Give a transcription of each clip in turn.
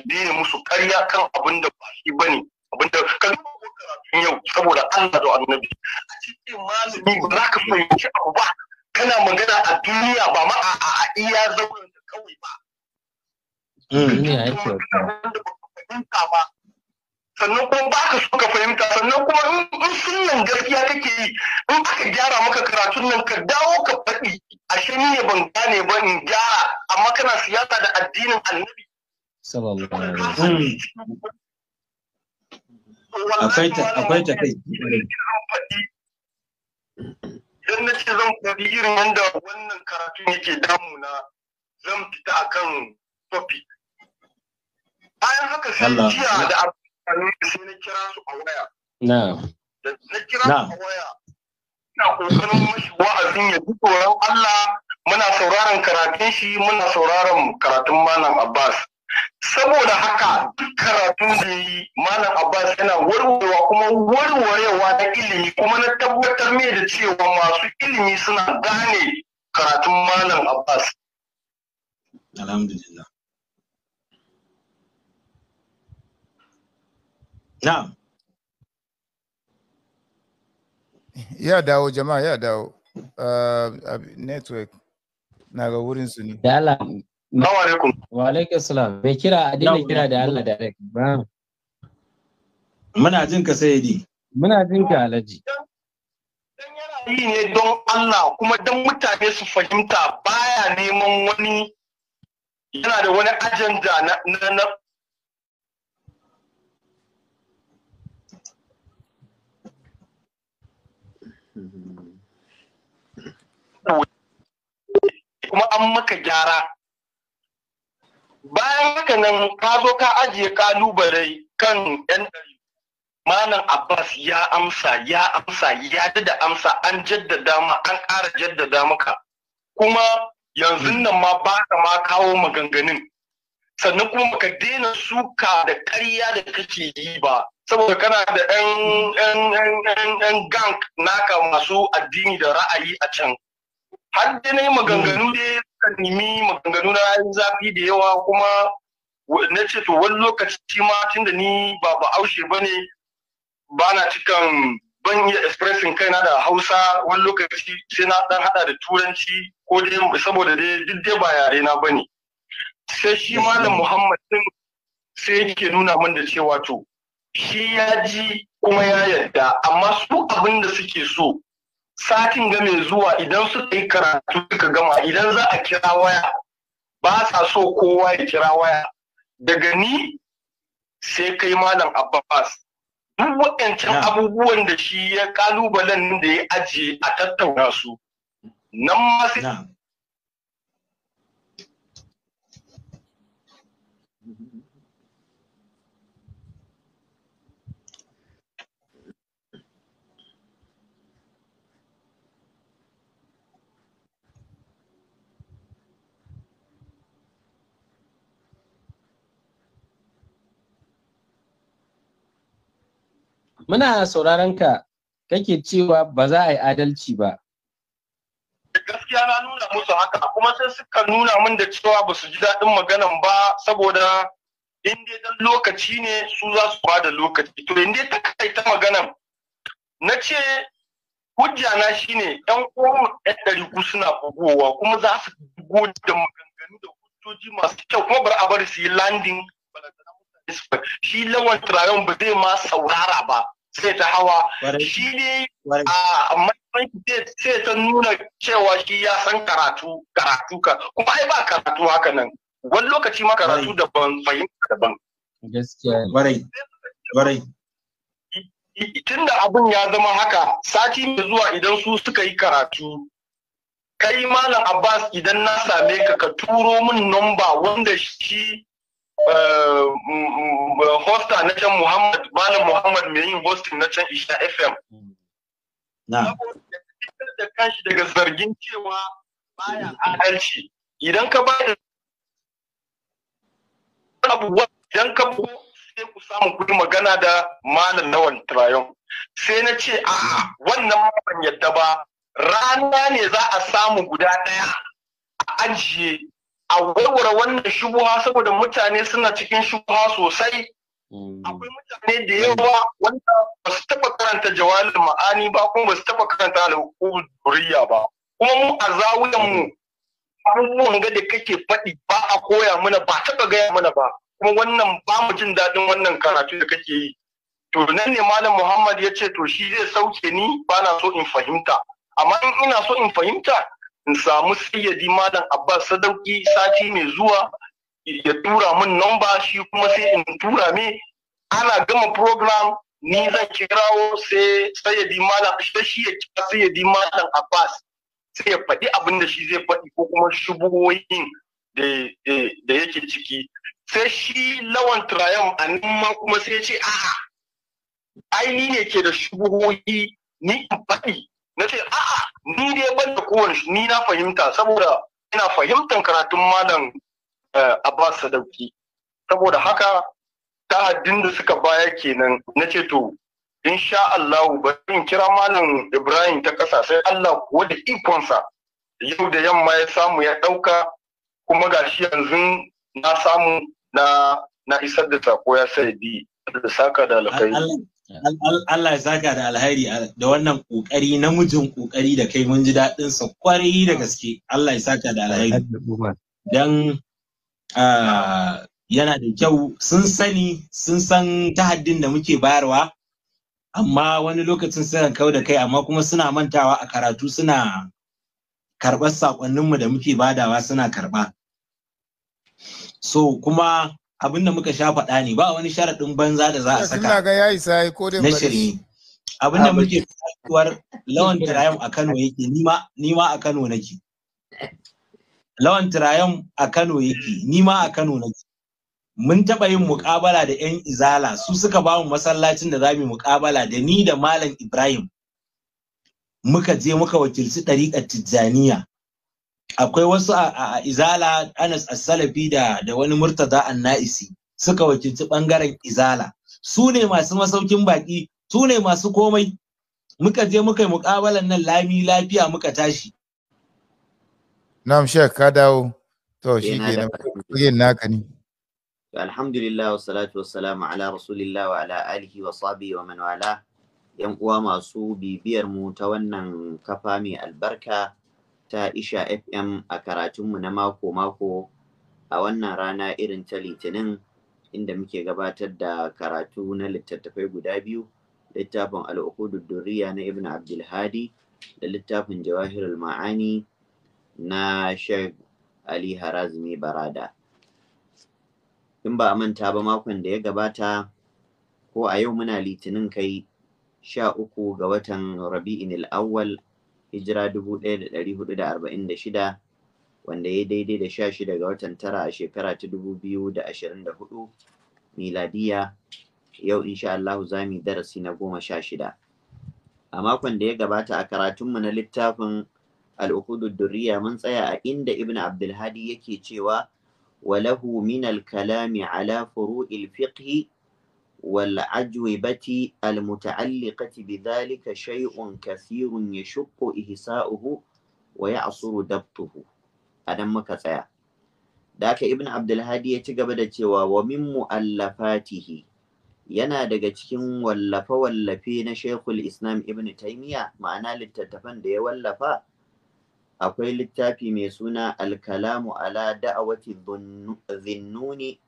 addini musu karya kan abin da ba shi ne abin da ka ko karatun yau saboda Allah da annabi a cikin malami ba za ka fahimci abu ba kana magana a duniya ba ma a iya zauren da kawai hmm, ba sannan kuma ba ka so ka fahimta sannan kuma in sunan gaskiya kake yi in aka gyara maka karatun nan ka dawo ka faɗi ashe ni ne ban gane ba in gyara amma kana siyasa da addinin annabi sallallahu alaihi wasallam akwai ta akwai ta kai idan na ce zan faɗi irin yadda wannan karatu yake damuna zan fita akan topic bayan haka sai jiya da abin sai na kira su a waya da na kira su a waya ina kokarin mashi wa'azin ya ji tsoron Allah muna sauraron karatun shi muna sauraron karatun malam Abbas saboda haka duk karatu da yi malam abbas yana warwarewa kuma warwarewa na ilimi kuma na tabbatar mai da cewa masu ilimi suna gane karatun malam abbas alhamdulillah ya dawo jama'a ya dawo uh, uh, network na ga wurin su ne Assalamu alaikum. Wa alaikum salam. Mai kira a daina kira da Allah direct. Ba. Muna jin ka sayyidi. Muna jin ka alaji. Dan yana yi ne don Allah kuma don mutane su fahimta baya neman wani yana da wani ajanda na na kuma an maka gyara bayan haka nan ka zo ka ajiye ƙalubale kan yan Malam Abbas ya amsa ya amsa ya da amsa an jaddada ma an ƙara jaddada maka kuma yanzu nan ma ba ka ma kawo maganganun sannan kuma ka daina suka da ƙarya da kake yi ba saboda kana da yan gang naka masu addini da ra'ayi a can har da na yi maganganu dai kan nemi maganganu na zafi da yawa kuma na ce to wani lokaci ma tun da ni ba ba aushe ba ne ba na cikin ban iya expressing kaina da hausa wani lokaci sai na dan hada da turanci ko dai saboda dai duk dai ba yare na ba ne sai shi malam muhammad din sai yake nuna min da cewa to shi ya ji kuma ya yarda amma su abin da suke so satin ga zuwa idan suka yi karatu suka gama idan za a kira waya ba sa so kowa ya kira waya daga ni sai kai malam abbas duk waɗancan abubuwan da shi ya kalubalen da ya ajiye a tattauna su nan ma sai muna sauraron ka kake cewa ba za a yi adalci ba gaskiya na nuna musu haka kuma sai suka nuna min da cewa ba su ji daɗin maganan ba saboda in dai dan lokaci ne su za su ba da lokaci to in dai ta ta maganan na ce hujja na shine yan uwan yan ɗari ku suna bugowa kuma za su bugo da maganganu da hujjoji masu kyau kuma bar a bari su yi landing shi lawan turayen ba zai ma saurara ba sai ta hawa shi ne a sai ta nuna cewa shi ya san karatu karatu ka kuma ai ba karatu haka nan wani lokaci ma karatu daban fahimta daban gaskiya barai barai tun da abin ya zama haka sati mai zuwa idan su suka yi karatu kai malam abbas idan na same ka ka turo min nomba wanda shi Eh, mm, mm, hosta na can Muhammad Malam Muhammad mai yin hosting na can Isha FM. Na. da kashi daga zargin cewa bayan adalci idan ka ba da abubuwa idan ka sai ku samu kuɗi magana da malam nawan trayon sai na ce a wannan ban yadda ba rana ne za a samu guda ɗaya a ajiye a warware wannan shubuha saboda mutane suna cikin shubuha sosai mm. akwai mutane da yawa wanda ba su taba karanta jawalin ma'ani ba kuma ba su taba karanta al'uriya ba kuma mu a zawiyan mu abubuwan ga da kake faɗi ba a koya mana ba taba gaya mana ba kuma wannan ba mu jin daɗin wannan karatu da kake yi to nan ne malam muhammad ya ce to shi zai sauke ni ba na so in fahimta amma in ina so in fahimta in samu sayyadi malam abbas sadauki sati mai zuwa ya tura min namba shi kuma sai in tura me ana gama program ni zan kirawo sai sayyadi malam shi ya kira sayyadi malam abbas sai ya faɗi abin da shi zai faɗi ko kuma shubuhoyin da yake ciki sai shi lawan turayen a ma kuma sai ce a ai ne ke da shubuhoyi ni in faɗi na ce a'a ni dai ban da kowane ni na fahimta saboda ina fahimtar karatun malam eh, Abbas Sadauki saboda haka haddin da suka baya kenan na ce to in sha Allahu ba in kira malam Ibrahim ta ƙasa sai Allah kuwa da ikonsa yau da yamma ya samu ya ɗauka kuma gashi yanzu na samu na isar da sako ya sai bi da saka da alkhairi Allah ya saka da alhairi da wannan kokari namijin kokari da kai mun ji daɗin sa kwarai da gaske Allah ya saka da alhairi dan yana da kyau sun sani sun san tahaddin da muke bayarwa amma wani lokacin suna kau da kai amma kuma suna mantawa a karatu suna karɓar saƙonninmu da muke badawa suna karɓa so kuma abin da muka sha faɗa ne ba wani sharaɗin banza da za a saka na shiri abin da muke kasuwar lawan tirayam a kano yake nima a kano nake lawan tirayam a kano yake nima a kano nake mun taɓa yin muƙabala da 'yan izala su suka ba mu masallacin da za mu muƙabala da ni da malam ibrahim muka je muka wakilci ɗariƙar tijjaniya akwai wasu a izala anas as-salafi da da wani murtaza an-na'isi suka wakilci bangaren izala su ne masu masaukin baki su ne masu komai muka je muka yi mukabalan nan lami lafiya muka tashi na'am sheikh ka dawo to eh, shi ke nan naka ne alhamdulillah wassalatu wassalamu ala rasulillah wa ala alihi wa sahbihi wa man wala yan uwa masu bibiyar mu ta wannan kafa mai albarka ta Isha FM a karatunmu na mako-mako a wannan rana irin ta Litinin inda muke gabatar da karatu na littattafai guda biyu, littafin Al'ukudud Duriya na Ibn Abdulhadi da littafin Jawahirul Ma'ani na Sheikh Ali Harazmi Barada. In ba a manta ba makon da ya gabata ko a yau muna litinin kai sha uku ga watan Rabi'in al'awwal hijira 1446 wanda ya daidai da 16 ga watan tara a shekara ta 2024 miladiya yau insha Allahu za mu darasi na goma sha shida. A makon da ya gabata a karatunmu na littafin al'ukudud durriya mun tsaya a inda Ibn Abdulhadi yake cewa walahu min al-kalami ala furu'il fiqhi والأجوبة المتعلقة بذلك شيء كثير يشق إهساؤه ويعصر دبطه أنا Ibn ذاك ابن عبد الهادي da cewa ومن مؤلفاته yana daga cikin wallafe-wallafe na Shekul Islam Ibn Ta'imiya, ma'ana littattafan da ya wallafa akwai littafi mai suna Alkalamu ala da'awati zinnuni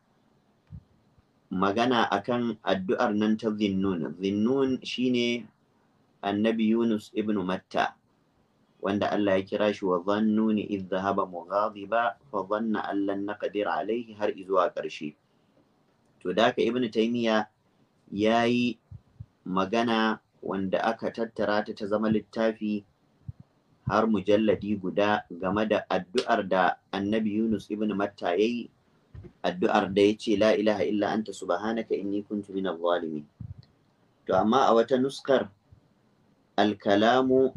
magana akan addu'ar nan ta zinnun zinnun shine annabi yunus ibn matta wanda Allah ya kira shi wa zannuni idh dhahaba mughadiba fa zanna an lan naqdir alayhi har izuwa ƙarshe to da Ibn ibnu taymiya yayi magana wanda aka tattara ta ta zama littafi har mujalladi guda game da addu'ar da annabi Yunus ibn Matta yayi addu'ar da ya ce la ilaha illa anta subhanaka inni kuntu mina zalimin to amma a wata nuskar alkalamu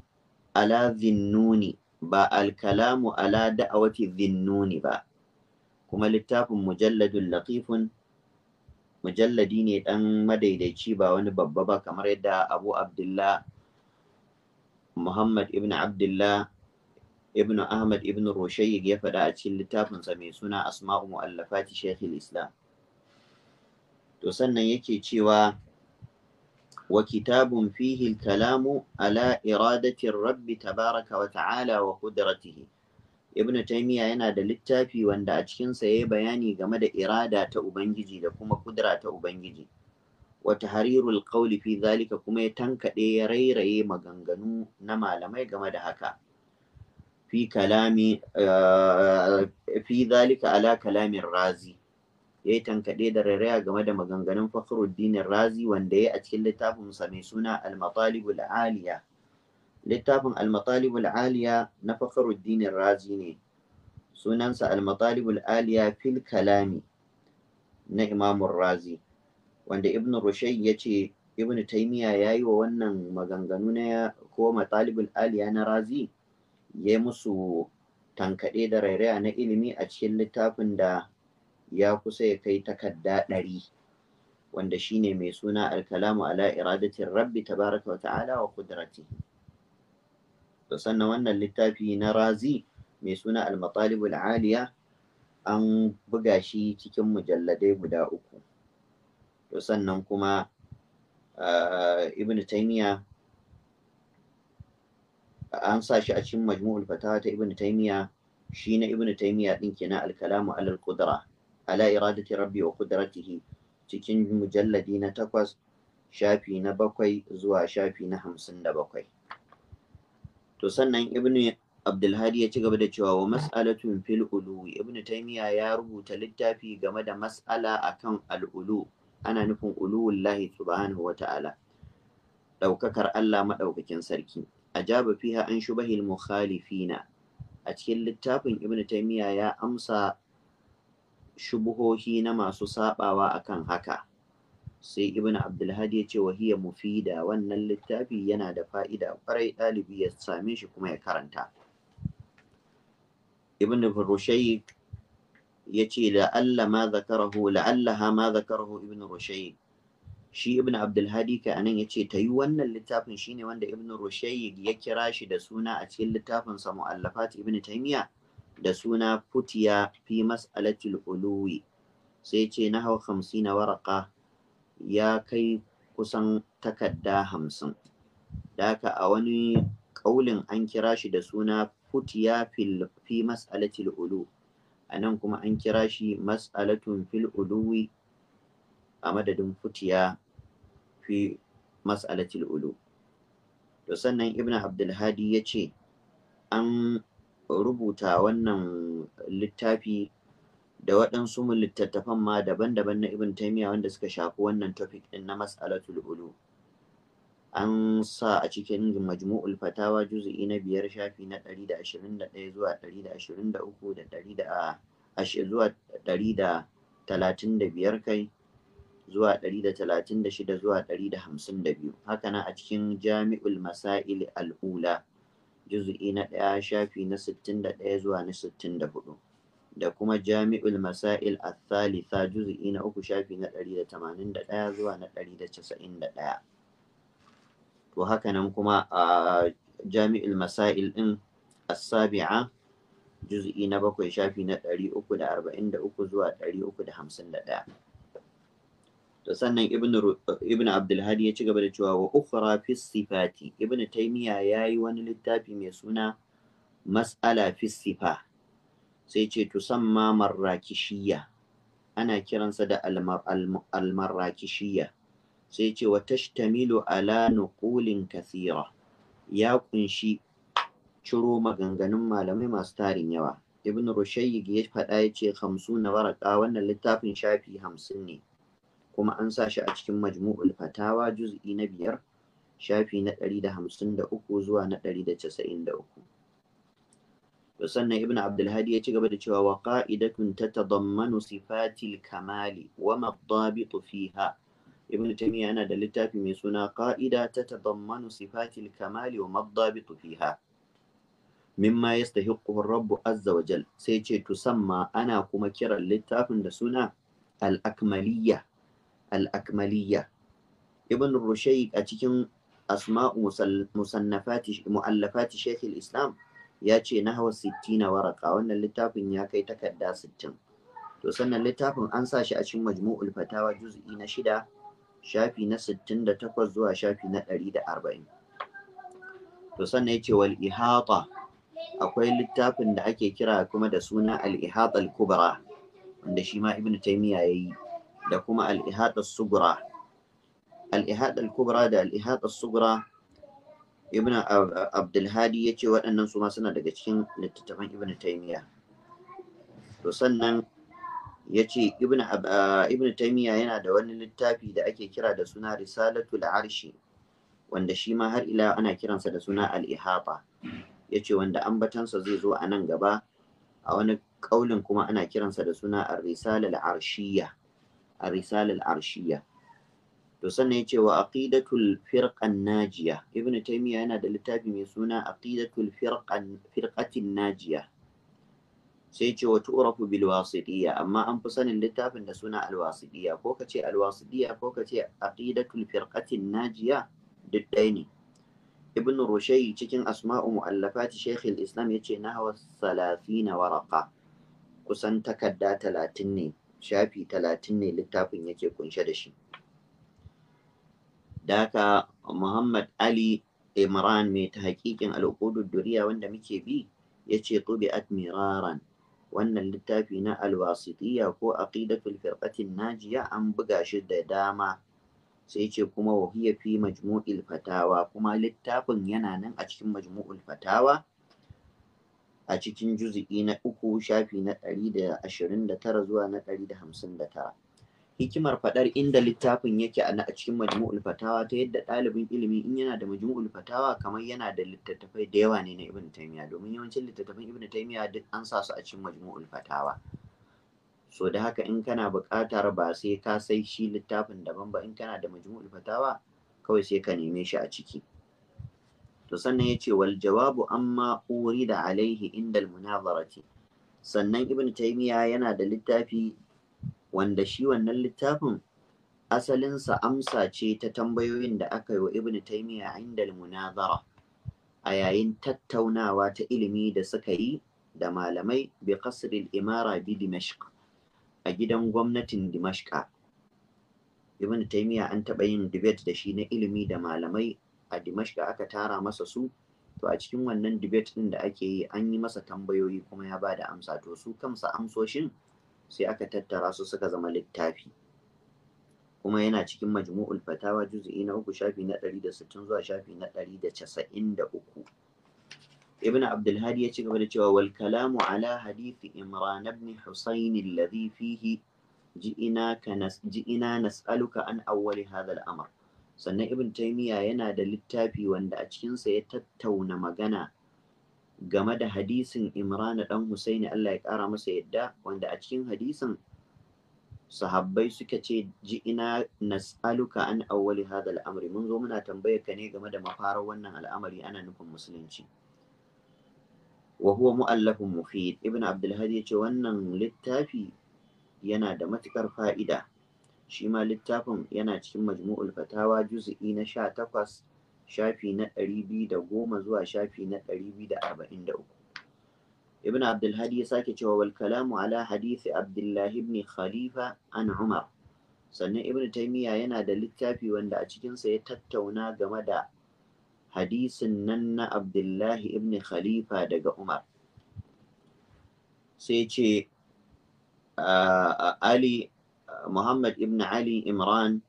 ala zinnuni ba alkalamu ala da'awati zinnuni ba kuma littafin mujalladun latifun mujalladi ne ɗan madaidaici ba wani babba ba kamar yadda abu abdullah muhammad ibn abdullah ibnu ahmad ibnu rushayyik ya faɗa a cikin littafinsa mai suna asma'u mu'allafati shaykhul islam to sannan yake cewa wa kitabun fihi kalamu ala iradati rabbi tabaraka wa ta'ala wa qudratihi ibnu taymiya yana da littafi wanda a cikin ya bayani game da irada ta ubangiji da kuma kudura ta ubangiji wata harirul qawli fi kuma ya tankaɗe ya rairaye maganganu na malamai game da haka fi كلامي في ذلك ala kalamin razi yayi tankade tankaɗe da rairaya game da maganganun fakhruddin razi wanda ya a cikin littafin sa mai suna al al aliya littafin al al aliya na fakhruddin razi ne sunansa al al aliya fil kalami na imamun razi wanda ibn Rushay ya ce ibn taimiya yayi wa wannan maganganu na ko al aliya na razi ya yi musu tankaɗe da rairaya na ilimi a cikin littafin da ya kusa ya kai takarda ɗari wanda shine mai suna alkalamu ala iradatin rabbi tabaraka wa ta'ala wa kudrati to sannan wannan littafi na razi mai suna almatalibul aliya an buga shi cikin mujalladai guda uku to sannan kuma ah, ibn taymiya an sa shi a cikin majmu'ul fatawa ta ibnu taymiya shi na ibnu taymiya din kenan al-kalamu ala al-qudra ala iradati rabbi wa qudratihi cikin mujalladi na takwas shafi na bakwai zuwa shafi na hamsin da bakwai to sannan ibnu abdulhadi ya ci gaba da cewa wa mas'alatun fil ulu ibnu taymiya ya rubuta littafi game da mas'ala akan al-ulu ana nufin uluwullahi subhanahu wa ta'ala daukakar Allah madaukakin sarki ajaba fiha an shubahil mukhalifina a cikin littafin ibnu taymiya ya amsa shubuhohi na masu sabawa akan haka sai ibnu abdulhadi ya ce wa hiya mufida wannan littafi yana da fa'ida kwarai ɗalibi ya same shi kuma ya karanta ibnu rushayi ya ce la'alla ma zakarahu la'allaha ma zakarahu ibnu rushayi shi ibn abdulhadi kai anan yace ta yi wannan littafin shine wanda ibn Rushayi ya kira shi da suna a cikin littafin sa mu'allafat ibn taymiya da suna futiya fi mas'alatil uluwi sai ce na hau na waraka ya kai kusan takadda hamsin daka a wani ƙaulin an kira shi da suna futiya fi mas'alatil ulu a nan kuma an kira shi mas'alatun fil uluwi a madadin futiya fi ulu to sannan ibn abdulhadi ya ce an rubuta wannan littafi da waɗansu littattafan ma daban-daban na ibn taimiyya wanda suka shafi wannan topic ɗin na mas'alatululu. ulu an sa a cikin majmu'ul fatawa juzu'i na biyar shafi na ɗaya zuwa ɗari da 100 zuwa biyar kai zuwa 136 zuwa 152 haka nan a cikin jami'ul masail al'ula juzu'i na ɗaya shafi na 61 zuwa na 64 da kuma jami'ul masail al-thalitha na uku shafi na 181 zuwa na 191 to haka nan kuma a jami'ul masail din as-sabi'a juz'i na bakwai shafi na 343 zuwa 351 da sannan ibn abdulhadi ya ci gaba da cewa wa ukhra fi sifati ibn taymiya yayi wani littafi mai suna mas'ala fi sifa sai ce tusamma marrakishiyya ana kiransa da almarrakishiyya sai ce wa tashtamilu ala nuqulin kathira ya kunshi ciro maganganun malamai masu tarin yawa ibn rushayyi ya faɗa ya ce hamsu na waraka wannan littafin shafi hamsin ne kuma an sa shi a cikin majmu'ul fatawa juz'i na biyar shafi na ɗari da hamsin da uku zuwa na ɗari da casa'in da uku sannan ibn abdulhadi ya ci gaba da cewa wa ta tatadammanu sifatil kamali wa madabitu fiha ibn taymiya yana da littafi mai suna ta tadammanu sifatil kamali wa madabitu fiha mimma yastahiqquhu ar Rabbu azza wa jal sai ce tusamma ana kuma kiran littafin da suna al-akmaliyya al-akmaliyya ibn rushayd a cikin asma'u mu'allafati shaykh islam ya ce na hawa na waraka wannan littafin ya kai takarda sittin, to sannan littafin an sa shi a cikin majmu'ul fatawa juz'i na shida shafi na takwas zuwa shafi na ɗari arba'in. to sannan ya ce wal ihata akwai littafin da ake kira kuma da suna al ihata al kubra wanda shi ma ibnu taymiya yayi da kuma al sugura al kubra da al sugura ibn abdulhadi ya ce waɗannan su ma suna daga cikin littattafan ibn taymiya to sannan ya ce ibn eh, taymiya yana da wani littafi da ake kira da suna risalatul arshi wanda shi ma har ila ana kiransa da suna Al'ihafa, ya ce wanda ambatansa zai zo a nan gaba a wani ƙaulin kuma ana kiransa da suna ar-risala al-arshiyya a risalar arshiya to sannan cewa wa aqidatul firqan najiya ibnu taymiya yana da littafi mai suna aqidatul firqan firqatin najiya sai ce wa tu'rafu bil amma an fi sanin littafin da suna al wasitiyya ko kace al wasitiyya ko kace aqidatul firqatin najiya duk ɗaya ne ibn rushayi cikin asma'u mu'allafati shaykh al-islam yace nahwa 30 waraqa kusan takarda talatin ne shafi talatin ne littafin yake kunshe da shi daka muhammad ali imran mai ta hakikin al'ukudud duriya wanda muke bi ya ce tubi'at miraran wannan littafi na alwasitiyya ko aqidatul firqatin najiya an buga shi da dama sai ce kuma wahiya fi majmu'il fatawa kuma littafin yana nan a cikin majmu'ul fatawa a cikin juzu'i na uku shafi na ɗari da ashirin da tara zuwa na ɗari da hamsin da tara. Hikimar faɗar inda littafin yake a cikin majmu'ul fatawa ta yadda ɗalibin ilimi in yana da majmu'ul fatawa kamar yana da littattafai da yawa ne na Ibn Taymiya domin yawancin littattafan Ibn Taymiya duk an sa su a cikin majmu'ul fatawa. So da haka in kana buƙatar ba sai ka sai shi littafin daban ba in kana da majmu'ul fatawa kawai sai ka neme shi a ciki. to sannan yace wal jawabu amma da alaihi inda al munazarati sannan ibnu taymiya yana da littafi wanda shi wannan littafin asalinsa amsa ce ta tambayoyin da aka yi wa ibnu taymiya inda al munazara a yayin tattaunawa ta ilimi da suka yi da malamai bi qasril imara bi dimashq a gidan gwamnatin dimashqa ibn taymiya an taɓa yin debate da shi na ilimi da malamai a Dimashka aka tara masa su to a cikin wannan debate din da ake yi an yi masa tambayoyi kuma ya ba da amsa to su kamsa amsoshin sai aka tattara su suka zama littafi kuma yana cikin majmu'ul fatawa juz'i na uku shafi na 160 zuwa shafi na 193 ibn abdulhadi ya ci gaba da cewa wal kalamu ala hadithi imran Hussaini husayn alladhi fihi ji'ina ka nas'aluka an awwali hadha al sannan ibn taymiya yana da littafi wanda a cikinsa ya tattauna magana game da hadisin imrana dan husaini Allah ya kara masa yadda wanda a cikin hadisin sahabbai suka ce ji ina nas'aluka an awwali hadha al'amari mun zo muna tambayar ka ne game da mafarar wannan al'amari ana nufin musulunci wa huwa mu'allafun mufid ibn abdul hadi ce wannan littafi yana da matukar fa'ida shi ma littafin yana cikin majmu'ul fatawa juz'i na sha takwas shafi na ɗari biyu da goma zuwa shafi na ɗari biyu da arba'in da uku ibn abdulhadi ya sake cewa wal kalamu ala hadisi abdullahi ibn khalifa an umar sannan ibn taymiya yana da littafi wanda a cikinsa ya tattauna game da hadisin nan na abdullahi ibn khalifa daga umar sai ce ali Muhammad ibn Ali Imran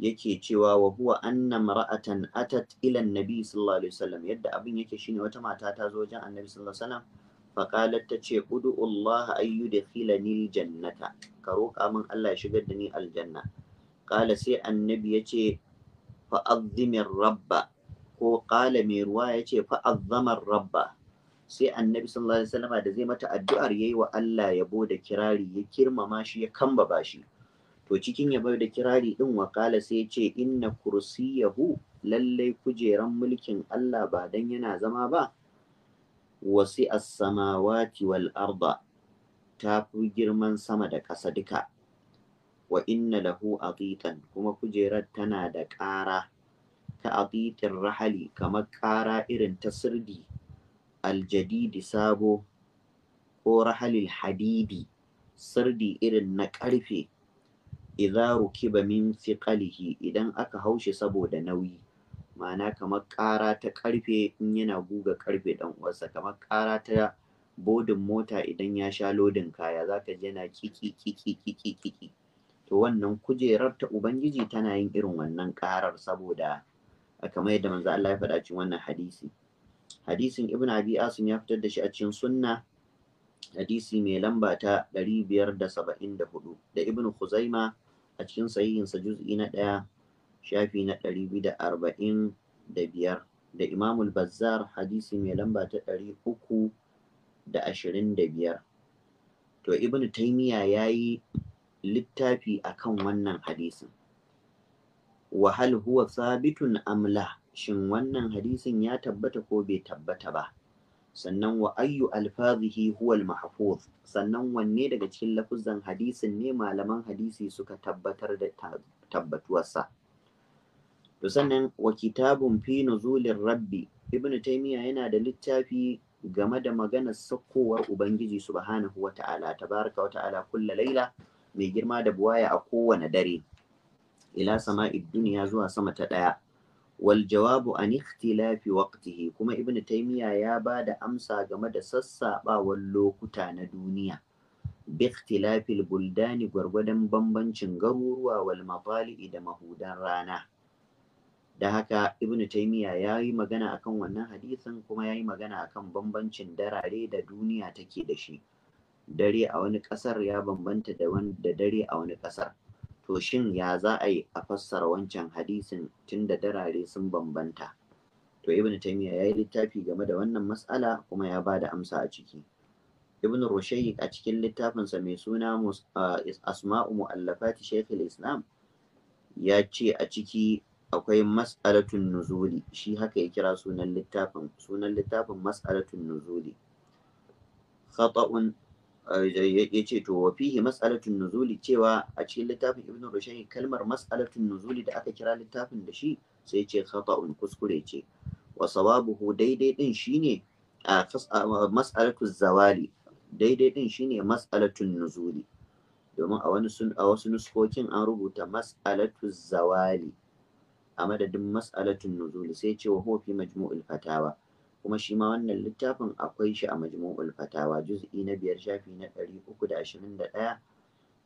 yake cewa wa huwa anna mar'atan atat ila annabi sallallahu alaihi wasallam yadda abin yake shine wata mata ta zo wajen annabi sallallahu alaihi wasallam fa qalat ta ce ud'u Allah ay yudkhilani aljannata ka roƙa min Allah ya shigar da ni aljanna qala sai annabi yace fa azzimin rabba ko qala mai ruwa yace fa azzamar rabba sai annabi sallallahu alaihi wasallama da zai mata addu'ar yayi wa Allah yabo da kirari ya kirmama shi ya kambaba shi to cikin yabo da kirari din wakala sai ya ce inna kursiyahu lallai kujeran mulkin Allah ba dan yana zama ba wasi as-samawati wal arda ta fi girman sama da ƙasa duka wa inna lahu aqiqan kuma kujerar tana da ƙara ta aqiqir rahali kamar ƙara irin ta sirdi aljadidi sabo ko rahalil hadidi sirdi irin na ƙarfe idza rukiba min thiqalihi idan aka haushi saboda nauyi ma'ana kamar ƙara ta ƙarfe in yana guga ƙarfe ɗan uwarsa kamar ƙara ta bodin mota idan ya sha lodin kaya zaka ji yana kiki kiki kiki kiki to wannan kujerar ta ubangiji tana yin irin wannan ƙarar saboda kamar yadda manzo Allah ya faɗa cikin wannan hadisi hadisin ibn abi asim ya fitar da shi a cikin sunna hadisi mai lamba ta 574 da ibn khuzaima a cikin sa juz'i na ɗaya shafi na 245 da Imam al bazzar hadisi mai lamba ta 325 to ibn taimiya yayi littafi akan wannan hadisin wahal huwa sabitun amla shin wannan hadisin ya tabbata ko bai tabbata ba sannan wa ayyu alfazihi huwa almahfuz sannan wanne daga cikin lafuzan hadisin ne malaman hadisi suka tabbatar da tabbatuwarsa to sannan wa kitabun fi nuzulir rabbi ibnu taymiya yana da littafi game da maganar sakkowar ubangiji subhanahu wata'ala tabaraka wata'ala kulla laila mai girma da buwaya a kowane dare ila sama'id duniya zuwa sama ta daya wal jawabu an ikhtilafi waqtihi kuma ibn taymiya ya ba da amsa game da sassaɓawan lokuta na duniya bi ikhtilafil buldani gwargwadon bambancin garuruwa wal da mahudan rana da haka ibn taymiya ya yi magana akan wannan hadisin kuma ya yi magana akan bambancin darare da duniya take da shi dare a wani kasar ya bambanta da dare a wani kasar to shin ya za a yi a fassara wancan hadisin tunda darare sun bambanta to ibn taymiya ya yi littafi game da wannan mas'ala kuma ya ba da amsa a ciki ibn rushayyik a cikin littafinsa mai suna asma'u mu'allafati shaykh islam ya ce a ciki akwai mas'alatun nuzuli shi haka ya kira sunan littafin sunan littafin mas'alatun nuzuli khata'un ya ce to Wafihi mas'alatun nuzuli cewa a cikin littafin ibnu rushayyi kalmar mas'alatun nuzuli da aka kira littafin da shi sai ce khata'un kuskure ce wa buhu daidai din shine a zawali daidai din shine mas'alatun nuzuli domin a wani sun a wasu nuskokin an rubuta mas'alatun zawali a madadin mas'alatun nuzuli sai ce wa huwa majmu'ul fatawa kuma shi ma wannan littafin akwai shi a majmu'ul fatawa juz'i na biyar shafi na ɗari uku da ashirin da ɗaya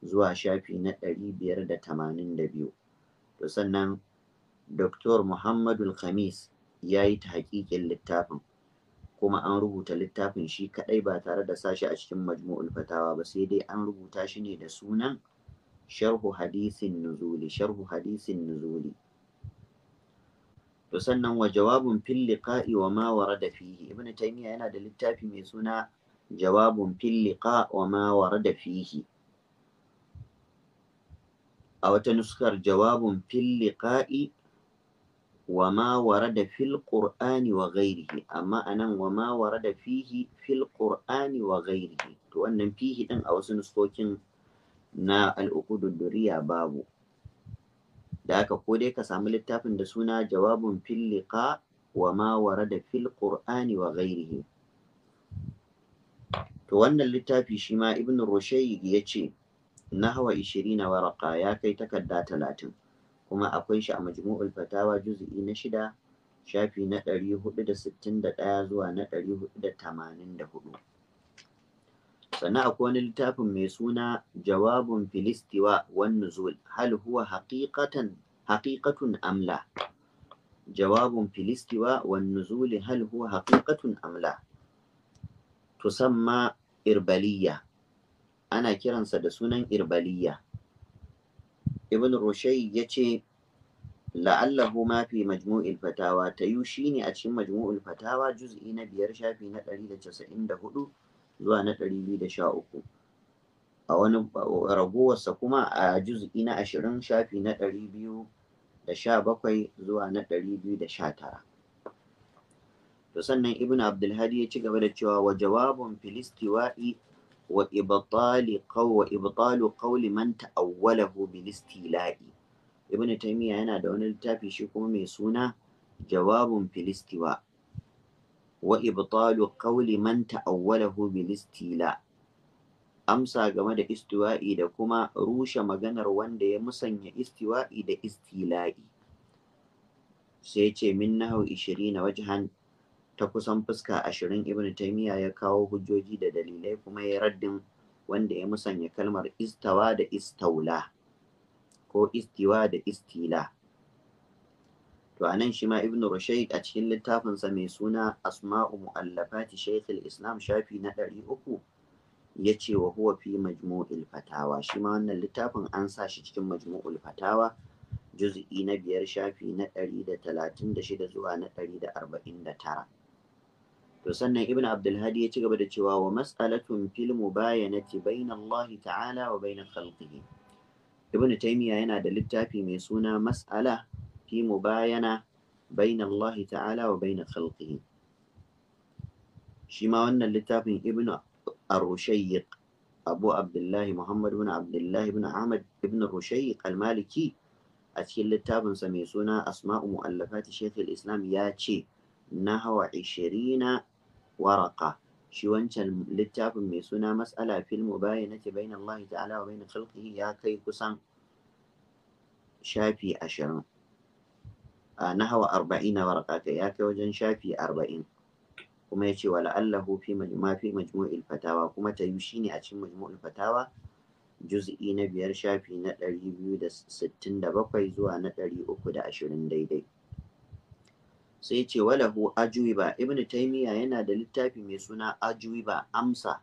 zuwa shafi na ɗari biyar da tamanin da biyu to sannan Dr. Muhammadul Khamis ya yi ta hakikin littafin kuma an rubuta littafin shi kaɗai ba tare da sashi a cikin majmu'ul fatawa ba sai dai an rubuta shi ne da sunan sharhu hadisin nuzuli sharhu hadisin nuzuli to sannan wa jawabun fil liqa'i wa ma warada fihi ibnu taymiya yana da littafi mai suna jawabun fil liqa' wa ma warada fihi a wata nuskar jawabun fil liqa'i wa ma warada fil qur'ani wa ghairihi amma anan wa ma warada fihi fil qur'ani wa ghairihi to wannan fihi din a wasu nuskokin na al'uqudud duriya babu da aka ko dai ka samu littafin da suna Jawabin fil liqa wa ma da fil Ƙur'ani wa ghairihi to wannan littafi shi ma ibn Rushayyi ya ce na hawa ishirina waraka ya kai takarda talatin kuma akwai shi a majmu'ul fatawa juz'i na shida shafi na ɗari hudu da sittin da ɗaya zuwa na ɗari hudu da tamanin da hudu sannan akwai wani littafin mai suna jawabun filistiwa wan nuzul hal huwa haqiqatan amla jawabun filistiwa wan nuzul hal huwa haqiqatun amla tusamma irbaliya ana kiransa da sunan irbaliya ibn roshai ya ce la'allahu ma fi majmu'il fatawa ta yi shi ne a cikin majmu'il fatawa juz'i na biyar shafi na 194 zuwa na ɗari biyu da sha uku a wani ragowarsa kuma a juzuki na ashirin shafi na ɗari biyu da sha bakwai zuwa na ɗari biyu da sha tara to sannan ibn abdulhadi ya ci gaba da cewa wa jawabun filistiwa'i wa ibtali wa ibtalu qawli man ta'awwalahu bilistila'i ibn taymiya yana da wani littafi shi kuma mai suna jawabun filistiwa' wa ibtalu qawli man ta'awwalahu bil istila amsa game da istiwa'i da kuma rushe maganar wanda ya musanya istiwa'i da istila'i sai ce min nahu 20 wajhan ta kusan fuska ashirin Ibnu taimiya ya kawo hujjoji da dalilai kuma ya raddin wanda ya musanya kalmar istawa da istaula ko istiwa da istila to anan shi ma ibnu Rashid a cikin littafinsa mai suna asma'u mu'allafati al islam shafi na ɗari uku ya ce wa huwa fi majmu'il fatawa shi ma wannan littafin an sa shi cikin majmu'ul fatawa juz'i na biyar shafi na ɗari da talatin da shida zuwa na ɗari da arba'in da tara to sannan Ibnu abdulhadi ya ci gaba da cewa wa mas'alatun fil mubayanati bayna Allah ta'ala wa bayna khalqihi Ibnu taymiya yana da littafi mai suna mas'ala في مباينة بين الله تعالى وبين خلقه شما وانا اللتاب ابن الرشيق أبو عبد الله محمد بن عبد الله بن أحمد بن الرشيق المالكي أتكل اللتاب سميسونا أسماء مؤلفات شيخ الإسلام ياتشي نحو عشرين ورقة shi wancan littafin mai suna mas'ala fil mubayyinati bainal Allah ta'ala wa bain khalqihi ya kai kusan shafi ashirin A nahawa arba'ina warqata ya kai wajen shafi arba'in kuma yace wala allahu fi majma fi majmu'il fatawa kuma ta yi shine a cikin majmu'il fatawa juz'i na biyar shafi na ɗari biyu da sittin da bakwai zuwa na ɗari uku da ashirin daidai sai ce walahu ajuwiba ibn taymiya yana da littafi mai suna ajuwiba amsa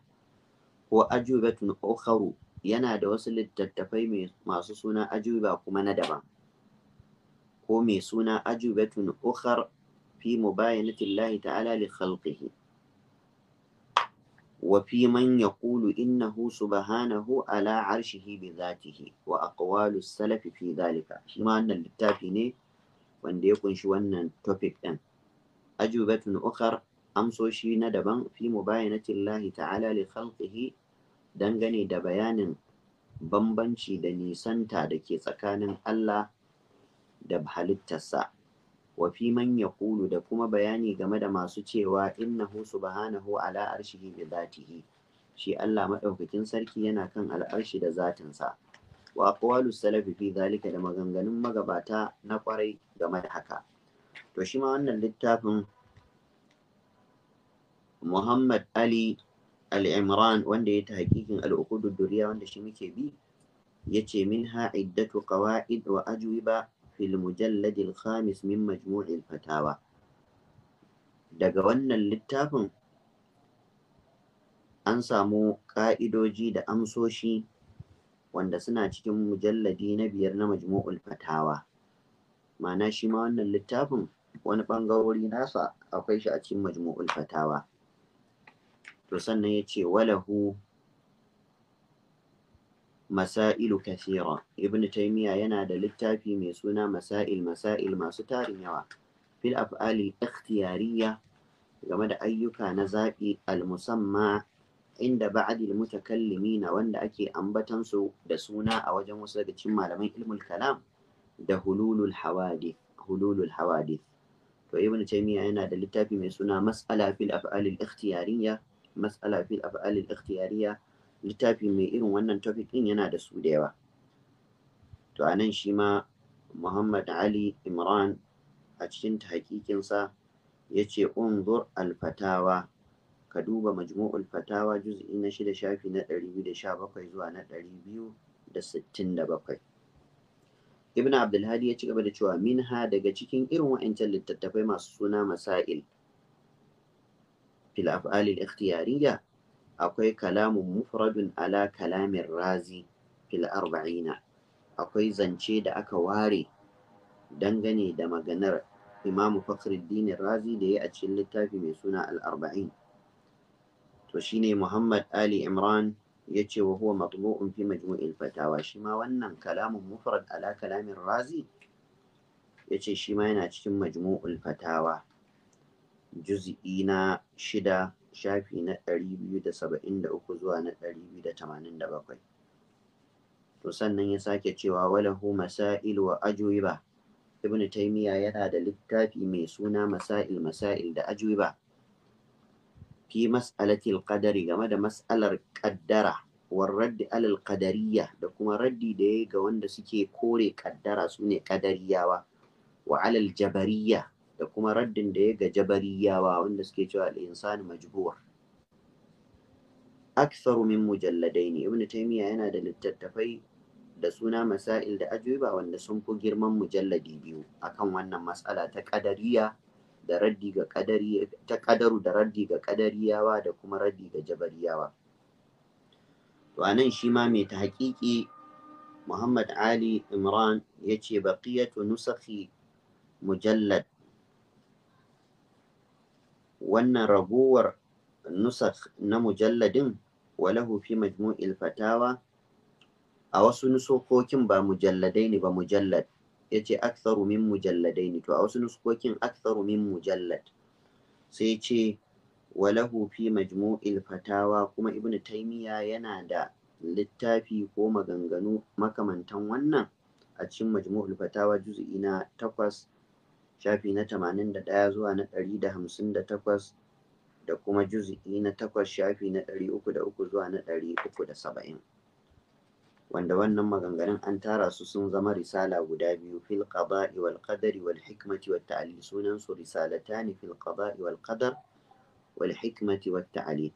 ko ajuwibatun ukharu yana da wasu littattafai masu suna ajuba kuma na daban ko mai suna ajubatun ukhar fi mubayanati Allah ta'ala li khalqihi wa fi man yaqulu innahu subhanahu ala arshihi bi zatihi wa aqwalu salafi fi zalika shi ma wannan littafi ne wanda ya kunshi wannan topic din ajubatun ukhar amsoshi na daban fi mubayanati Allah ta'ala li khalqihi dangane da bayanin bambanci da nisanta da ke tsakanin Allah da halittarsa wa fi man kulu da kuma bayani game da masu cewa innahu subhanahu ala arshihi bi zatihi shi Allah madaukakin sarki yana kan al'arshi da zatinsa wa aqwalu salafi fi zalika da maganganun magabata na kwarai game da haka to shi ma wannan littafin Muhammad Ali Al-Imran wanda ya ta hakikin al'ukudu duriya wanda shi muke bi yace minha iddatu qawaid wa ajwiba في المجلد الخامس من مجموع الفتاوى daga wannan littafin an samu ƙa'idoji da amsoshi wanda suna cikin mujalladi na biyar na majmu'ul fatawa ma'ana shi ma wannan littafin wani ɓangarori nasa akwai shi a cikin majmu'ul fatawa to sannan ya ce walahu masailu kathira ibn taymiya yana da littafi mai suna masail masail masu tarin yawa fil af'ali ikhtiyariya game da ayyuka na zaɓi al-musamma inda ba'adil mutakallimina wanda ake ambatan su da suna a wajen wasu daga cikin malaman ilmul kalam da hululul hawadith hululul hawadith to ibn taymiya yana da littafi mai suna mas'ala fil af'al al-ikhtiyariyya mas'ala fil af'al al littafi mai irin wannan topic ɗin yana da su da yawa to a nan shi ma muhammad ali imran a cikin hakikinsa ya ce unzur alfatawa ka duba majmu'ul fatawa juz'i na shida shafi na 217 zuwa na 267 ibn abdulhadi ya ci gaba da cewa minha daga cikin irin wa'ancan littattafai masu suna masail fil af'alil ikhtiyariyya akwai kalamun mufradun ala kalamin razi fil arba'ina akwai zance da aka ware dangane da maganar imamu fakhruddin razi da ya a cikin littafi mai suna al-arba'in to shine muhammad ali imran ya ce wa huwa matbu'un fi majmu'il fatawa shi ma wannan kalamun mufrad ala kalamin razi ya ce shi ma yana cikin majmu'ul fatawa juz'i na shida shafi na 273 zuwa na 287 to sannan ya sake cewa walahu masail wa Ajuiba, Ibn taimiya yana da littafi mai suna masail masail da Ajuiba. fi mas'alatil qadari game da mas'alar qaddara war raddi alal qadariyya da kuma raddi da yayi ga wanda suke kore qaddara sune qadariyawa wa alal jabariyya da kuma raddin da ya ga jabariyawa wanda suke cewa al-insani majbur aktharu min mujalladaini ibnu taymiya yana da littattafai da suna masail da ajuba wanda sun fi girman mujalladi biyu akan wannan matsala ta kadariya da raddi ga kadari ta kadaru da raddi ga kadariyawa da kuma raddi ga jabariyawa to anan shi ma mai ta haƙiƙi Muhammad Ali Imran ya ce baqiyatu nusakhi mujallad wannan ragowar nusar na mujalladin walahu fi majmu'il fatawa a wasu nusokokin ba mujalladai ne ba mujallad ya ce min mujalladai ne to a wasu nusokokin aktharu min mujallad sai ce walahu fi majmu'il fatawa kuma ibnu taymiya yana da littafi ko maganganu makamantan wannan a cikin Majmu'il fatawa juz'i na takwas shafi na 81 zuwa na 158 da kuma juz'i na 8 shafi na 303 zuwa na 370 wanda wannan maganganun an tara su sun zama risala guda biyu fil qada'i wal qadari wal hikmati wat ta'lil sunan su risalatan fil qada'i wal qadar wal hikmati wat ta'lil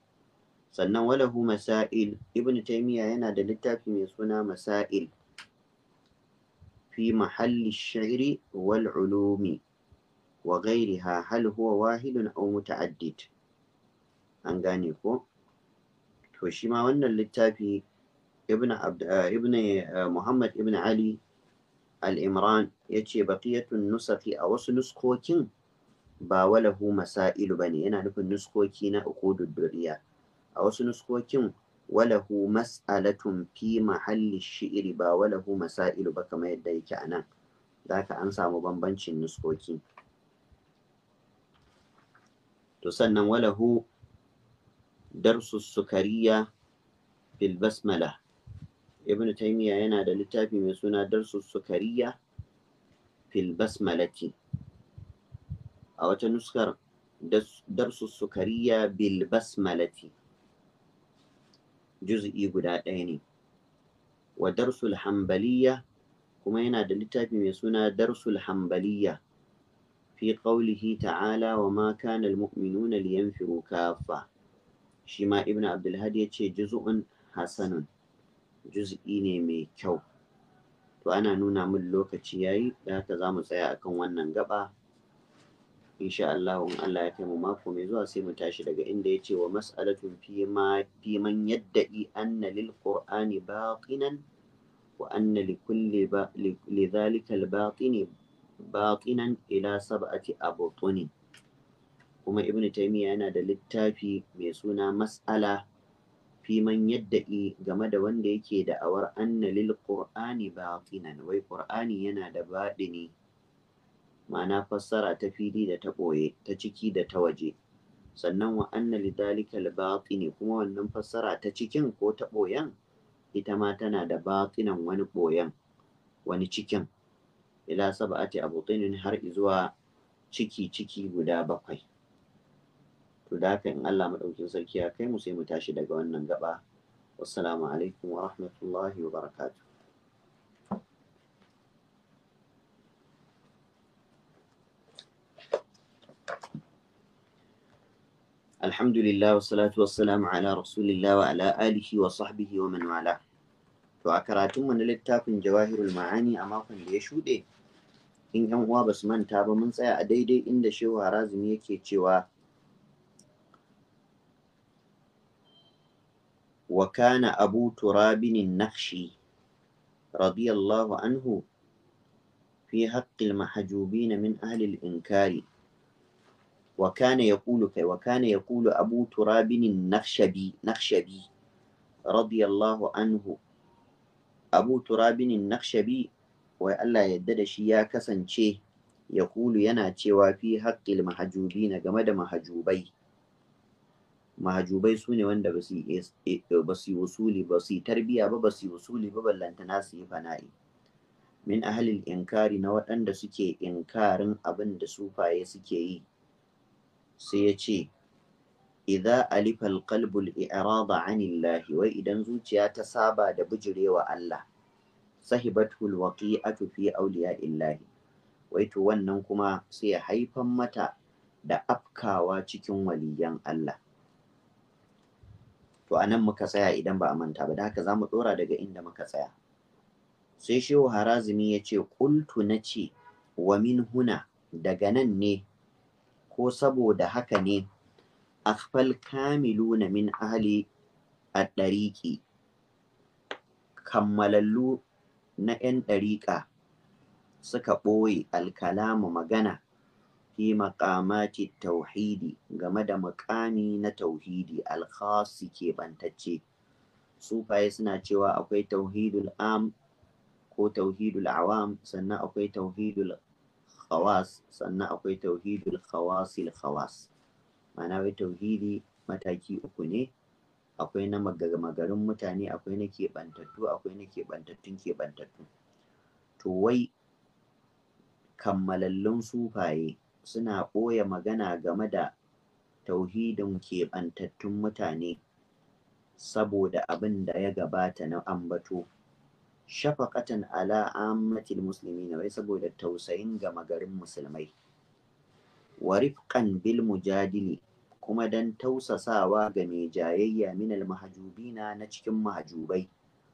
sannan walahu masail ibnu taymiya yana da littafi mai suna masail fi mahalli shi'ri wal ulumi wa ghairiha hal huwa wahidun aw muta'addid an gane ko to shi ma wannan littafi ibn eh, ibn eh, muhammad ibn ali al-imran yace baqiyatun nusakhi a wasu nuskokin ba walahu masailu bane yana nufin nuskoki na uku dudduriya a wasu nuskokin walahu mas'alatun fi mahalli shi'iri ba walahu masailu ba kamar yadda yake anan zaka an samu bambancin nuskoki to sannan walahu darsu sukariya bil basmala ibnu taymiya yana da littafi mai suna darsu sukariya fil basmalati a wata nuskar darsu sukariya bil basmalati juz'i guda ɗaya ne wa darsul hambaliya kuma yana da littafi mai suna darsul hambaliya fi qawlihi ta'ala wa ma kana almu'minuna liyanfiru kaffa shi ma ibnu abdulhadi ya ce juz'un hasanun juz'i ne mai kyau to ana nuna mun lokaci yayi da haka za mu tsaya akan wannan gaba insha Allah Allah ya kai mu mako mai zuwa sai mu tashi daga inda ya ce wa mas'alatun fi ma fi man yadda'i anna lil qur'ani baqinan wa anna li kulli ne. Baƙinan ila sab'ati ne, kuma Ibn taymiya yana da littafi mai suna mas'ala fi man yadda'i game da wanda yake da'awar anna lil qur'ani baqinan wai qur'ani yana da baɗini ma'ana fassara ta fili da ta ɓoye ta ciki da ta waje sannan wa anna lidhalika al kuma wannan fassara ta cikin ko ta ɓoyen? ita ma tana da baƙinan wani ɓoyen, wani cikin ila saba'ati abutinin har zuwa ciki ciki guda bakwai to da haka in Allah madaukin sarki ya kai mu sai mu tashi daga wannan gaba wassalamu alaikum wa rahmatullahi wa barakatuh الحمد لله والصلاة والسلام على رسول الله وعلى آله وصحبه ومن والاه to a karatunmu na littafin jawahirul ma'ani a makon da ya shuɗe in yan uwa basu manta ba mun tsaya a daidai inda shehu harazumi yake cewa wa kana abu turabin nafshi radiyallahu anhu في حق المحجوبين من أهل الإنكار وكان يقول وكان يقول أبو تراب النخشبي nafshabi. Nafshabi الله anhu. أبو تراب nafshabi. wai Allah yadda da shi ya kasance ya kulu yana cewa fi haƙƙil mahajubi na game da mahajubai mahajubai su wanda ba su yi wasuli e, e, ba su yi tarbiya ba ba su yi wasuli ba ballantana su yi fana'i min ahalil inkari na waɗanda suke inkarin abin da sufaye suke yi sai ya ce idza alifal qalbul i'rada anillahi wai idan zuciya ta saba da bijirewa Allah sahibatul waqi'atu fi awliya'illahi illahi, to wannan kuma sai ya haifan mata da afkawa cikin waliyan Allah to anan muka tsaya idan ba a manta ba da haka zamu dora daga inda muka tsaya sai shehu harazimi ya ce kultu na ce wa min huna daga nan ne ko saboda haka ne akfal kamilu na min ahli a ɗariƙi kammalallu na 'yan ɗariƙa suka ɓoye alkalamu magana fi maƙamati tauhidi game da muƙami na tauhidi alkhasi keɓantacce faye suna cewa akwai tauhidul am ko tauhidul awam sannan akwai tauhidul khawas sannan akwai tauhidul khawasil khawas ma'ana wai tauhidi mataki uku ne akwai na garin mutane akwai na keɓantattu akwai na keɓantattun keɓantattu to wai kammalallun sufaye suna ɓoye magana game da tauhidin keɓantattun mutane saboda abin da ya gabata na ambato shafaƙatan ala musulmi na wai saboda tausayin gama garin musulmai wa rifkan bil mujadili kuma dan tausasawa ga mai jayayya minal mahajubina na cikin mahajubai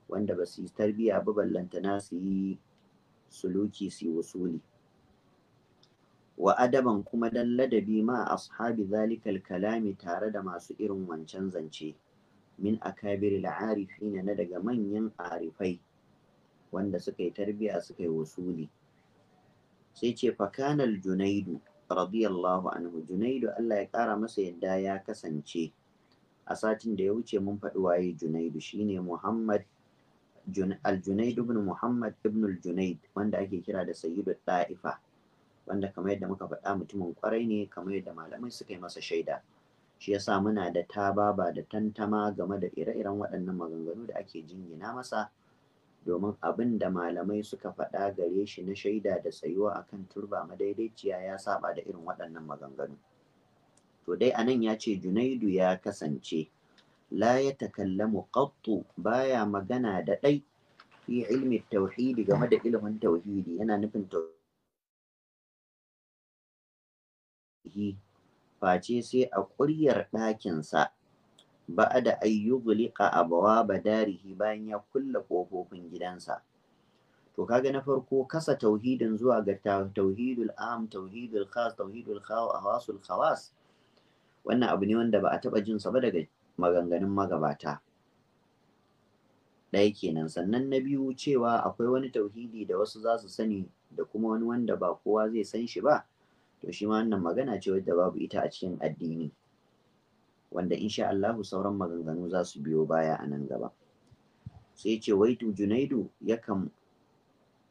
wanda ba su yi tarbiya ba ballantana su yi suluki su yi wasuli wa adaban kuma dan ladabi ma ashabi zalikal kalami tare da masu irin wancan zance min akabiri la'arifina na daga manyan arifai wanda suka yi tarbiya suka yi wasuli sai ce fakanal junaidu radiyallahu anhu junaidu Allah ya kara masa yadda ya kasance a satin da ya wuce mun faɗi waye junaidu shine Muhammad al-Junaid ibn Muhammad ibn al-Junaid wanda ake kira da sayyidu ta'ifa wanda kamar yadda muka faɗa mutumin kwarai ne kamar yadda malamai suka yi masa shaida shi yasa muna da tababa da tantama game da ire-iren waɗannan maganganu da ake jingina masa domin abin da malamai suka faɗa gare shi na shaida da tsayuwa kan turba madaidaiciya ya saba da irin waɗannan maganganu to dai anan ya ce junaidu ya kasance la ya takallamu qattu baya magana da ɗai fi ilmi tauhidi game da ilimin tauhidi yana nufin tauhidi face sai a ƙuryar ɗakinsa ba'da an yughliqa abwaba darihi bayan ya kulle kofofin gidansa to kaga na farko kasa tauhidin zuwa ga tauhidul am tauhidul khas tauhidul khawasul khawas wannan abu ne wanda ba a taba jin sa ba daga maganganun magabata ɗaya kenan sannan na biyu cewa akwai wani tauhidi da wasu za su sani da kuma wani wanda ba kowa zai san shi ba to shi ma wannan magana ce wadda babu ita a cikin addini wanda insha Allahu sauran maganganu za su biyo baya a nan gaba sai ce waitu junaidu yakan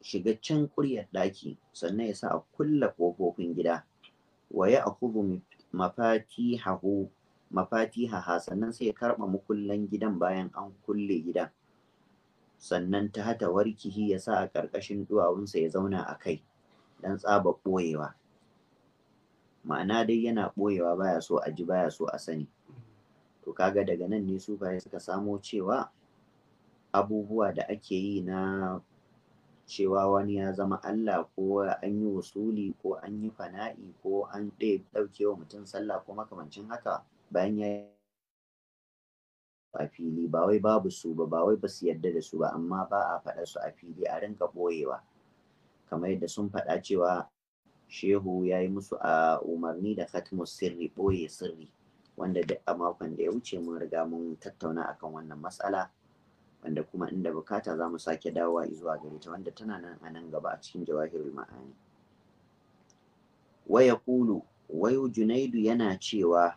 shiga can kuryar ɗaki sannan ya sa a kulla ƙofofin gida wa ya akubu mafati haha sannan sai ya karɓa mukullan gidan bayan an kulle gidan sannan ta hata warkihi ya sa a ƙarƙashin duwawunsa ya zauna a kai don tsaba ɓoyewa ma'ana dai yana ɓoyewa baya so a ji baya so a sani to kaga daga nan ne sufaye suka samo cewa abubuwa da ake yi na cewa wani ya zama Allah ko an yi wasuli ko an yi fana'i ko an ɗauke wa mutum sallah ko makamancin haka bayan ya a fili ba wai babu su ba ba wai ba su yarda da su ba amma ba a faɗa su a fili a rinka ɓoyewa kamar yadda sun faɗa cewa shehu ya yi musu a umarni da khatmus sirri ɓoye sirri wanda duk a makon da ya wuce mun riga mun tattauna akan wannan matsala wanda kuma inda bukata za mu sake dawowa zuwa gare ta wanda tana nan a nan gaba a cikin jawahirul ma'ani waya kulu wayo junaidu yana cewa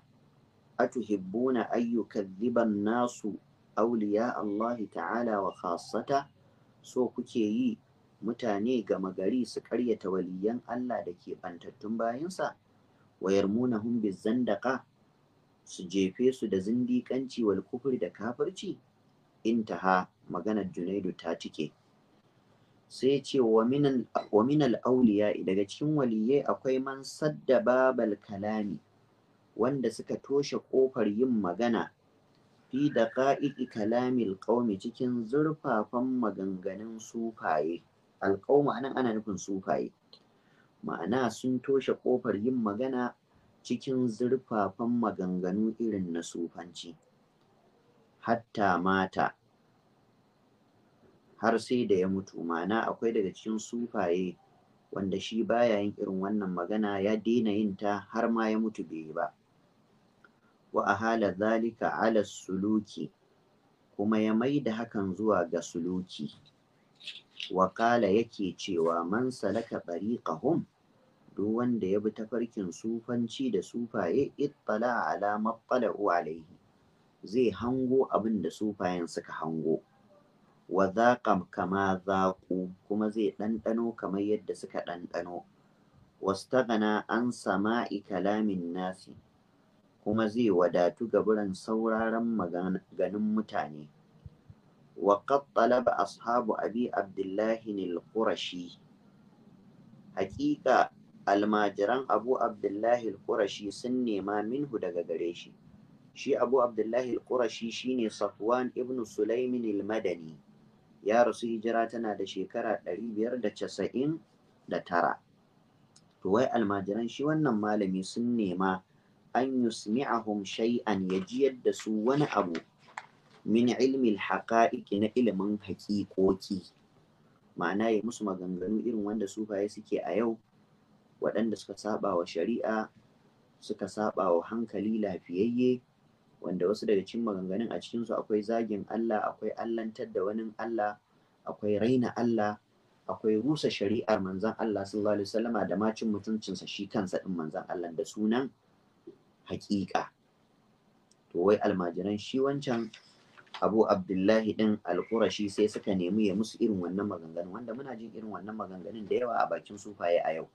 atuhibbuna ayyukadhiban nasu auliya Allahu ta'ala wa khassata so kuke yi mutane gama gari su karyata waliyan Allah da ke bantattun bayansa wayar muna hun zandaka su jefe su da zindiƙanci wal kufri da kafirci intaha maganar junaidu ta cike. sai ce wa minal auliya daga cikin waliyyai akwai man sadda babal kalami wanda suka toshe ƙofar yin magana fi da ka'iki kalamil ƙaumi cikin zurfafan maganganun sufaye alƙauma anan ana nufin sufaye ma'ana sun toshe ƙofar yin magana cikin zurfafan maganganu irin na sufanci hatta mata har sai da ya mutu mana akwai daga cikin sufaye wanda shi baya yin irin wannan magana ya daina yin ta har ma ya mutu bai ba wa ahala zalika ala suluki kuma ya mai da hakan zuwa ga suluki wakala yake cewa man salaka tariqahum duk wanda ya bi tafarkin sufanci da sufaye ittala ala mattala'u alaihi zai hango abin da sufayen suka hango wa zaqa kama zaqu kuma zai ɗanɗano kamar yadda suka ɗanɗano wastaghana an sama'i kalamin nasi kuma zai wadatu gaburan sauraron maganin mutane wa qad talaba ashabu abi abdullahi al-qurashi haƙiƙa almajiran abu abdullahi al-qurashi sun nema minhu daga gare shi shi abu abdullahi al-qurashi shine safwan ibn sulaimin al-madani ya rasu hijira tana da shekara 599 to wai almajiran shi wannan malami sun nema an yusmi'ahum shay'an ya jiyar da su wani abu min ilmi al-haqa'iqi na ilimin haƙiƙoƙi ma'ana ya musu maganganu irin wanda sufaye suke a yau waɗanda suka saba wa shari'a suka saba wa hankali lafiyayye wanda wasu daga cikin maganganun a cikinsu akwai zagin Allah akwai allantar da wani Allah akwai raina Allah akwai rusa shari'ar manzan Allah sallallahu alaihi wasallama da macin mutuncinsa shi kansa din manzan Allah da sunan haƙiƙa. to wai almajiran shi wancan abu abdullahi din alƙurashi sai suka nemi ya musu irin wannan maganganun wanda muna jin irin wannan maganganun da yawa a bakin sufaye a yau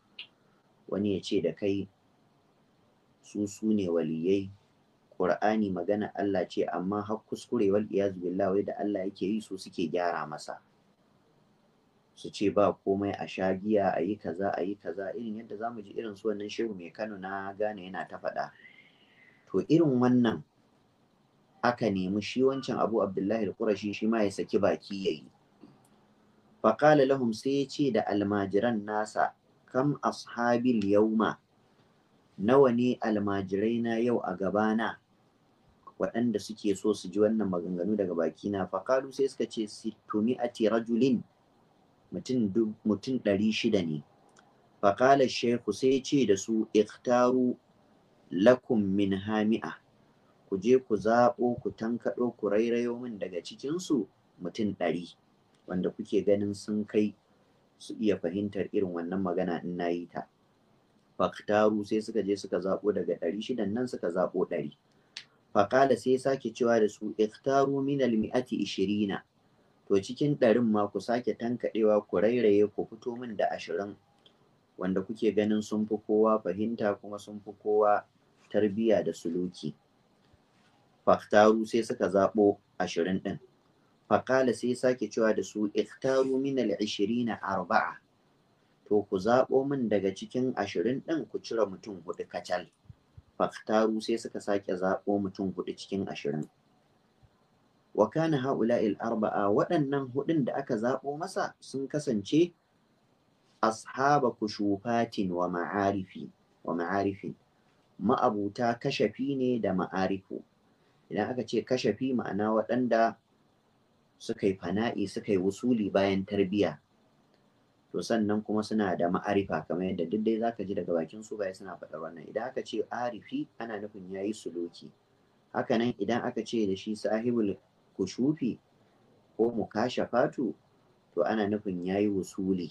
wani ya ce da kai su su ne waliyai ƙur'ani magana Allah ce amma har kuskure wal iyazu billah wai da Allah yake yi su suke gyara masa su ce ba komai a sha giya a yi kaza a yi kaza irin yadda za mu ji irin su wannan shehu mai Kano na gane yana ta faɗa to irin wannan aka nemi shi wancan Abu Abdullahi al-Qurashi shi ma ya saki baki yayi faqala lahum sai ya ce da almajiran nasa kam ashabil yauma nawa ne almajirai na yau a gabana waɗanda suke so su ji wannan maganganu daga bakina fakalu sai suka ce sittumi ati rajulin mutum ɗari shida ne fakala shehu sai ce da su ikhtaru lakum min hami'a ku je ku zaɓo ku tankaɗo ku rairayo min daga cikinsu mutum ɗari wanda kuke ganin sun kai su iya fahimtar irin wannan magana in na yi ta faktaru sai suka je suka zaɓo daga ɗari shidan nan suka zaɓo ɗari faƙala sai sake cewa da su iktaru min mi'ati ishirina to cikin ɗarin ma ku sake tankaɗewa ku rairaye ku fito min da ashirin wanda kuke ganin sun fi kowa fahimta kuma sun fi kowa tarbiyya da suluki faktaru sai suka zaɓo ashirin ɗin faƙala sai sake cewa da su iktaru min al arba'a to ku zaɓo min daga cikin ashirin ɗin ku cire mutum huɗu kacal faktaru sai suka sake zaɓo mutum huɗu cikin ashirin wa kana il arba'a waɗannan huɗun da aka zaɓo masa sun kasance ashaba shufatin wa ma'arifi wa ma'arifin ma'abuta kashafi ne da ma'arifu idan aka ce kashafi ma'ana waɗanda suka yi fana'i suka yi wusuli bayan tarbiyya, to sannan kuma suna da ma'arifa kamar yadda duk dai zaka ji daga bakin su bai suna faɗar wannan idan aka ce arifi ana nufin yayi suluki haka nan idan aka ce da shi sahibul kushufi ko mukashafatu to ana nufin yayi wusuli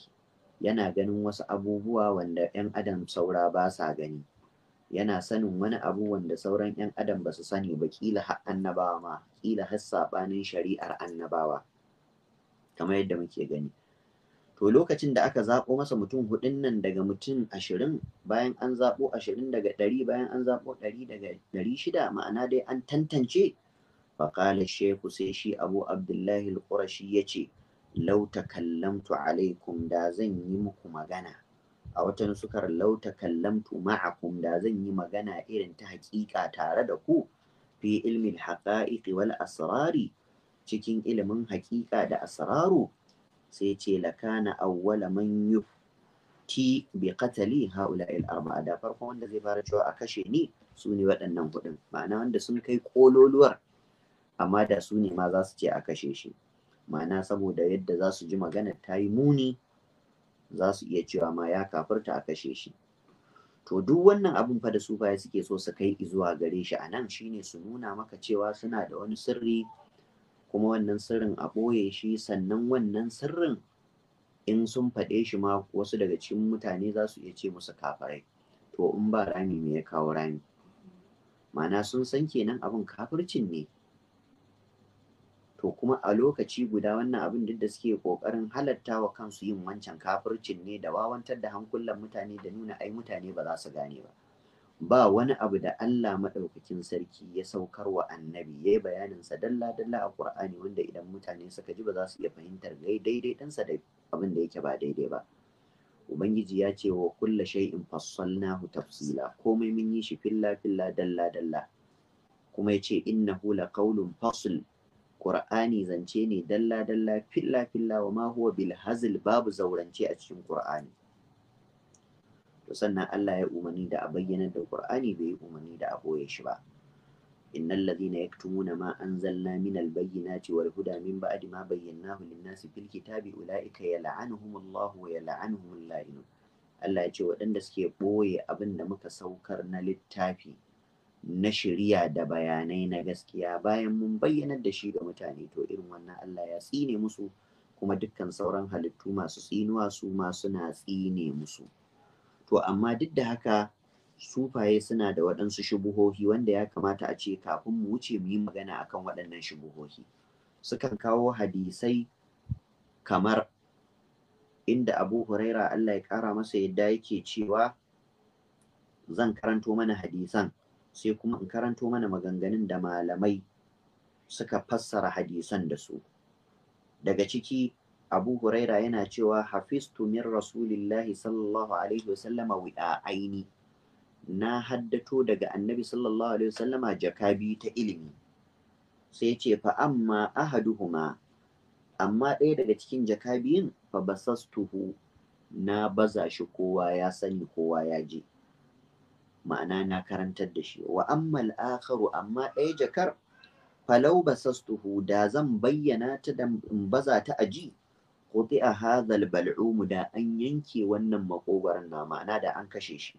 yana ganin wasu abubuwa wanda 'yan adam saura ba sa gani yana sanin wani abu wanda sauran 'yan adam ba su sani ba kila har annabawa ma kila har saɓanin shari'ar annabawa kamar yadda muke gani to lokacin da aka zaɓo masa mutum hudun nan daga mutum ashirin bayan an zaɓo ashirin daga ɗari bayan an zaɓo ɗari daga ɗari shida ma'ana dai an tantance faƙala shehu sai shi abu abdullahi al-qurashi ya ce lau takallamtu alaikum da zan yi muku magana a wata sukar lauta kallamtu ma'akum da zan yi magana irin ta hakika tare da ku fi ilmin haƙa'iƙi wal asrari cikin ilimin hakika da asraru sai ce lakana awwala man yufti bi qatali haula'il arba'a da farko wanda zai fara cewa a kashe ni su ne waɗannan kuɗin ma'ana wanda sun kai kololuwar amma da su ne ma za su ce a kashe shi ma'ana saboda yadda za su ji magana ta yi muni za su iya cewa ma ya kafirta a kashe shi to duk wannan abin fa da su fa suke so su kai zuwa gare shi a nan shine su nuna maka cewa suna da wani sirri kuma wannan sirrin a ɓoye shi sannan wannan sirrin in sun faɗe shi ma wasu daga cikin mutane za su iya ce musu kafirai to in ba rami me ya kawo rami ma'ana sun san kenan abin kafircin ne to kuma a lokaci guda wannan abin duk da suke kokarin halatta wa kansu yin wancan kafircin ne da wawantar da hankulan mutane da nuna ai mutane ba za su gane ba ba wani abu da Allah maɗaukakin sarki ya saukar wa annabi ya yi sa dalla dalla a Kur'ani wanda idan mutane suka ji ba za su iya fahimtar daidai sa da abin da yake ba daidai ba Ubangiji ya ce wa kulla shay'in fassalnahu tafsila komai mun yi shi filla filla dalla dalla kuma ya ce innahu laqawlun fasl Ƙur'ani zance ne dalla dalla filla filla wa ma huwa bil hazl babu zaurance a cikin Ƙur'ani. to sannan Allah ya umarni da a bayyana da Ƙur'ani bai umarni da a boye shi ba innal ladhina yaktumuna ma anzalna minal bayyinati wal huda min ba'di ma bayyanahu lin-nasi fil kitabi ulaika yal'anuhumullahu wa yal'anuhumul la'inun Allah ya ce waɗanda suke ɓoye abin da muka saukar na littafi na shirya da bayanai na gaskiya bayan mun bayyanar da shi ga mutane to irin wannan Allah ya tsine musu kuma dukkan sauran halittu masu tsinuwa su ma suna tsine musu to amma duk da haka sufaye suna da waɗansu shubuhohi wanda ya kamata a ce kafin mu wuce mu yi magana akan waɗannan shubuhohi sukan kawo hadisai kamar inda abu huraira Allah ya ƙara masa yadda yake cewa zan karanto mana hadisan sai kuma in karanto mana maganganun da malamai suka fassara hadisan da su daga ciki abu huraira yana cewa hafistu min rasulillahi sallallahu alaihi wasallama wi'a aini na haddato daga annabi sallallahu alaihi wasallama jakabi ta ilimi sai ce fa amma ahaduhuma amma ɗaya daga cikin jaka biyun fa basastuhu na baza shi kowa ya sani kowa ya je ma'ana na karantar da shi wa ammal akharu amma ɗaya jakar falau basastuhu da zan bayyana ta da in baza ta aji a hazal bal'umu da an yanke wannan makogaran na ma'ana da an kashe shi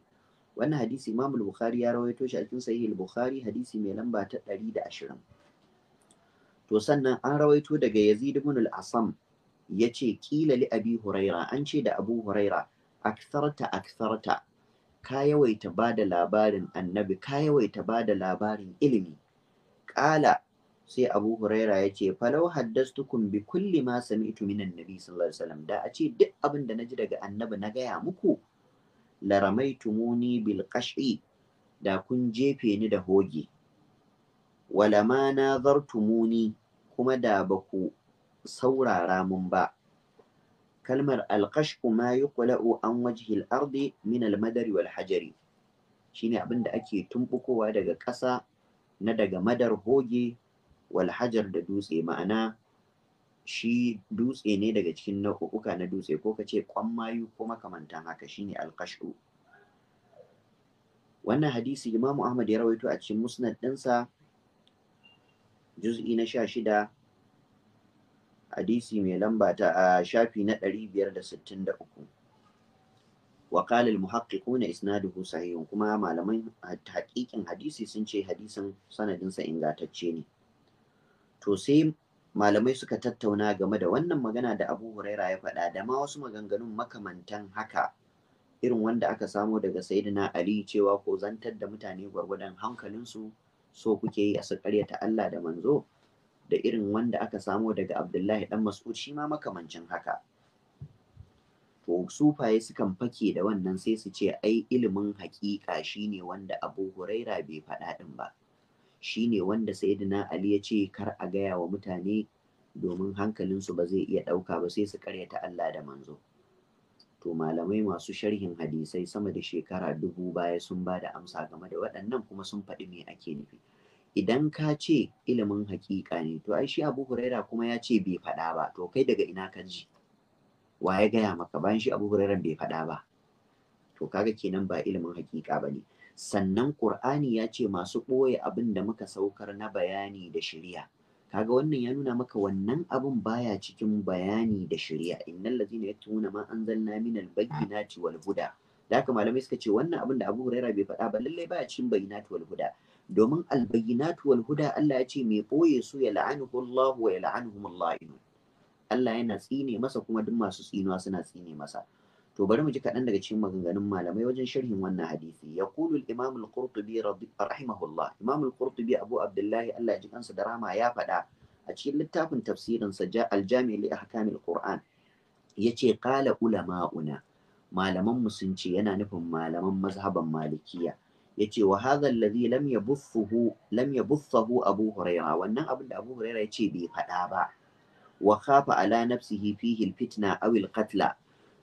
wannan hadisi Imam bukhari ya rawaito shi a cikin Sahih al-Bukhari hadisi mai lamba ta 120 to sannan an rawaito daga Yazid ibn al-Asam yace qila li Abi Huraira an ce da Abu Huraira aktharta aktharta ka yawaita ba da labarin annabi ka yawaita ba da labarin ilimi ƙala sai abu huraira ya ce falau haddastukum bi kulli ma sami'tu minan nabi sallallahu alaihi wasallam da a ce duk abin da ji daga annabi na gaya muku Laramai, tumuni, qash'i da kun jefe ni da hoge wala ma nazartumuni kuma da baku saurara mun ba kalmar alkashku ma kula'u an wajihil ardi min almadari wal hajari shine abin da ake tumbukowa daga ƙasa na daga madar hoge wal hajar da dutse ma'ana shi dutse ne daga cikin nau'uka na dutse ko ka ce mayu, ko makamantan haka shine alkashku wannan hadisi imamu ahmad ya rawaito a cikin musnad ɗinsa juz'i na sha shida hadisi mai lamba ta a shafi na ɗari biyar da sittin 563 wa qala al-muhaqqiquna isnaduhu sahihun kuma malaman hakikin hadisi sun ce hadisin sanadinsa ingantacce ne to sai malamai suka tattauna game da wannan magana da abu huraira ya faɗa da ma wasu maganganun makamantan haka irin wanda aka samo daga sayyidina aliyu cewa ko zantar da mutane gwargwadon hankalinsu so kuke yi a su karyata allah da manzo da irin wanda aka samo daga Abdullahi dan Mas'ud shi ma makamancin haka to sufaye sukan fake da wannan sai su ce ai ilimin haƙiƙa shine wanda Abu Huraira bai faɗa ɗin ba shine wanda Sayyidina Ali ya ce kar a gaya wa mutane domin hankalinsu ba zai iya ɗauka ba sai su karyata Allah da manzo to malamai masu sharhin hadisai sama da shekara dubu baya sun ba da amsa game da waɗannan kuma sun faɗi me ake nufi idan ka ce ilimin haƙiƙa ne to ai shi abu huraira kuma ya ce bai faɗa ba to kai daga ina ka ji wa ya gaya maka bayan shi abu huraira bai faɗa ba to kaga kenan ba ilimin haƙiƙa ba ne sannan ƙur'ani ya ce masu ɓoye abin da muka saukar na bayani da shirya kaga wannan ya nuna maka wannan abun baya cikin bayani da shirya innal ladzina yatuna ma anzalna minal bayyinati wal huda da haka malamai suka ce wannan abin da abu huraira bai faɗa ba lallai baya cikin bayyinati wal domin albayyinatu wal huda Allah ya ce mai ɓoye su ya la'anuhu Allah wa ya la'anuhum la'inun Allah yana tsine masa kuma duk masu tsinuwa suna tsine masa to bari mu ji kaɗan daga cikin maganganun malamai wajen sharhin wannan hadisi ya kulu imam al-qurtubi rahimahullah imam al-qurtubi abu abdullahi Allah ya ji kansa da rama ya faɗa a cikin littafin tafsirin sa al-jami' li ahkamil qur'an yace qala ulama'una malaman mu sun ce yana nufin malaman mazhaban malikiya yace wa hadha alladhi lam yabuthuhu lam yabuthahu abu huraira wannan abin da abu huraira yace bai faɗa ba wa khafa ala nafsihi fihi alfitna aw alqatla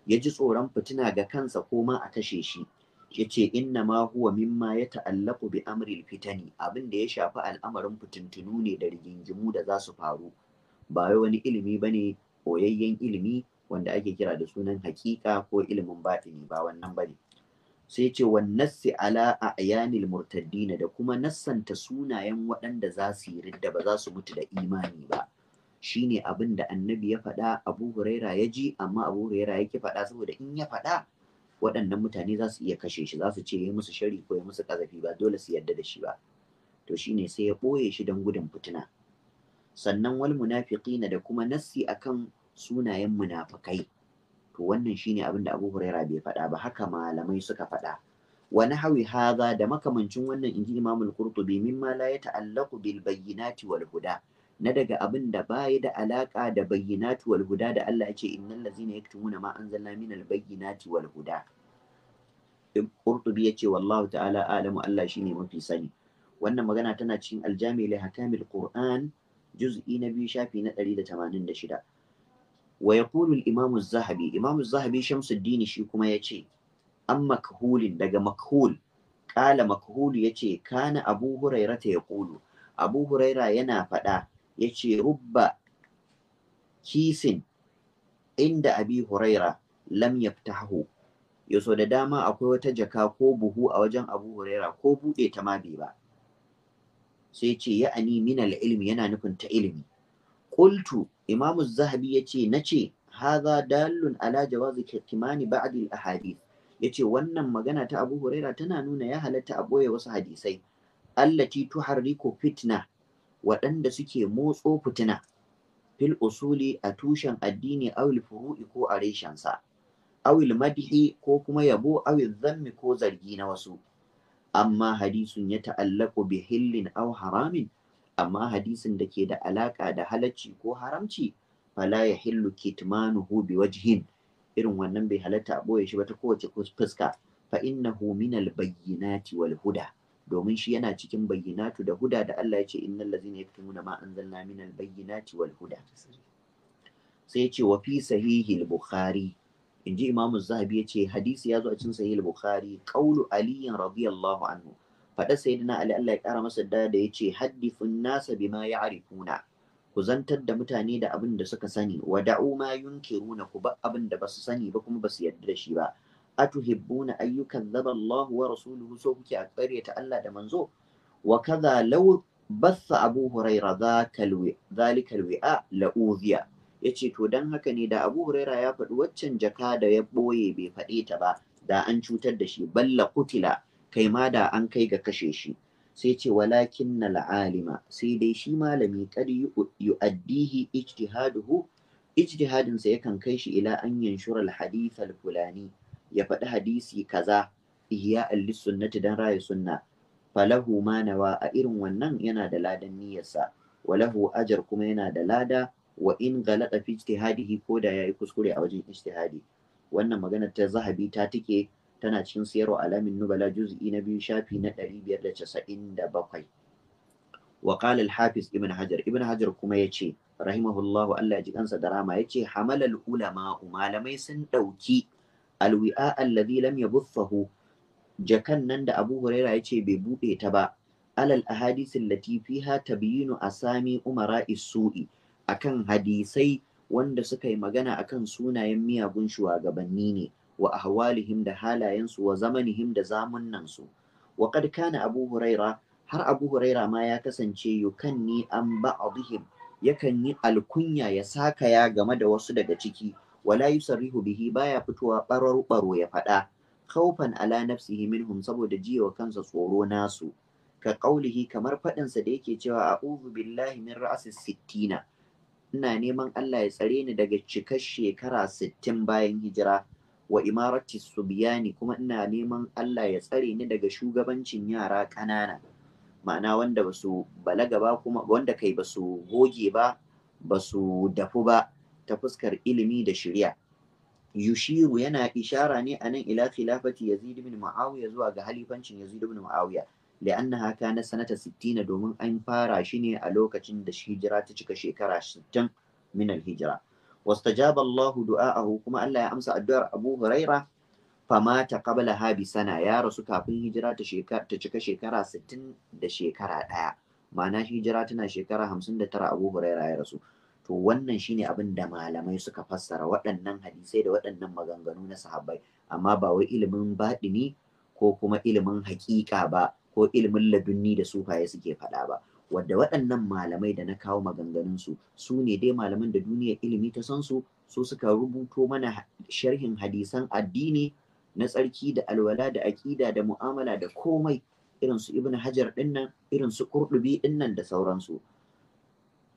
yaji tsoron fitina ga kansa ko ma a kashe shi yace inna ma huwa mimma ya ta'allaku bi amril fitani abin da ya shafi al'amarin fitintunu ne da rigingimu da za su faru ba wai wani ilimi bane oyayyen ilimi wanda ake kira da sunan hakika ko ilimin batini ba wannan bane sai ce wa nassi ala a ayanil murtaddina da kuma nassanta sunayen waɗanda za su yi ridda ba za su mutu da imani ba shine abin da annabi ya faɗa abu huraira ya ji amma abu huraira yake faɗa saboda in ya faɗa waɗannan mutane za su iya kashe shi za su ce ya musu shari ko ya musu kazafi ba dole su yadda da shi ba to shine sai ya ɓoye shi don gudun fitina sannan wal munafiqina da kuma nassi akan sunayen munafikai to wannan shine abin da Abu Huraira bai faɗa ba haka malamai suka faɗa Wani hawi hadha da makamancin wannan inji Imam al-Qurtubi mimma la yata'allaqu bil bayyinati wal huda na daga abin da baya da alaka da bayyinati wal huda da Allah yace innal ladzina yaktumuna ma anzalna minal bayyinati wal huda Qurtubi ya ce wallahu ta'ala alamu Allah shine mafi sani wannan magana tana cikin Al-Jami' li hakamil Qur'an juz'i na biyu shafi na 186 wa yaqulu al-imam az-zahabi imam az-zahabi shi kuma yace an makhulin daga makhul qala ya yace kana abu Huraira ta kulu. abu Huraira yana fada yace rubba kisin inda abi huraira lam hahu yaso da dama akwai wata jaka ko buhu a wajen abu huraira ko buɗe ta ma bai ba sai ce ya'ani ani minal ilmi yana nufin ta ilimi ƙultu imamu zahabi ya ce na ce haza dalun ala jawazi kittimani a al Ya ce wannan magana ta Abu Huraira tana nuna ya halatta a ɓoye wasu hadisai allati tuharriku fitna waɗanda suke motso fitina fil usuli a tushen addini awil furu'i ko a reshensa awil madhi ko kuma yabo awil zammi ko zargi na wasu amma hadisun ya ta'allaku bi hillin aw haramin amma hadisin da ke da alaka da halacci ko haramci fala ya hillu kitmanuhu bi wajhin irin wannan bai halatta a boye shi ba ta kowace fuska fa innahu min al bayyinati wal huda domin shi yana cikin bayyinatu da huda da Allah ya ce innal ladzina yaktumuna ma anzalna min al bayyinati wal huda sai ya ce wa fi sahihi al bukhari inji imamu zahabi ya ce hadisi ya zo a cikin sahih al bukhari qawlu ali radiyallahu anhu faɗa sayyidina Ali Allah ya ƙara masa da da ya ce, haddifun nasa bi ma bima arifuna ku zantar da mutane da abin da suka sani wa da'u ma runa ku ba abin da basu sani ba kuma basu yarda da shi ba atuhibbuna ayyukan zaba Allah wa rasuluhu so kuke a ta Allah da manzo wa kaza law bassa Abu Huraira zalika alwi'a yace to dan haka ne da Abu Huraira ya faɗi waccan jaka da ya ɓoye bai faɗe ta ba da an cutar da shi balla kutila kai ma da an kai ga kashe shi sai ce walakin na la'alima sai dai shi malami kad yu'addihi ijtihaduhu ijtihadinsa yakan kai shi ila an yanshura al-hadith fulani ya faɗi hadisi kaza ihya al-sunnati dan raya sunna falahu ma nawa a irin wannan yana da ladan niyyarsa walahu ajar kuma yana da lada wa in galata fi ijtihadihi ko da yayi kuskure a wajen ijtihadi wannan magana ta zahabi ta take. tana cikin siyarwa alamin nubala juz'i na biyu shafi na biyar da casa'in wa bakwai. al-hafiz ibn hajar ibn hajar kuma yace rahimahullahu Allah ya ji kansa da rama yace hamalal ulama malamai sun ɗauki alwi'a alladhi lam yabuthahu jakan nan da Abu Huraira yace bai buɗe ta ba alal ahadith allati fiha tabyinu asami umara isu'i akan hadisai wanda suka yi magana akan sunayen miyagun shugabanni ne wa ahwalihim da halayensu wa zamanihim da zamunnansu wa kad kana abu huraira har abu huraira ma ya kasance yukanni an ba'dihim yakan yi alkunya ya saka ya game da wasu daga ciki wala yusarrihu bihi baya fitowa barar baro ya faɗa khaufan ala nafsihi minhum saboda jiwa kansa tsoro nasu ka qaulihi kamar faɗinsa da yake cewa a'udhu billahi min ra'sis sittina ina neman Allah ya tsare ni daga cikar shekara sittin bayan hijira wa imarati subiyani kuma ina neman Allah ya tsare ni daga shugabancin yara ƙanana ma'ana wanda ba su balaga ba kuma wanda kai ba su goge ba ba su dafu ba ta fuskar ilimi da shirya yushiru yana ishara ne a anan ila khilafati yazid ibn muawiya zuwa ga halifancin yazid ibn muawiya haka na sanata 60 domin an fara shi ne a lokacin da hijira ta cika shekara 60 min al-hijra wastajaba du'a du'a'ahu kuma Allah ya amsa addu'ar Abu Huraira famata qabla Habisana ya rasu kafin hijira ta cika shekara 60 da shekara ɗaya. ma'ana hijira tana shekara 59 Abu Huraira ya rasu to wannan shine abin da malamai suka fassara waɗannan hadisai da waɗannan maganganu na sahabbai amma ba wai ilimin baɗini ko kuma ilimin haƙiƙa ba ko ilimin ladunni da sufaye suke faɗa ba wadda waɗannan malamai da na kawo maganganun su ne dai malaman da duniyar ilimi ta san su su suka rubuto mana sharhin hadisan addini na tsarki da alwala da aƙida da mu'amala da komai irin su ibn hajar dinnan irin su kurdubi dinnan da sauransu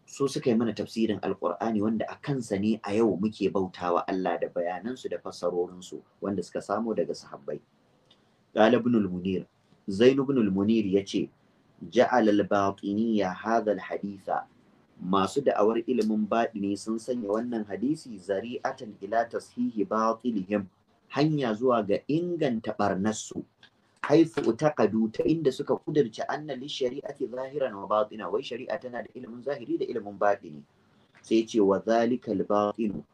su suka yi mana tafsirin alkur'ani wanda a kansa ne a yau muke bautawa Allah da bayanansu da fassarorinsu wanda suka samo daga sahabbai qala ibn al-munir zainu ibn al-munir yace Ja'alal al-batiniyya hadha masu da'awar ilimin baɗini sun sanya wannan hadisi zari'atan ila tashihi batilihim hanya zuwa ga inganta barnarsu haifu utaqadu ta inda suka kudirce anna li shari'ati zahiran wa batina wai shari'a tana da ilimin zahiri da ilimin baɗini sai ce wa zalikal batinu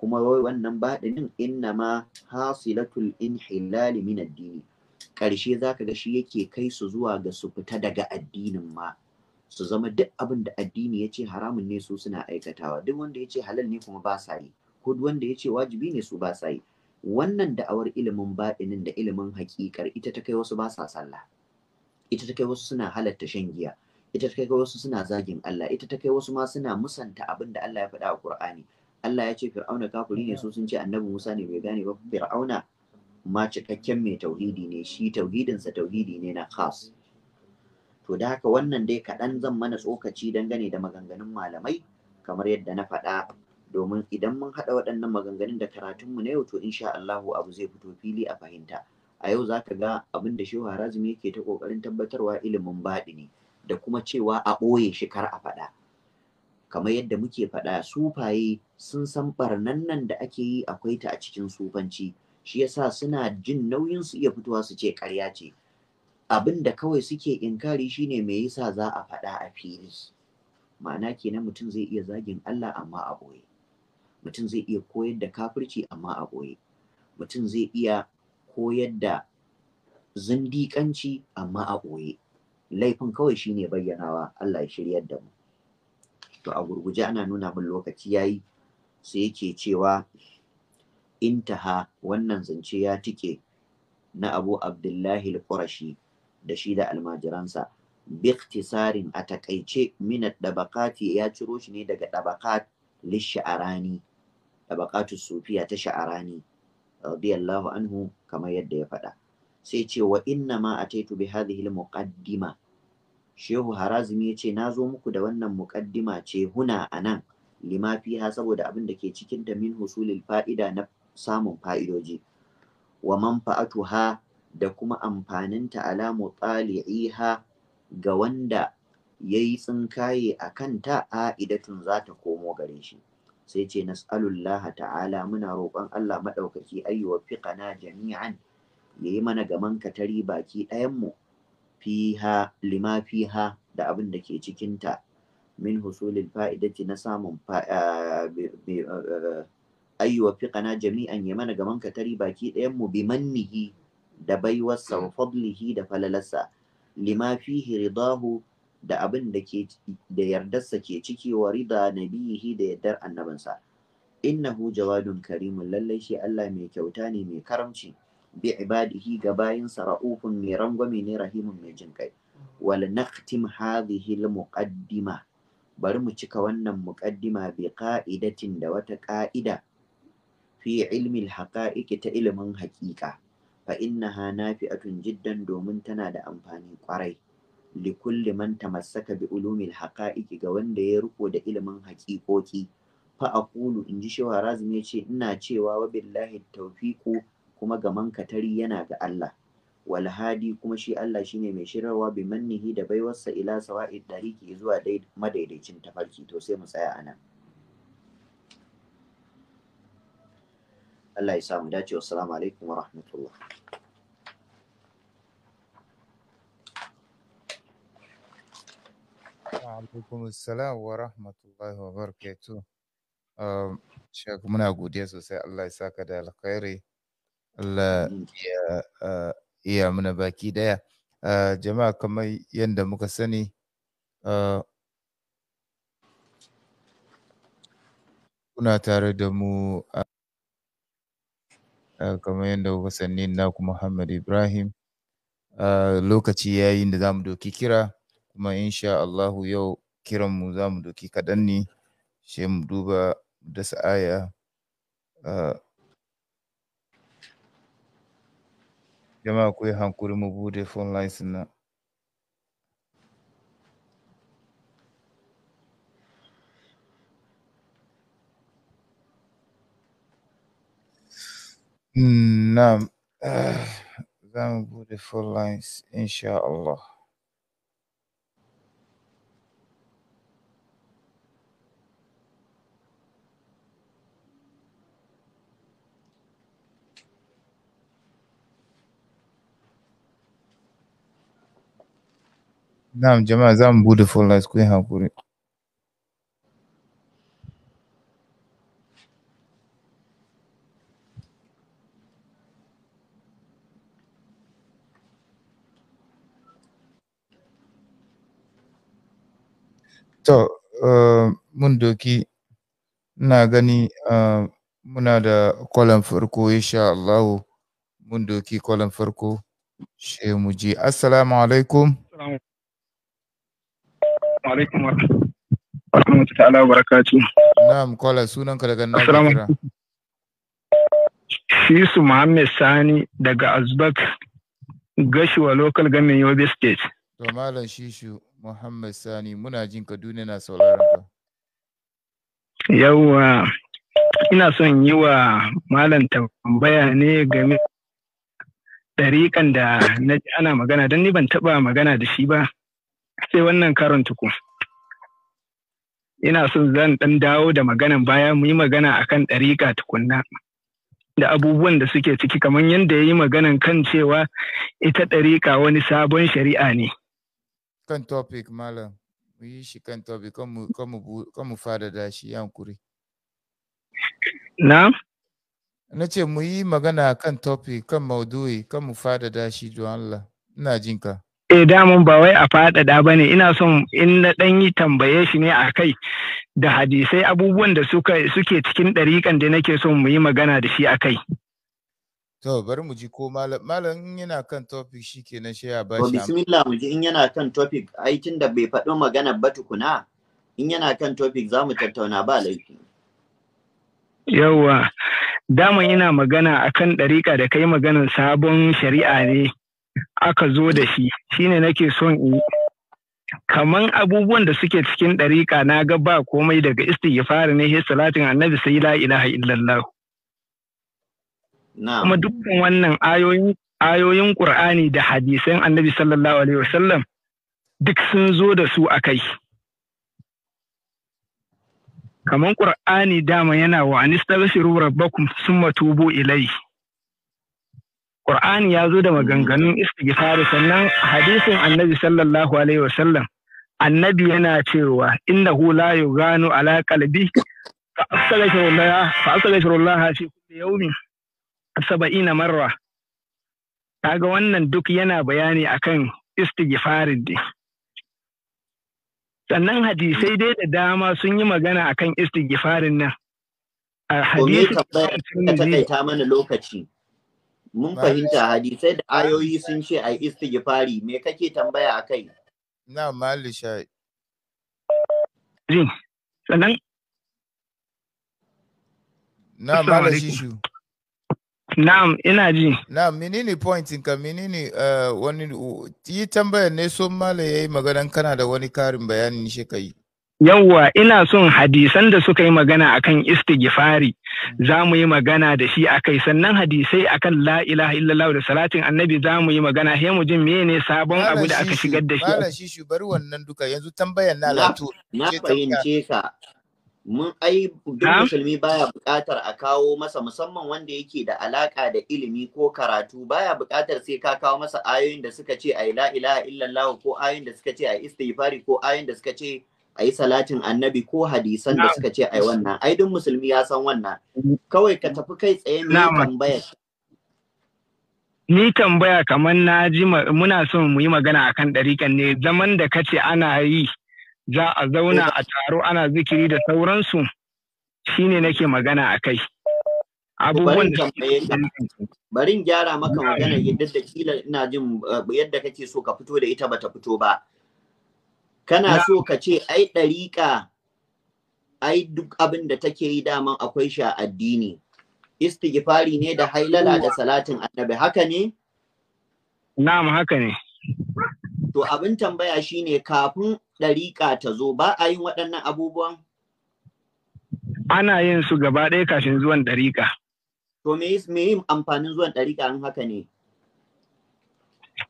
kuma wai wannan baɗinin inna ma hasilatul inhilali min addini ƙarshe za ka ga shi yake kai su zuwa ga su fita daga addinin ma su zama duk abin da addini ya ce haramun ne su suna aikatawa duk wanda ya ce halal ne kuma ba sa yi ko duk wanda ya ce wajibi ne su ba sa yi wannan da'awar ilimin baɗinin da ilimin haƙiƙar ita ta kai wasu ba sa sallah ita ta kai wasu suna halatta shan giya ita ta kai wasu suna zagin Allah ita ta kai wasu ma suna musanta abin da Allah ya faɗa a Qur'ani Allah ya ce Fir'auna kafiri ne su sun ce Annabi Musa ne bai gane ba Fir'auna ma cikakken mai tauhidi ne shi tauhidinsa tauhidi ne na khas to da haka wannan dai kaɗan zan mana tsokaci dangane da maganganun malamai kamar yadda na faɗa domin idan mun haɗa waɗannan maganganun da karatunmu na yau to insha Allahu abu zai fito fili a fahimta a yau zaka ga abin da shehu harazumi yake ta ƙoƙarin tabbatarwa ilimin baɗi ne da kuma cewa a ɓoye shi kar a faɗa kamar yadda muke faɗa sufaye sun san barnan nan da ake yi akwai ta a cikin sufanci shi yasa suna jin nauyin su iya fitowa su ce ƙarya ce abin da kawai suke inkari shine me yasa za a faɗa a fili ma'ana kenan mutum zai iya zagin Allah amma a ɓoye mutum zai iya koyar da kafirci amma a ɓoye mutum zai iya koyar da zindiƙanci amma a boye laifin kawai shine bayyanawa Allah ya shiryar da mu to a gurguje ana nuna min lokaci yayi sai yake cewa intaha wannan zance ya tike na abu abdullahi al-qurashi da shi da almajiransa biktisarin a takaice minat dabakati ya ciro shi ne daga dabakat lisha'arani dabakatu sufiya ta sha'arani radiyallahu anhu kamar yadda ya faɗa sai ce wa inna ma ataitu bi hadhihi muqaddima shehu harazimi yace na zo muku da wannan muqaddima ce huna anan lima fiha saboda abin da ke cikin ta min husulil fa'ida na samun fa'idoji wa manfa'atu ha da kuma amfaninta ala ha ga wanda ya yi tsinkaye a kanta idatun za ta komo gare shi sai ce nas'alullaha ta'ala muna roƙon Allah maɗaukaki ayyuwa fiqana jami'an ya yi mana gaman katari baki ɗayanmu fiha lima fiha da abin da ke cikinta min husulin fa'idati na samun ah, eh, ayyuwa fiƙana jami'an ya mana gaman tari baki ɗayan mu bi mannihi da baiwarsa wa fadlihi da falalarsa lima fihi ridahu da abin da ke da yardarsa ke ciki wa rida nabiyihi da yardar annabinsa innahu jawadun karimun lallai shi Allah mai kyauta ne mai karamci bi ibadihi ga bayinsa ra'ufun mai rangwame ne rahimun mai jin kai wal naqtim hadhihi al muqaddima bari mu cika wannan muqaddima bi qa'idatin da wata qa'ida fi ilmi haƙa'iƙi ta ilimin haƙiƙa fa innaha nafi'atun jiddan domin tana da amfani ƙwarai li kulli man tamassaka bi ulumil haqa'iqi ga wanda ya riko da ilimin haƙiƙoƙi fa aqulu in ji shewa ya ce ina cewa wa billahi tawfiqu kuma ga man katari yana ga Allah wal hadi kuma shi Allah shine mai shirarwa bi mannihi da baiwarsa ila sawa'id dariki zuwa madaidaicin tafarki to sai mu tsaya anan Allah ya sa mu dace wassalamu alaikum wa rahmatullah alaikum assalam wa rahmatullahi wa barakatuh um, shek muna godiya sosai Allah ya saka da alkhairi Allah ya uh, iya muna baki daya uh, jama'a kamar yadda muka sani uh, kuna tare da mu Ah, kamar yadda wasannin sanni na kuma Muhammad Ibrahim ah, lokaci yayin da zamu doki kira kuma insha Allahu yau kiran mu zamu doki kadan ne sai mu duba dasa aya ah, jama'a ku yi hankuri mu bude phone lines na Nam. Uh, ah, them beautiful lines, inshallah. Naam, jamaa, them beautiful lines. Queen Hakuri. To, uh, mun doki ina gani, uh, muna da kwalan farko insha Allahu, mun doki kwalan farko sai mu ji. Assalamu alaikum. Assalamu alaikum wa rahmatullahi ta'ala wa barakatuh. Na'am, kwala sunanka daga nan. Assalamu alaikum. Yusuf Muhammad Sani daga Azbak gashiwa Local Government Yobe State. To Malam Shishu, Muhammad Sani muna jin ka duniya na sauraron ka. Yawwa ina son yi wa malam tambaya ne game ɗariƙan da na ji ana magana don ni ban taɓa magana da shi ba sai wannan karon tuku. Ina son zan ɗan dawo da maganan baya mu yi magana akan ɗariƙa tukunna. da abubuwan da suke ciki kamar yadda ya yi maganan kan cewa ita ɗariƙa wani sabon shari'a ne. kan topic malam mu yi shi kan topic kan mu da shi yankuri na na ce mu yi magana kan topic kan maudu'i kan mu da shi don Allah ina jin ka eh damun ba wai a fadada ba ne ina son in na dan yi tambaye shi ne a kai da hadisai abubuwan da suke cikin dariƙan da nake son mu yi magana da shi a kai To bari mu ji ko malam malam yana kan topic shikenan sai ya ba shi. bismillah mu ji in yana kan topic ai da bai faɗo magana ba tukuna in yana kan topic za mu tattauna ba laifi. Yawwa dama ina magana akan ɗariƙa da kai maganan sabon shari'a ne aka zo da shi shine nake son in kaman abubuwan da suke cikin ɗariƙa na ga ba komai daga istighfar ne salatin annabi sai la ilaha illallah Kuma dukkan wannan ayoyin ayoyin Qur'ani da hadisan Annabi sallallahu alaihi wasallam duk sun zo da su a kai. Kaman Qur'ani dama yana wa anistaghfiru rabbakum summa tubu ilai. Qur'ani ya zo da maganganun istighfar sannan hadisin Annabi sallallahu alaihi wasallam Annabi yana cewa innahu la yughanu ala qalbi fa astaghfirullah fa astaghfirullah fi kulli yawmin saba'ina marwa. kaga wannan duk yana bayani akan istighfarin din sannan hadisai dai da dama sun yi magana akan istighfarin nan a ta mana lokaci mun fahimta hadisai da ayoyi sun ce a istighfari me kake tambaya kai? na mali sannan na mali shishu Na'am, ina ji. Na'am, menene pointin ka menene eh, wani yi tambayar ne son mala yayi maganan kana da wani karin bayani ne shi yi. Yawwa, ina son hadisan da suka yi magana akan istighfari za mu yi magana da shi a kai sannan hadisai akan la ilaha illallah da salatin annabi za mu yi magana sai mu jin ne sabon abu da aka shigar da shi. Mala shi bari wannan duka yanzu tambayar na lato. Na fahimce ka. mun ai duk musulmi baya buƙatar a kawo masa musamman wanda yake da alaka da ilimi ko karatu baya buƙatar sai ka kawo masa ayoyin da suka ce ai la ilaha illallah ko ayoyin da suka ce ai istighfari ko ayoyin da suka ce ai salatin annabi ko hadisan da suka ce ai wannan ai duk musulmi ya san wannan kawai ka tafi kai tsaye mai tambaya Ni tambaya kamar na ji muna son mu yi magana akan ɗarikan ne zaman da kace ana yi za a zauna a taro ana zikiri da sauransu shine nake magana a kai. Abubuwan da barin gyara maka magana yadda da kila ina jin eh, yadda kake so ka fito da ita bata fito ba. Kana so ka ce ai ɗariƙa ai duk abin da take yi daman akwai shi a addini. Istigifari ne da hailala da salatin annabi haka ne? Na'am haka ne. To abin tambaya shine kafin ɗariƙa ta zo ba a yin waɗannan abubuwan? Ana yin su gaba ɗaya kafin zuwan ɗariƙa. To me yin amfanin zuwan ɗariƙa in haka ne?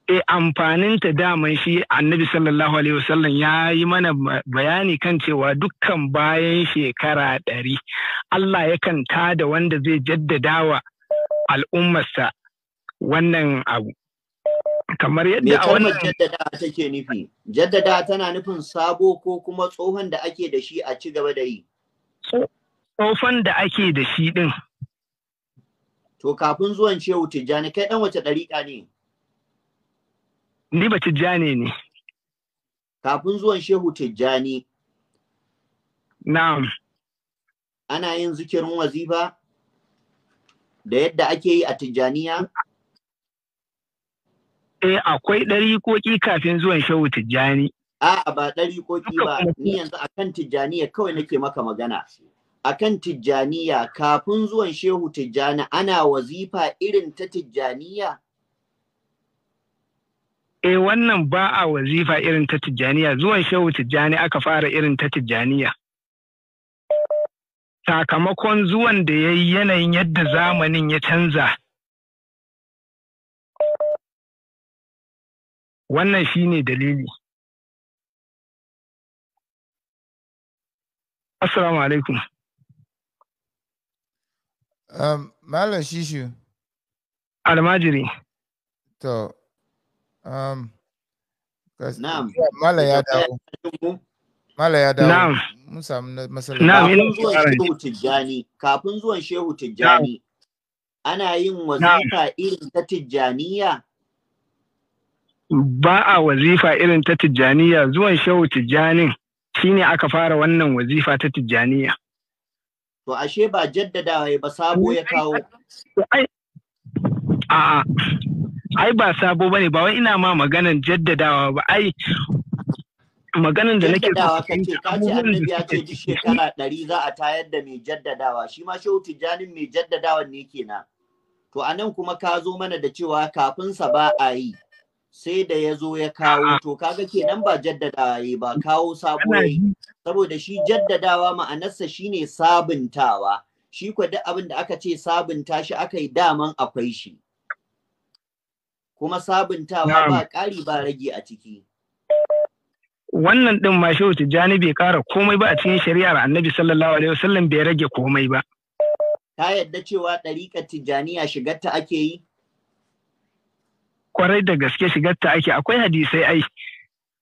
E amfanin ta daman shi annabi sallallahu alaihi wasallam ya yi mana bayani kan cewa dukkan bayan shekara ɗari Allah yakan tada wanda zai jaddadawa al'ummarsa wannan abu. kamar yadda a wannan jaddada take nufi jaddada tana nufin sabo ko kuma tsohon da ake da shi a ci gaba da yi tsohon da ake da shi din to kafin zuwan shehu tijjani kai dan wace dariƙa ne ni ba tijjani ne kafin zuwan shehu tijjani na'am ana yin zikirin wazifa da yadda ake yi a tijjaniya eh akwai ɗari koki kafin zuwan shehu tijjani. A'a ba koki ba, ni yanzu akan tijjaniya kawai nake maka magana. A kan tijjaniya kafin zuwan shehu tijjani ana wazifa irin ta tijjaniya? Eh wannan ba a wazifa irin ta tijjaniya, zuwan shehu tijjani aka fara irin ta tijjaniya. Sakamakon zuwan da ya yi yanayin yadda zamanin ya canza. Wannan shi ne dalili. Assalamu alaikum. Um, Malam Shishu. Almajiri. To, um, Mala ya dawo. Mala ya dawo. Na'am. Mun samu matsala. Na'am, ina zuwan Shehu Tijjani, kafin zuwan Shehu Tijjani, ana yin wazifa irin ta Tijjaniya ba a wazifa irin ta tijjaniya zuwan shehu tijjanin ne aka fara wannan wazifa ta tijjaniya. To ashe ba jaddadawa ba sabo ya kawo. A'a, ai ba sabo ne ba wai ina ma maganan jaddadawa ba ai maganan da nake jaddadawa kace annabi ya ce ji shekara ɗari za a tayar da mai jaddadawa shi ma shehu tijjanin mai jaddadawa ne kenan. To anan kuma ka zo mana da cewa kafin sa ba a yi. sai da ya zo ya kawo to kaga kenan ba jaddada yi ba kawo sabo yi saboda shi jaddadawa ma'anarsa shine sabuntawa shi kwa duk abin da aka ce sabunta shi aka yi daman akwai shi kuma sabuntawa ba ƙari ba rage a ciki wannan din ma wuce tijjani bai kara komai ba a cikin shari'ar annabi sallallahu alaihi wasallam bai rage komai ba ta yadda cewa ɗariƙar tijjaniya shigarta ake yi kwarai da gaske shigar ta ake akwai hadisai ai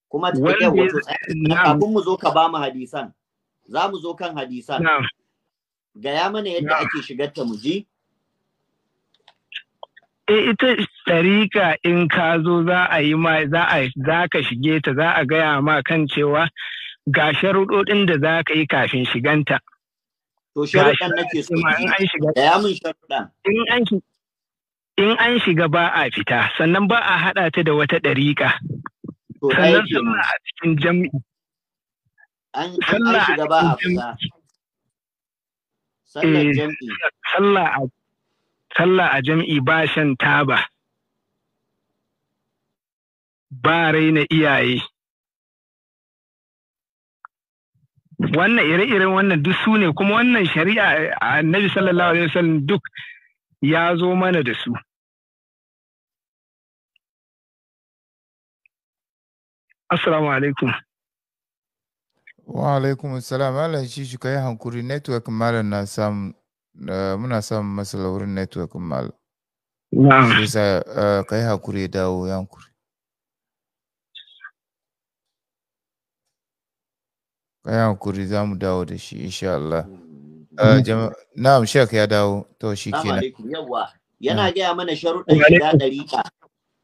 kuma kafin mu zo ka ba mu hadisan za mu zo kan hadisan gaya mana yadda ake shigar ta mu ji e ita tsarika in ka zo za a yi ma za a za ka shige ta za a gaya ma kan cewa ga sharuɗoɗin da za ka yi kafin shiganta. To sharuɗan nake so. In an shiga. Gaya min sharuɗan. In an in an shiga ba a fita sannan ba a haɗa ta da wata ɗariƙa sannan suna a cikin jam'i sallah a jam'i ba shan taba ba raina iyaye wannan ire-iren wannan duk su ne kuma wannan shari'a annabi sallallahu alaihi wasallam duk ya zo mana da su. Assalamu alaikum. Wa alaikum salam Allah shi shi kai hankuri network malam na samu muna samun matsala network malam. Na'am. Bisa eh, kai hakuri dawo hankuri. Kai hankuri za mu dawo da shi insha Allah. Eh, mhm. Na'am Sheikh ya dawo to shi kenan. yana gaya mana sharuɗin shiga ɗariƙa.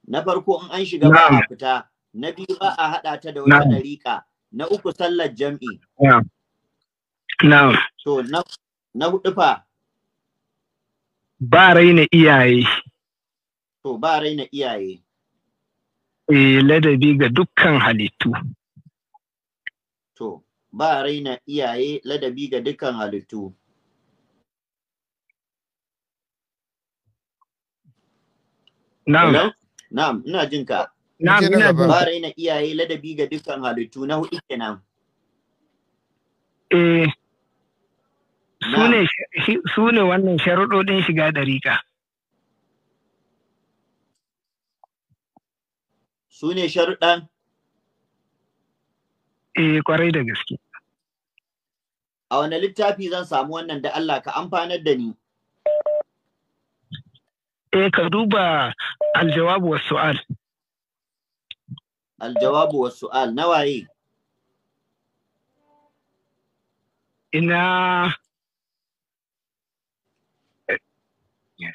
Na farko in an shiga ba a fita, na biyu ba a haɗa ta da wani ɗariƙa, na uku sallar jam'i. Na'am. To na huɗu fa. Ba raina iyaye. To ba raina iyaye. Eh ladabi ga dukkan halittu. To. ba raina iyaye ladabi ga dukkan halittu na'am na'am ina jin ka na'am ina jin ba raina iyaye ladabi ga dukkan halittu na hudu kenan eh su ne wannan sharuɗoɗin shiga ɗarika. Su ne sharuɗan? Eh kwarai da gaske. A wane littafi zan samu wannan da Allah ka amfanar da ni? Eh ka duba aljawabu wasu su'al. Aljawabu wasu su'al na waye? Ina Yes.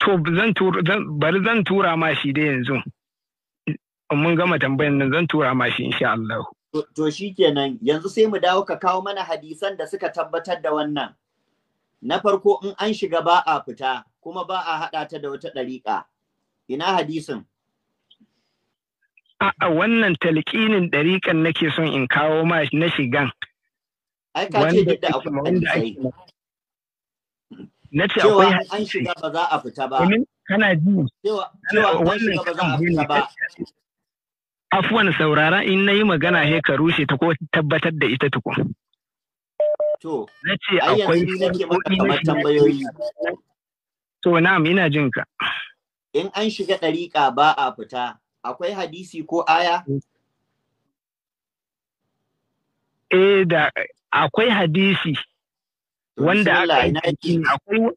To bari zan tura ma shi da yanzu. in mun gama tambayan nan zan tura ma shi insha Allah. To shi kenan yanzu sai mu dawo ka kawo mana hadisan da suka tabbatar da wannan. Na farko in an shiga ba a fita kuma ba a haɗa ta da wata ɗariƙa. Ina hadisin? A'a wannan talƙinin ɗariƙan nake son in kawo ma na shigan. Ai ka ce duk da akwai Na ce akwai an shiga ba za a fita ba. Kana ji. Cewa an shiga ba za a fita ba. afuwan saurara in na yi magana he ka rushe ta ko tabbatar da ita tukun. To, na ce akwai tambayoyi. To, na'am ina jin ka. In an shiga ɗariƙa ba a fita, akwai hadisi ko aya? Eh da akwai hadisi wanda aka akwai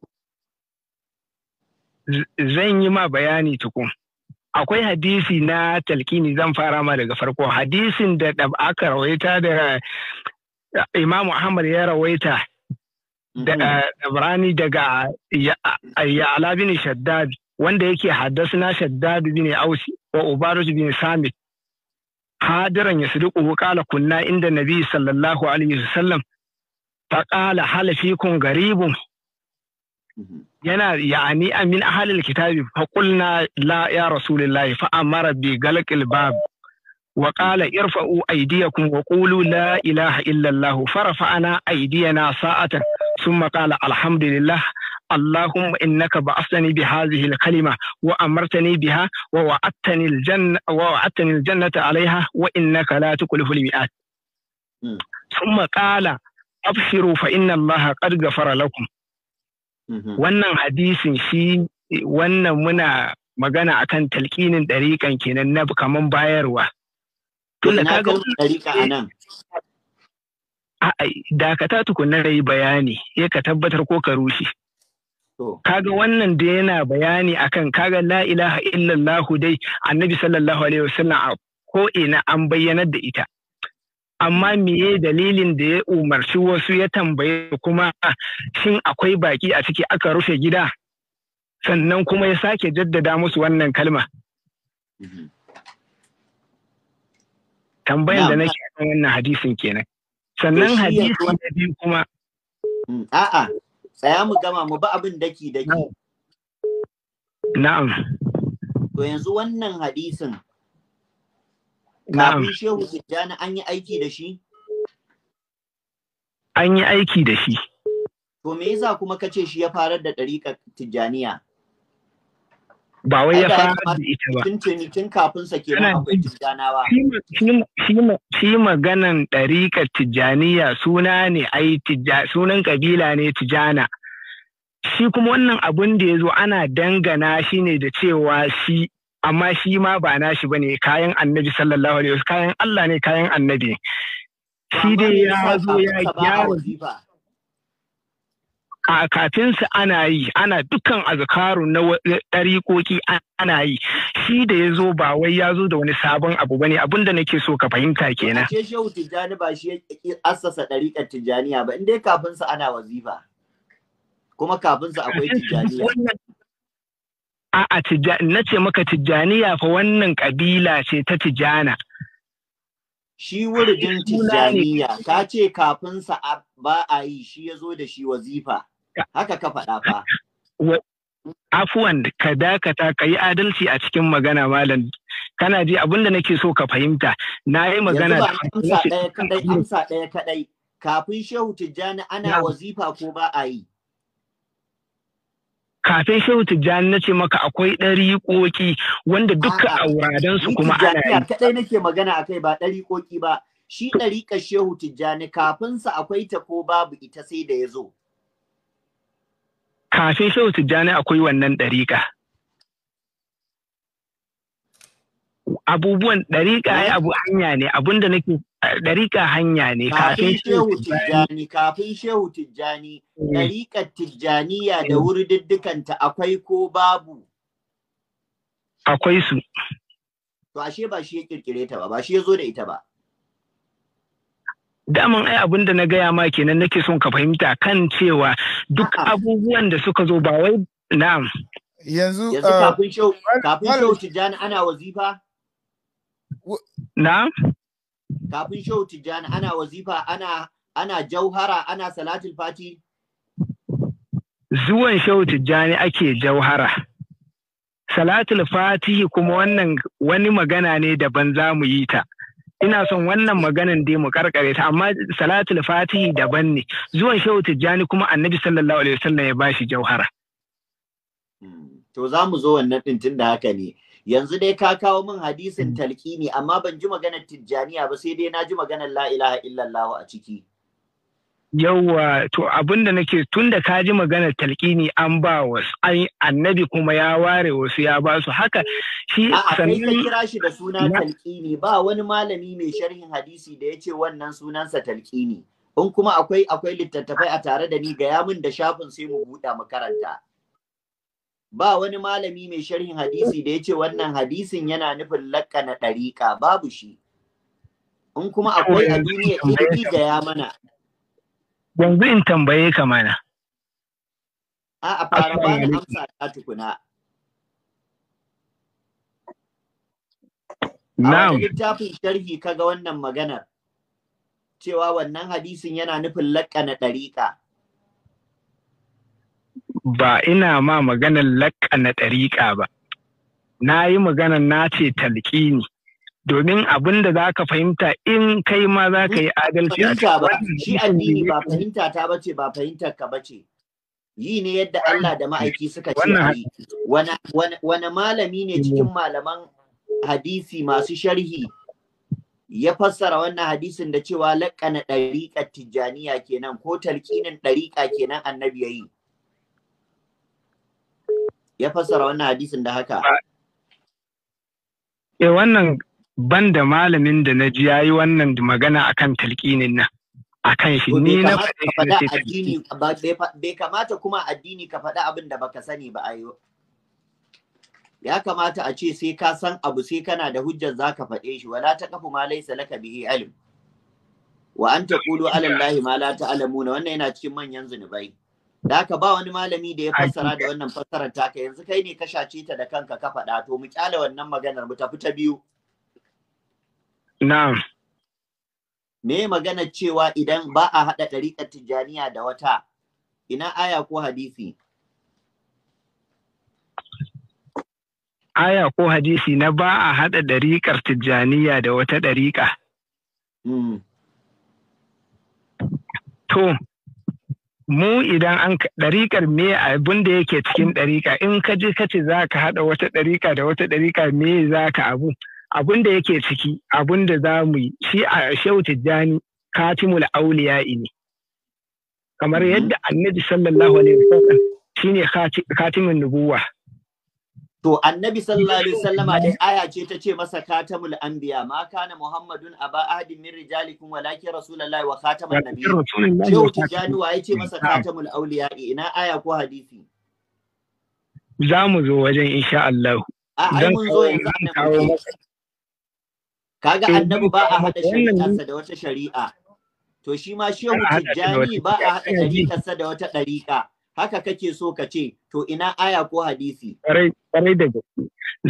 zan yi ma bayani tukun. akwai hadisi na talkini zan fara ma daga farko hadisin da aka rawaita da imam ahmad ya rawaita da Ibrani mm. daga Ya'la bin Shaddad wanda yake haddasna Shaddad bin Ausi wa Ubarus bin Samit hadiran ya yasduqu qala kunna inda nabi sallallahu alaihi wasallam فقال هل فيكم garibun yana ya yani amin ahalil kitabi fa qulna la ya rasulullahi fa amara bi galqil bab wa qala irfa'u aydiyakum wa qulu la ilaha illa allah farafa'na aydiyana sa'atan thumma qala alhamdulillah اللهم انك بعثتني بهذه الكلمه وامرتني بها ووعدتني الجنه ووعدتني الجنه عليها وانك لا تكلف المئات ثم قال ابشروا فان الله قد غفر لكم Mhm. Wannan hadisin shi wannan muna magana akan talƙinin ɗariƙan kenan na kaman bayarwa. Tunda ka ga anan. Dakata tukunna da yi bayani, ya ka tabbatar ko ka rushe. Kaga wannan da yana bayani akan kaga la ilaha illallah, dai annabi sallallahu alaihi wasallam a ko ina an bayyanar da ita. amma meye dalilin da ya umarci wasu ya tambaye kuma shin akwai baki a ciki aka rufe gida sannan kuma ya sake jaddada musu wannan kalma tambayan da nake kan wannan hadisin kenan sannan hadisi wanda biyu kuma mm, a'a tsaya mu gama mu ba abin daki daki na'am to yanzu wannan hadisin kafin shehu tijjani an yi aiki da shi an yi aiki da shi to me yasa kuma kace shi ya farar da ɗariƙar tijjaniya ba wai ya fara da ita ba. Tun kafin sa ke akwai ba. Shi maganan ɗariƙar tijjaniya suna ne ai sunan kabila ne tijjana. Shi kuma wannan abun da ya zo ana dangana shi ne da cewa shi amma shi ma ba nashi bane kayan annabi sallallahu alaihi wasallam kayan Allah ne kayan annabi shi dai ya zo ya gyara a kafinsa ana yi ana dukkan azkaru na dariƙoƙi ana yi shi da ya zo ba wai ya zo da wani sabon abu bane abin da nake so ka fahimta kenan ce shehu tijjani ba shi ya assasa ɗariƙar tijjaniya ba in kafin kafinsa ana wazifa kuma kafinsa akwai tijjaniya A'a na ce maka tijjaniya fa wannan kabila ce ta tijjana. Shi wurin tijjaniya ka ce kafin sa ba a yi shi ya zo da shi wazifa. Haka ka faɗa fa. Afuwan ka dakata ka yi adalci a cikin magana malam. Kana ji abin da nake so ka fahimta. Na yi magana da amsa ɗaya kaɗai, amsa ɗaya kaɗai. Kafin shehu tijjani ana wazifa ko ba a yi. kafin shehu tijjani na ce maka akwai ɗari ƙoƙi wanda duka a wuradansu kuma ana yi. kaɗai nake magana a kai ba ɗari ƙoƙi ba shi ɗariƙa shehu tijjani kafinsa akwai ta ko babu ita sai da ya zo. Kafin shehu tijjani akwai wannan ɗariƙa. Abubuwan ɗariƙa ya eh? abu hanya ne abinda nake ɗariƙa hanya ne kafin shehu tijjani kafin shehu tijjani mm. ɗariƙar tijjaniya da mm. wurdiddikanta akwai ko babu akwai su to ashe ba shi ya kirkire ta ba ba shi ya zo da ita ba daman ai abin da na gaya ma kenan nake son ka fahimta kan cewa duk abubuwan da suka zo ba wai na'am yanzu yanzu uh, kafin shehu tijjani ana wazifa na'am kafin shehu tijjani ana wazifa ana ana jauhara ana salatul fati zuwan shehu tijjani ake jauhara salatul fatihi kuma wannan wani magana ne daban za mu yi ta ina son wannan maganan dai mu karkare ta amma salatul fatihi daban ne zuwan shehu tijjani kuma annabi sallallahu alaihi wasallam ya bashi jauhara hmm, to za mu zo wannan din tun da haka ne yanzu dai ka kawo min hadisin mm. talkini amma ban ji maganar tijjaniya ba sai dai na ji maganar la ilaha illallah a ciki yawwa to abin da nake tun ka ji maganar talkini an ba wasu annabi kuma ya ware wasu ya ba su haka shi sannan kira shi da suna talkini ba wani malami mai sharhin hadisi da ya ce wannan sunansa talkini in kuma akwai akwai littattafai a tare da ni ga yamin da shafin sai mu buɗa makaranta. karanta ba wani malami mai sharhin hadisi da ya ce wannan hadisin yana nufin lakana ɗariƙa babu shi in kuma akwai a duniya ilimi ga ya mana yanzu in tambaye ka mana a a fara ba da amsa ta tukuna a wani littafin sharhi kaga wannan maganar cewa wannan hadisin yana nufin lakana ɗariƙa ba ina ma maganar lakka na ɗariƙa ba. Na yi maganar na ce talƙini. Domin abin da za ka fahimta in kai ma za ka yi adalci a Shi addini ba fahimta ta bace ba fahimtar ka bace. Yi ne yadda Allah da ma'aiki suka ce wani malami ne cikin malaman hadisi masu sharhi ya fassara wannan hadisin da cewa laƙana ɗariƙar tijjaniya kenan ko talƙinin ɗariƙa kenan annabi ya yi. ya fassara wannan hadisin da haka E, wannan ban da malamin da na ji yayi wannan magana akan talqinin nan akan shi ni na addini bai kamata kuma addini ka faɗa abin da baka sani ba ayo ya kamata a ce sai ka san abu sai kana da hujjar zaka faɗe shi wala ta kafu ma laysa laka bihi ilm wa an taqulu ala allahi ma la ta'lamuna wannan yana cikin manyan zunubai da haka ba wani malami da ya fassara da wannan fassarar taka yanzu kai ne ka shaci ta da kanka ka faɗa to mu kyale wannan maganar mu tafi ta biyu na'am me magana cewa idan ba a haɗa ɗariƙar tijjaniya da wata ina aya ko hadisi aya ko hadisi na ba a haɗa ɗariƙar tijjaniya da wata ɗariƙa. Hmm. To, mu idan an ɗariƙar me abin da yake cikin ɗariƙa in ka je ka ce za ka haɗa wata ɗariƙa da wata ɗariƙa me za ka abu abin da yake ciki abin da za mu yi shi a shehu tijjani katimul auliya ne kamar yadda annabi sallallahu alaihi wasallam shine katimin nubuwa To annabi sallallahu alaihi wasallama dai aya ce ta ce masa katamul anbiya ma kana Muhammadun aba ahadin min rijalikum walakin rasulullahi wa khataman nabiy. Yau Tijani wa ce masa katamul auliya ina aya ko hadisi? Za mu zo wajen insha Allah. A mun zo yanzu Kaga annabi ba a hada shari'arsa da wata shari'a. To shi ma Shehu Tijani ba a hada shari'arsa da wata ɗariƙa. haka kake so ka ce to ina aya ko hadisi da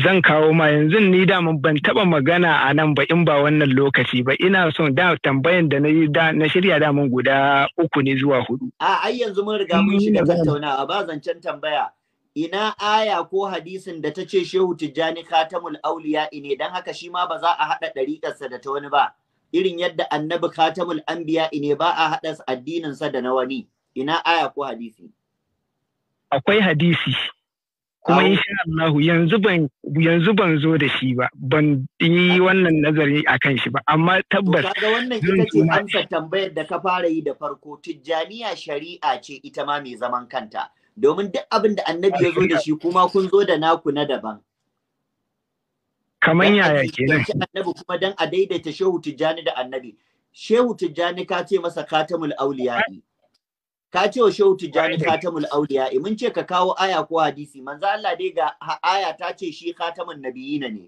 zan kawo ma yanzu ni da ban taba magana a nan ba in ba wannan lokaci ba ina son da tambayan da na shirya da na guda uku ne zuwa hudu a ai yanzu mun riga mun shiga tattaunawa ba zancen tambaya ina aya ko hadisin da ta ce shehu tijjani khatamul auliya ne dan haka shi ma ba za a haɗa ɗariƙarsa da ta wani ba irin yadda annabi khatamul anbiya ne ba a haɗa addininsa da na wani ina aya ko hadisi akwai hadisi kuma insha Allah yanzu ban yanzu ban zo da shi ba ban yi wannan nazari akan shi ba amma tabbas kaga wannan ita ce amsa tambayar da ka fara yi da farko tijjaniya shari'a ce ita ma mai zaman kanta domin duk abin da annabi ya zo da shi kuma kun zo da naku na daban kaman yaya kenan annabi kuma dan a daidaita shehu tijjani da annabi shehu tijjani ka ce masa katamul auliya ne ka ce wa shehu tijjani khatamul auliya mun ce ka kawo aya ko hadisi manzo Allah dai ga aya ta ce shi khatamun nabiyina ne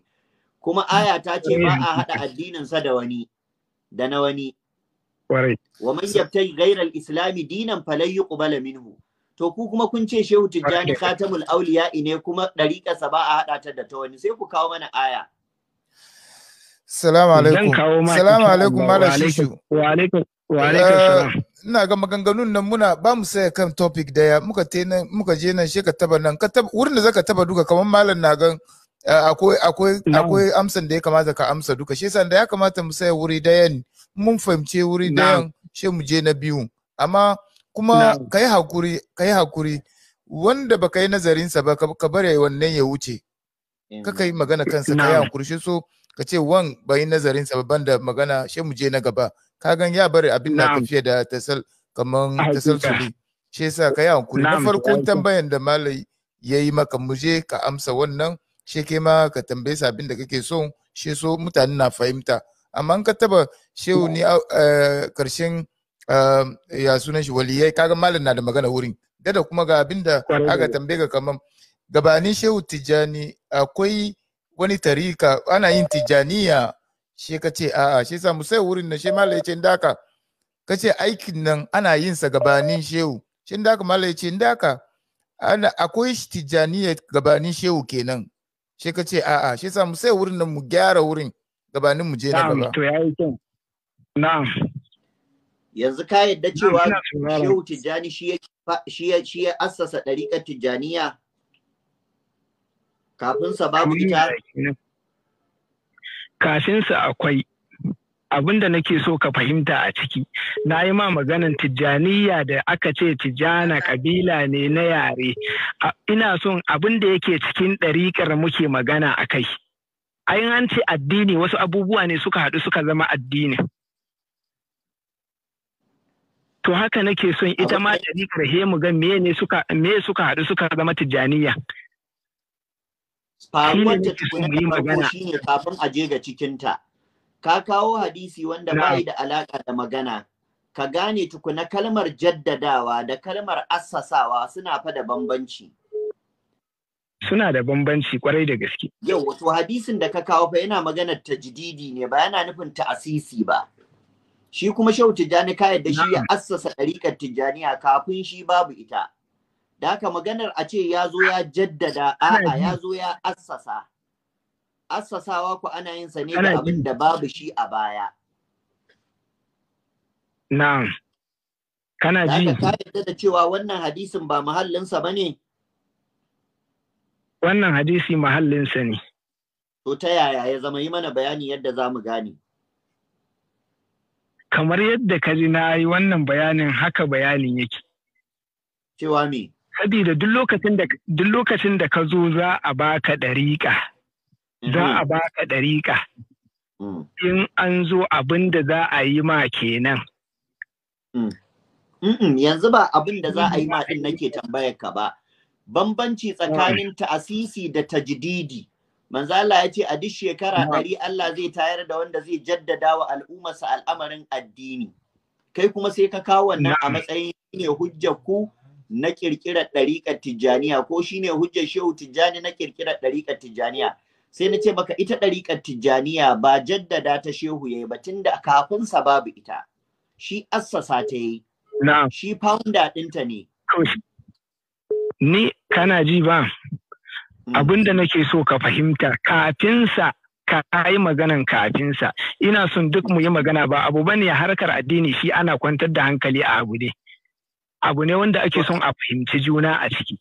kuma aya ta ce ba a hada addinin sa da wani da na wani wa man yabtai al-islam dinan falay yuqbala minhu to ku kuma kun ce shehu tijjani khatamul auliya ne kuma sa ba a hada ta da ta wani sai ku kawo mana aya salamu alaikum salamu alaikum malam shishu wa alaikum wa alaikum salam eh, ina ga maganganun nan muna ba mu saya kan topic daya muka te nan muka je nan sheka taba nan ka taba wurin da zaka taba duka kamar malam na gan akwai akwai akwai amsan da ya kamata ka amsa duka shi san da ya kamata mu saya wuri daya ne mun fahimce wuri daya she mu je na biyu amma kuma kai hakuri kai hakuri wanda baka yi nazarin sa ba ka bari wannan ya wuce kaka yi magana kansa kai hakuri shi so ka ce wan bai nazarin sa ba banda magana she mu je na gaba Ka kagan ya bari abin na tafiya da tasal kaman ah, tasalsuli shi yasa ka yi hankuri na farkon tambayan da malai ya yi maka muje ka amsa wannan shi ke ma ka tambaye sa abin da kake so shi so mutane na fahimta amma ka taba shehu ni ah, eh, karshen ah, ya sunan shi waliyai kaga malam na da magana wurin dada kuma ga abin da aka tambaye ka kaman gabanin shehu tijjani akwai wani tarika ana yin tijaniya shi ka ce a'a shi sa mu sai wurin na shi malai ce ndaka ka ce aikin nan ana yin sa gabanin shehu shi ndaka malai ce ndaka ana akwai tijaniya gabanin shehu kenan shi ka ce a'a shi sa mu sai wurin nan mu gyara wurin gabanin mu je na gaba to yayi yanzu ka yadda cewa shehu tijani shi ya shi ya assasa dariƙar tijaniya kafin sa babu ita kafinsu akwai abin da nake so ka fahimta a ciki na yi ma maganan tijjaniya da aka ce tijjana kabila ne na yare ina son abin da yake cikin ɗariƙar muke magana a kai ayin an ce addini wasu abubuwa ne suka haɗu suka zama addini to haka nake son ita ma ɗariƙar he mu ga suka me suka haɗu suka zama tijjaniya faruwar ta tukuna shi ne kafin a je ga cikinta. Ka kawo hadisi wanda ba da alaƙa da magana. Ka gane tukuna kalmar jaddadawa da kalmar assasawa suna fa da bambanci. Suna da bambanci kwarai da gaske. Yau, wato hadisin da ka kawo fa yana maganar Jididi ne ba yana nufin ta'asisi ba. Shi kuma shau Tijjani ka yadda shi ya assasa ɗariƙar Tijjaniya kafin shi babu ita. da haka maganar a ce ya zo ya jaddada a'a ya zo ya assasa assasawa ku ana yin sa ne da abin da babu shi a baya na'am kana ji ka yadda da cewa wannan hadisin ba mahallinsa ba ne wannan hadisi mahallinsa ne to ta yaya ya zama yi mana bayani yadda za mu gane kamar yadda ka ji na yi wannan bayanin haka bayanin yake cewa me Sabida duk lokacin da ka zo za a baka ɗariƙa. Za mhm. a baka ɗariƙa. Mm. In an zo abin da za a yi ma kenan. Mm. Yanzu ba abin da za a yi ma ɗin nake tambayar ka ba. Bambanci tsakanin ta'asisi da tajdidi. Manzala Allah ya ce a duk shekara ɗari Allah zai tayar da wanda zai jaddada wa al'ummarsa al'amarin addini. Kai kuma sai ka kawo wannan a matsayin ne hujjar ku na kirkirar ɗariƙar tijjaniya ko shine hujjar shehu tijjani na kirkirar ɗariƙar tijjaniya sai na ce baka ita ɗariƙar tijjaniya ba jaddada ta shehu yayi ba tunda kafin sa babu ita shi assasa ta yi shi founder ɗinta ne ni kana ji ba hmm. abinda nake so ka fahimta kafin sa ka yi maganan kafinsa ina son duk mu yi magana ba abu bane harkar addini shi ana kwantar da hankali a abu ne abu ne wanda ake son a fahimci juna a ciki.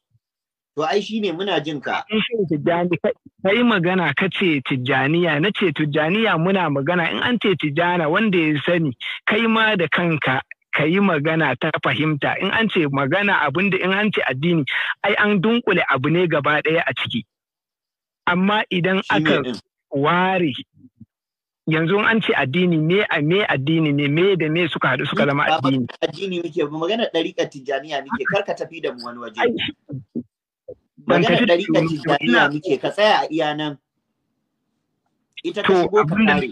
To ai shi ne muna jin ka. Tijjani kai magana ka ce tijjaniya na ce tijjaniya muna magana in an ce tijjana wanda ya sani kai ma da kanka ka yi magana ta fahimta in an ce magana abin da in an ce addini ai an dunkule abu ne gaba ɗaya a ciki. Amma idan aka ware yanzu an ce addini me a me addini ne me da me suka haɗu suka zama addini addini muke magana ɗariƙar tijjaniya muke kar ka tafi da mu wani waje magana ɗariƙar tijjaniya muke ka tsaya a iya nan ita ka shigo ka kare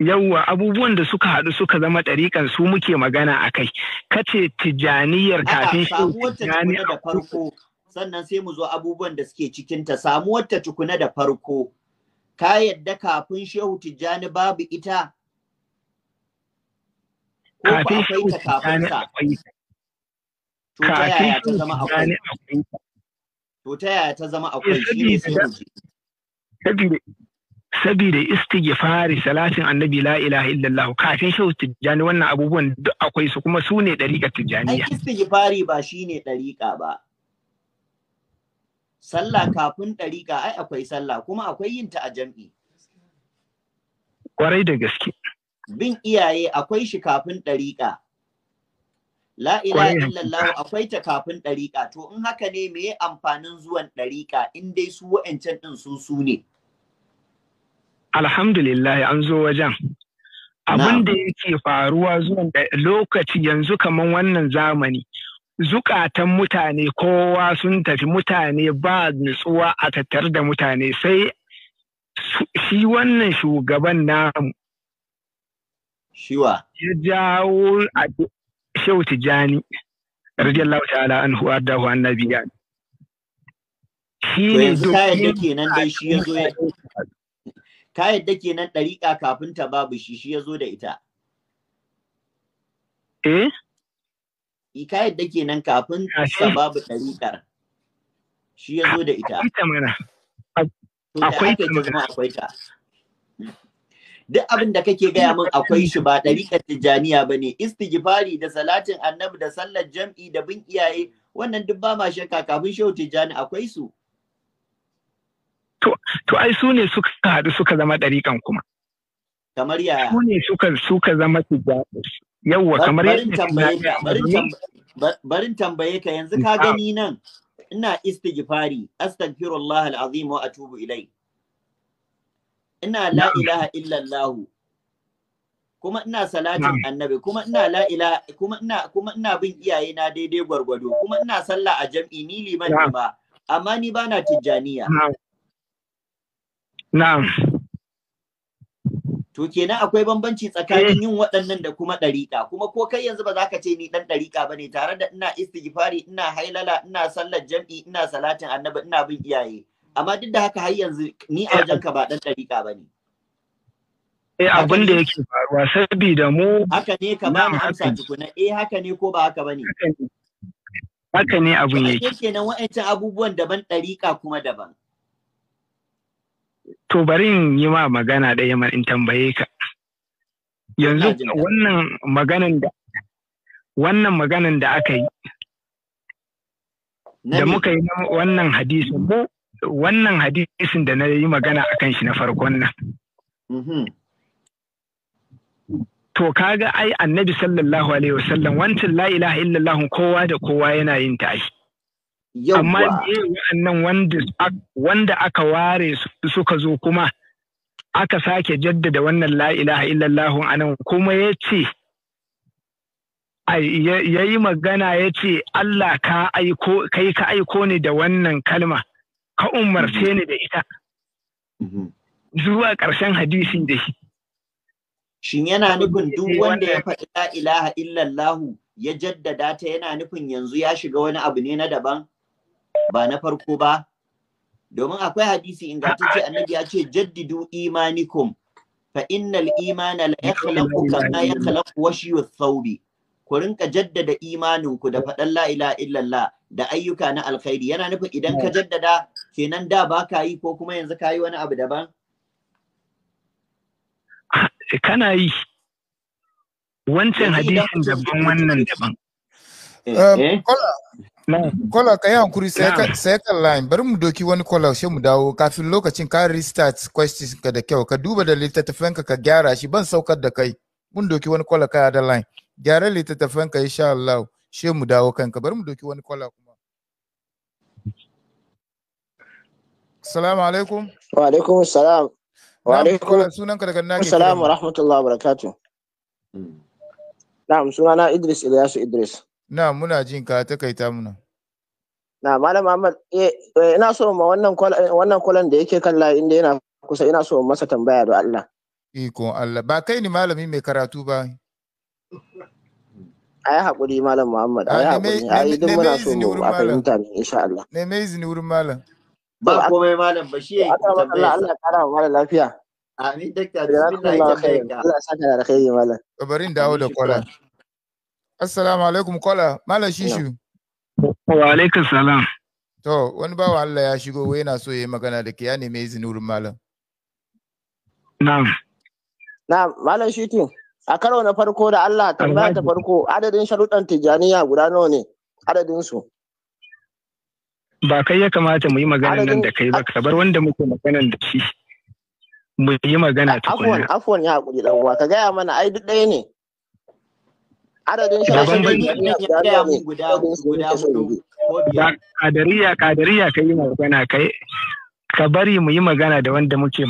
yawwa abubuwan da suka haɗu suka zama ɗariƙan su muke magana a kai Ka ce tijaniyar kafin shi tukuna da farko sannan sai mu zo abubuwan da suke cikinta samuwar ta tukuna da farko ka yadda kafin shehu tijjani babu ita ko ba akwai ta kafin sa to ta yaya ta zama eh, akwai to ta yaya ta zama akwai shi ne saboda saboda istighfari salatin annabi la ilaha illallah kafin shehu tijjani wannan abubuwan duk akwai su kuma su ne dariƙar tijjaniya ai istighfari ba shine dariƙa ba sallah kafin ɗariƙa ai akwai sallah kuma akwai yinta a jam'i. Kwarai da gaske. Bin iyaye akwai shi kafin ɗariƙa. La ilaha illallah akwai ta kafin ɗariƙa. To in haka ne me amfanin zuwan ɗariƙa in dai su wa'ancan ɗin su su ne. Alhamdulillah an zo wajen. Abin da yake faruwa zuwan lokaci yanzu kamar wannan zamani. zukatan mutane kowa sun tafi mutane ba nutsuwa a tattare da mutane sai shi wannan shugaban namu shiwa ya jawo a shehu tijjani radiyallahu ta'ala an huwa da huwa annabi ya shi ne ka yadda ke nan dariƙa kafin ta babu shi shi ya zo da ita eh ka yadda kenan kafin sababu ɗariƙar shi ya zo da ita akwai ta akwai ta duk abin da kake gaya min akwai shi ba ɗariƙar Tijaniya ba ne istighfari da salatin annabi da sallar jam'i da bin iyaye wannan duk ba ma shakka kafin shehu tijjani akwai su to to ai su ne suka haɗu suka zama ɗariƙan kuma kamar yaya su ne suka suka zama tijjani yawwa kamar yadda barin tambaye ka yanzu ka gani nan ina istighfari astaghfirullah alazim wa atubu ilai ina la ilaha illallah kuma ina salatin annabi kuma ina la ilaha kuma ina kuma ina bin iyaye na daidai gwargwado kuma ina sallah a jam'i ni liman ba amma ni bana tijjaniya na'am To kenan akwai bambanci tsakanin eh. yin waɗannan da kuma ɗariƙa, kuma ko kai yanzu ba za ka ce ni ɗan ɗariƙa ba ne tare da ina istighfari, ina hailala, ina sallar jam'i, ina salatin annabi, ina bin iyaye. Amma duk da haka har yanzu ni a wajen ka ba ɗan ɗariƙa ba ne. Eh abin da yake faruwa sabida mu haka ne ka ba mu amsa tukuna eh haka ne ko ba haka ne. haka ne abin yake kenan wa'ancan abubuwan daban ɗariƙa kuma daban To bari in yi ma magana da yaman in tambaye ka. Yanzu wannan maganan da wannan maganan da aka yi da muka yi wannan hadisin mu wannan hadisin da na yi magana a kan shi na farkon nan. Mm-hmm. To kaga ai annabi sallallahu alaihi wasallam wancan la ilaha illallah kowa da kowa yana yin ta amma wa'annan wanda aka ware suka zo kuma aka sake jaddada wannan la'ilaha illallahun anan kuma ya ce ya yi magana ya ce Allah ka aiko ka aiko ni da wannan kalma ka umarce ni da ita mm-hmm. zuwa ƙarshen hadisin da shi shin yana nufin duk wanda ya faɗi la'ilaha illallahu ya jaddada ta yana nufin yanzu ya shiga wani abu ne na daban ba na farko ba domin akwai hadisi ingantacce annabi ya ce jaddidu imanikum fa innal imana la yakhlaqu kama yakhlaqu washiyu thawbi ku rinka jaddada imaninku da faɗan la ilaha illallah da ayyuka na alkhairi yana nufin idan ka jaddada kenan da ba ka yi ko kuma yanzu ka yi wani abu daban kana yi wancan hadisin daban wannan eh, eh? daban Kola ka yi hankuri sai kan line bari mu doki wani kola sai mu dawo kafin lokacin ka restart questions ka da kyau ka duba da littattafan ka ka gyara shi ban saukar da kai mun doki wani kola ka da line gyara littattafan ka insha Allah sai mu dawo kanka bari mu doki wani kola kuma Assalamu alaikum Wa alaikum assalam Wa alaikum sunan ka daga Nigeria Assalamu rahmatullahi wa barakatuh hmm. Na'am sunana Idris Ilyasu Idris Na muna jin ka takaita muna. Na Malam Ahmad eh, eh, ina so ma wannan eh, wannan kwalan da yake kan layi inda yana kusa ina so masa tambaya da Allah. Iko Allah ba kai ni malami mai karatu ba. Ai hakuri Malam Muhammad ai ah, hakuri ai duk muna so mu a fahimta ne insha Allah. Ne mai izini wurin malam. Ba komai malam ba shi yake yi tambaya. Allah kara wa malam lafiya. Amin dakta bismillah ya kai ka. Allah saka da alkhairi malam. Kabarin dawo da kwalan. Assalamu alaikum kola, Malam Shishu. Wa alaikum salam. To, wani bawa Allah ya shigo wai yana so ya yi magana da ke ya nemi izinin wurin malam. Na'am. Na'am, Malam Shishu, a karo na farko da Allah tambaya ta farko adadin sharuɗan tijaniya guda nawa ne adadin su? Ba kai ya kamata mu yi magana nan da kai ba, ka bar wanda muke magana da shi. Mu yi magana tukuna. Afwan, afwan ya haƙuri ɗan uwa, ka gaya mana ai duk ɗaya ne. adadin shahadodin guda hudu kadariya kadariya ka yi magana kai ka bari mu yi magana da wanda muke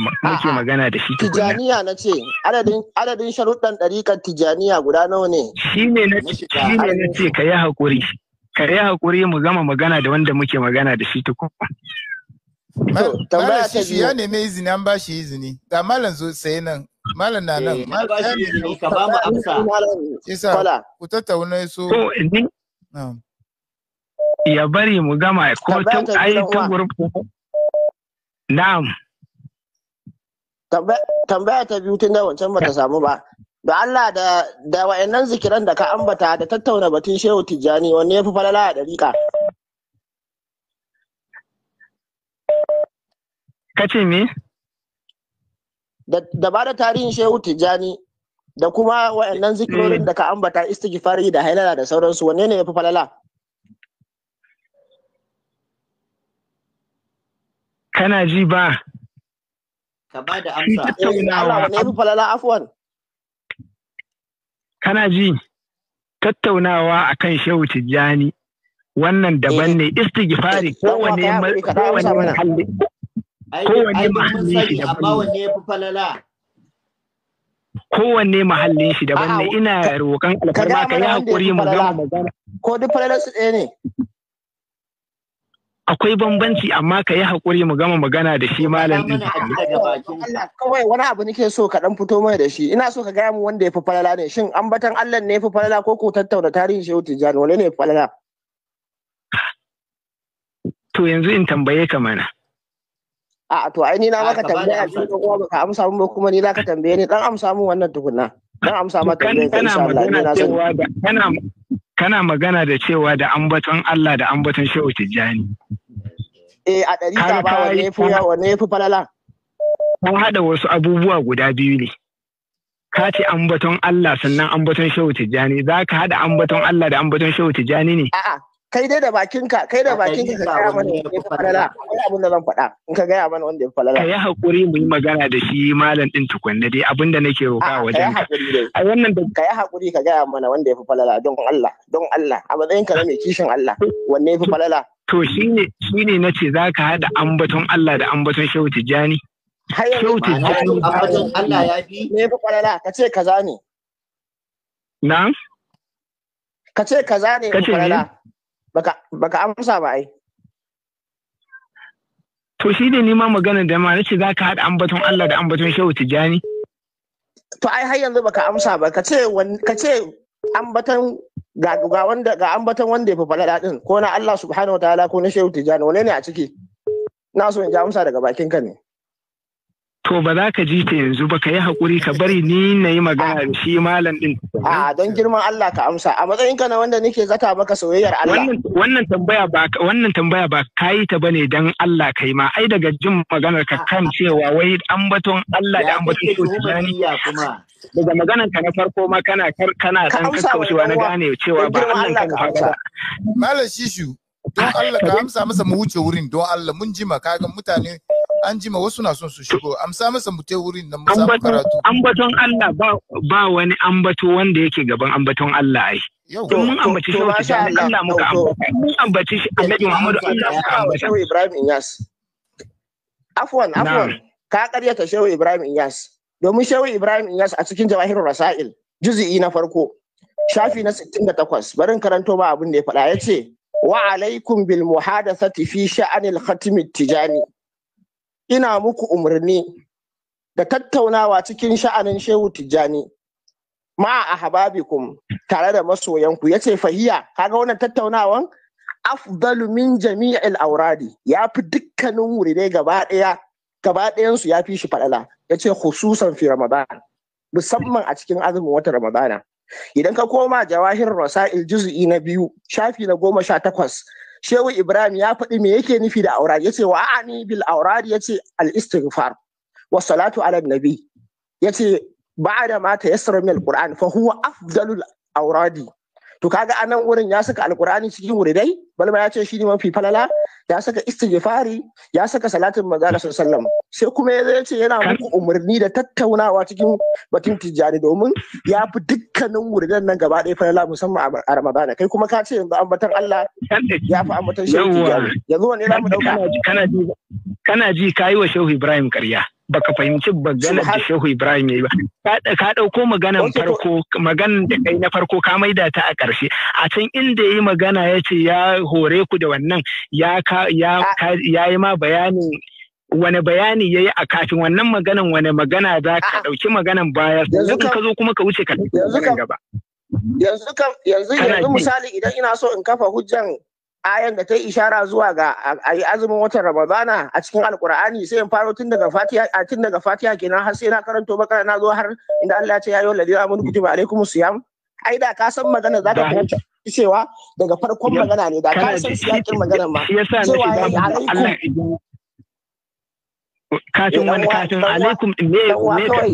magana da shi tijaniya na ce adadin sharuɗan ɗariƙar tijaniya guda nawa ne shine na ce ka yi haƙuri ka yi haƙuri mu gama magana da wanda muke magana da shi tukun tambaya ta biyu ya nemi izini an ba shi izini ga malam zo sai nan malam na nan eh, ka ba mu amsa isa ku tattauna su ni ya bari mu gama ko ta ai ta gurfu na'am tambaya ta biyu tun da wancan bata samu ba da Allah da da wayannan zikiran da ka ambata da tattauna batun Shehu Tijjani wanne yafi falala a dariƙa kace me da ba da tarihin shehu tijjani da kuma wa'annan zikirorin da ka ambata istighfari da hailala da sauransu wanne ne ya fi falala kana ji ba ka ba da amsa eh, wanne ya fi falala afwan kana ji tattaunawa a kan shehu tijjani wannan daban eh. ne istighfari kowane kowane halli kowanne mahallin shi daban wanne shi daban ne ina roƙon alfarma ka yi hakuri mu ga ko duk falala su ɗaya ne akwai bambanci amma ka yi haƙuri mu gama magana da shi malam ɗin. Kawai wani abu nake so ka ɗan fito mai da shi ina so ka gaya mu wanda ya fi falala ne shin ambatan Allah ne ya fi falala ko ko tattauna tarihin Shehu Tijjani wani ne ya fi falala? To yanzu in tambaye ka mana. A'a to ai ni na maka tambaya shi ko kuma baka amsa mun ba kuma ni zaka tambaye ni dan amsa mun wannan tukunna. Dan amsa ma tambaye ka insha Allah ni na san. Kana kana magana da cewa da ambaton Allah da ambaton Shehu Tijjani. Eh a ɗari ka ba wanne yafi wanne yafi falala. ka haɗa wasu abubuwa guda biyu ne. Ka ce ambaton Allah sannan ambaton Shehu Tijjani za ka haɗa ambaton Allah da ambaton Shehu Tijjani ne. A'a kai dai da bakinka kai da bakinka ka gaya mana wanda ya falala akwai abin da zan faɗa in ka gaya mana wanda ya falala kai hakuri mu yi magana da shi malam din tukunna dai abin da nake roƙa wajen ka a wannan da kai hakuri ka gaya mana wanda ya fi falala don Allah don Allah a matsayin ka na mai kishin Allah wanne ya fi falala to shine shine nace zaka hada ambaton Allah da ambaton Shehu Jani? Shehu Jani ambaton Allah ya bi me ya fi falala ka ce kaza ne na'am ka ce kaza ne ya fi falala baka amsa ba ai to shi ne nima magana da ma za zaka haɗa ambaton Allah da ambaton Shehu Tijani to ai har yanzu baka amsa ba ka ce ka ce ambaton ga ga wanda ga ambaton wanda ya fi falada din ko na Allah subhanahu wataala ko na Shehu Tijani wane ne a ciki na so in ji amsa daga bakin ka ne to ba za ka ji ta yanzu ba ka yi haƙuri ka bari ni na yi magana da shi malam ɗin. A don girman Allah ka amsa a matsayin ka na wanda nake zata maka soyayyar Allah. Wannan tambaya ba wannan tambaya ba ka yi ta bane dan Allah ka yi ma ai daga jin maganar ka kan cewa wai ambaton Allah da ambaton ko tijani. Daga maganar ka na farko ma kana kana dan kakkaushewa na gane cewa ba Allah ka amsa. Malam Shishu don Allah ka amsa masa mu wuce wurin don Allah mun jima ka ga mutane an jima wasu na son su shigo amsa masa mu te wurin nan mu samu karatu ambaton Allah ba ba wani ambato wanda yake gaban ambaton Allah ai to mun ambaci shi Allah muka ambata mun ambaci shi Annabi Muhammadu Allah muka ambata Shehu Ibrahim Inyas afwan afwan ka karyata Shehu Ibrahim Inyas domin Shehu Ibrahim Inyas a cikin Jawahirul Rasail juz'i na farko shafi na 68 barin karanto ba abin da ya faɗa ya ce wa alaikum bil muhadasati fi sha'anil khatim tijani ina muku umarni da tattaunawa cikin sha'anin shehu tijani ma a tare da masoyanku yace fahiya kaga wannan tattaunawan afdalu min jami'il auradi ya fi dukkanin wurirai gaba ɗaya gaba ɗayansu ya fi shi faɗala ya ce hususan fi ramadan musamman a cikin azumin watan ramadana idan ka koma jawahir rasa'il juz'i na biyu shafi na goma sha takwas shehu ibrahim ya faɗi me yake nufi da aurari yace wa ani bil aurari yace al istighfar wa salatu ala nabi yace ba'da ma tayassara min al qur'an fa huwa afdalul auradi to kaga anan wurin ya saka alqur'ani cikin wuridai balma ya ce shi ne mafi falala ya saka istighfari ya saka salatin mazara sallallahu sai kuma ya ce yana muku umarni da tattaunawa cikin batun tijjani domin ya fi dukkanin wuridan nan gaba ɗaya falala musamman a ramadana kai kuma ka ce yanzu ambatan Allah ya fi ambatan shehu yanzu wani mu ɗauka kana ji kayi wa shehu Ibrahim ƙarya. baka fahimci maganar da Shehu Ibrahim ya yi ba. Ka ɗauko maganar farko, maganar da kai na farko ka maida ta a ƙarshe. A can inda ya yi magana ya ce ya hore ku da wannan ya yi ma bayanin wani bayani ya yi a kafin wannan maganan wani magana za ka ɗauki maganan baya yanzu ka zo kuma ka wuce ka gaba. Yanzu yanzu misali idan ina so in kafa hujjan ayan da ta yi ishara zuwa ga a azumin watan ramadana a cikin alkur'ani sai in faro tun daga fatiha tun daga fatiha kenan har sai na karanto bakara na zo har inda Allah ya ce ya yi wallazi amanu kutuba alaikum siyam ai da ka san magana za ta fahimta cewa daga farkon magana ne da ka san siyakin magana ma cewa ya alaikum kafin wani kafin alaikum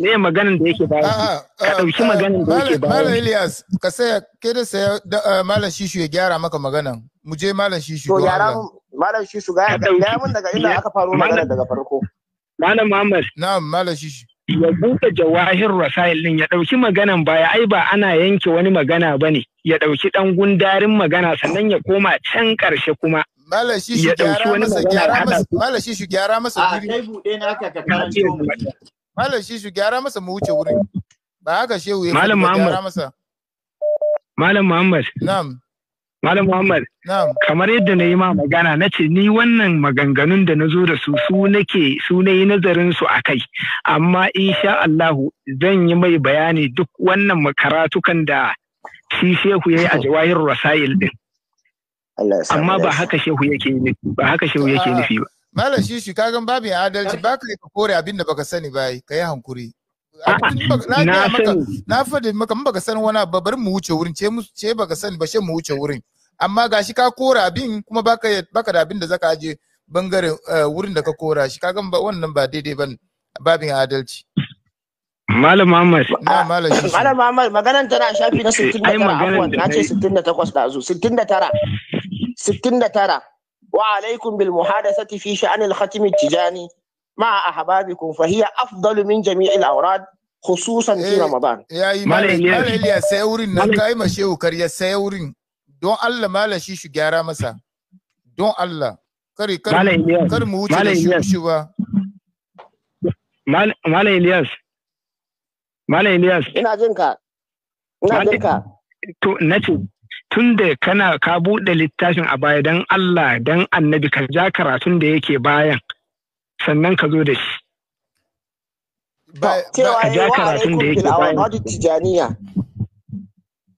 me maganin da yake baya ka dauki eh, maganin da yake ba malam Ilyas ka saya ke da saya eh, malam Shishu ya gyara maka maganan mu je malam Shishu to gyara malam Shishu ga ga mun daga inda aka faro magana daga farko malam Muhammad na'am malam Shishu ya buɗe jawahir rasail din ya ɗauki maganan baya ai ba ana yanke wani magana bane ya ɗauki dan gundarin magana sannan ya koma can ƙarshe kuma Malam shi masa mu. wuce wurin. Malam Muhammad. Malam Muhammad. Na'am. Malam Muhammad. Na'am. Kamar yadda na yi ma magana na ce ni wannan maganganun da na zo da su su nake su ne yi nazarin su a kai. Amma insha Allahu zan yi mai bayani duk wannan makaratukan da shi shehu ya yi a jawahirul rasail ɗin. amma ba haka shehu yake nufi ba haka shehu yake nufi ba malam shishi kagan babin adalci ba ka ka kore abin da baka sani ba ka yi hankuri na fadi maka mun baka san wani ba bari mu wuce wurin ce mu ce baka sani ba she mu wuce wurin amma gashi ka kora abin kuma baka baka da abin da zaka aje bangaren eh, wurin da ka kora shi kagan ba wannan ba daidai ba babin adalci Malam Muhammad. Malam Muhammad maganan tana shafi na 69 na ce 68 ɗazu 69 69 wa alaikum bil muhadathati fi sha'an al khatim tijani ma ahbabikum fa hiya afdalu min jami' al awrad khususan fi eh, ramadan. Yayi malam ya sai wurin nan kai ma shehu kar ya sai wurin don Allah malam shi shi gyara masa don Allah kar mu wuce shi ba. Malam Ilyas. Malam Ilyas. Ina jin ka. Ina jin ka. To na ce tun da kana ka buɗe littafin a baya dan Allah dan annabi ka ja karatun da yake bayan sannan ka zo da shi. Cewa ya wa alaikum bil tijaniya.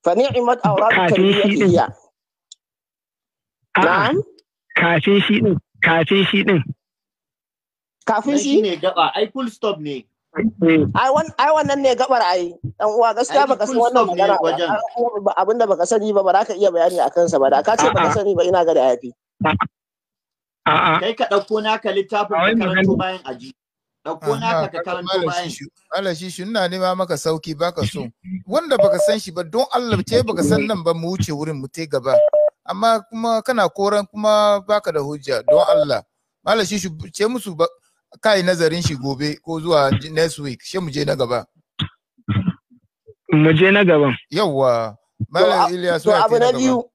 Fa ni'imat awradu kaliyya. Na'am. Kafin shi din, kafin shi din. Kafin shi ne gaba, ai full stop ne. ai wannan ne gabar ai dan uwa gaskiya baka san wannan magana ba abinda baka sani ba ba za ka iya bayani a kansa ba da ka ce baka sani ba ina ga da yafi kai ka dauko naka littafin ka karanto bayan aji dauko naka ka karanto bayan Allah shi shi ina nema maka sauki baka so wanda baka san shi ba don Allah ce baka san nan ba mu wuce wurin mu te gaba amma kuma kana koran kuma baka da hujja don Allah Malam shi ce musu kai nazarin shi gobe ko zuwa next week shi mu je na gaba mu je na gaban yawa malam Ilyas to abu na biyu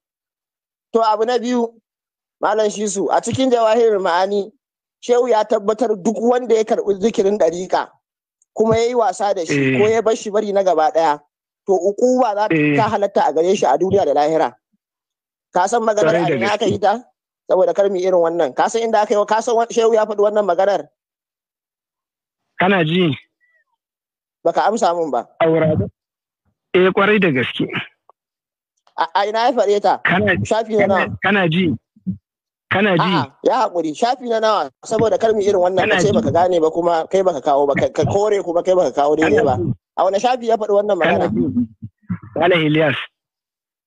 to abu na biyu malam Shisu a cikin jawahirin ma'ani shehu ya tabbatar duk wanda ya karbi zikirin dariƙa kuma ya yi wasa da shi ko ya bar shi bari na gaba ɗaya to ba za eh. ta halatta a gare shi a duniya da lahira ka san maganar a ina aka yi ta saboda kar mu irin wannan ka san inda aka yi ka san shehu ya faɗi wannan maganar Kana ji? Baka amsa mun ba. Aurada. Eh kwarai da gaske. A ina ya faɗe ta? Shafi na nawa. Kana ji? Kana ji? Ya haƙuri, shafi na nawa saboda kar irin wannan ka ce baka gane ba kuma kai baka kawo ba ka kore kuma kai baka kawo daidai ba. A wani shafi ya faɗi wannan magana? Kana ji? Malam Ilyas.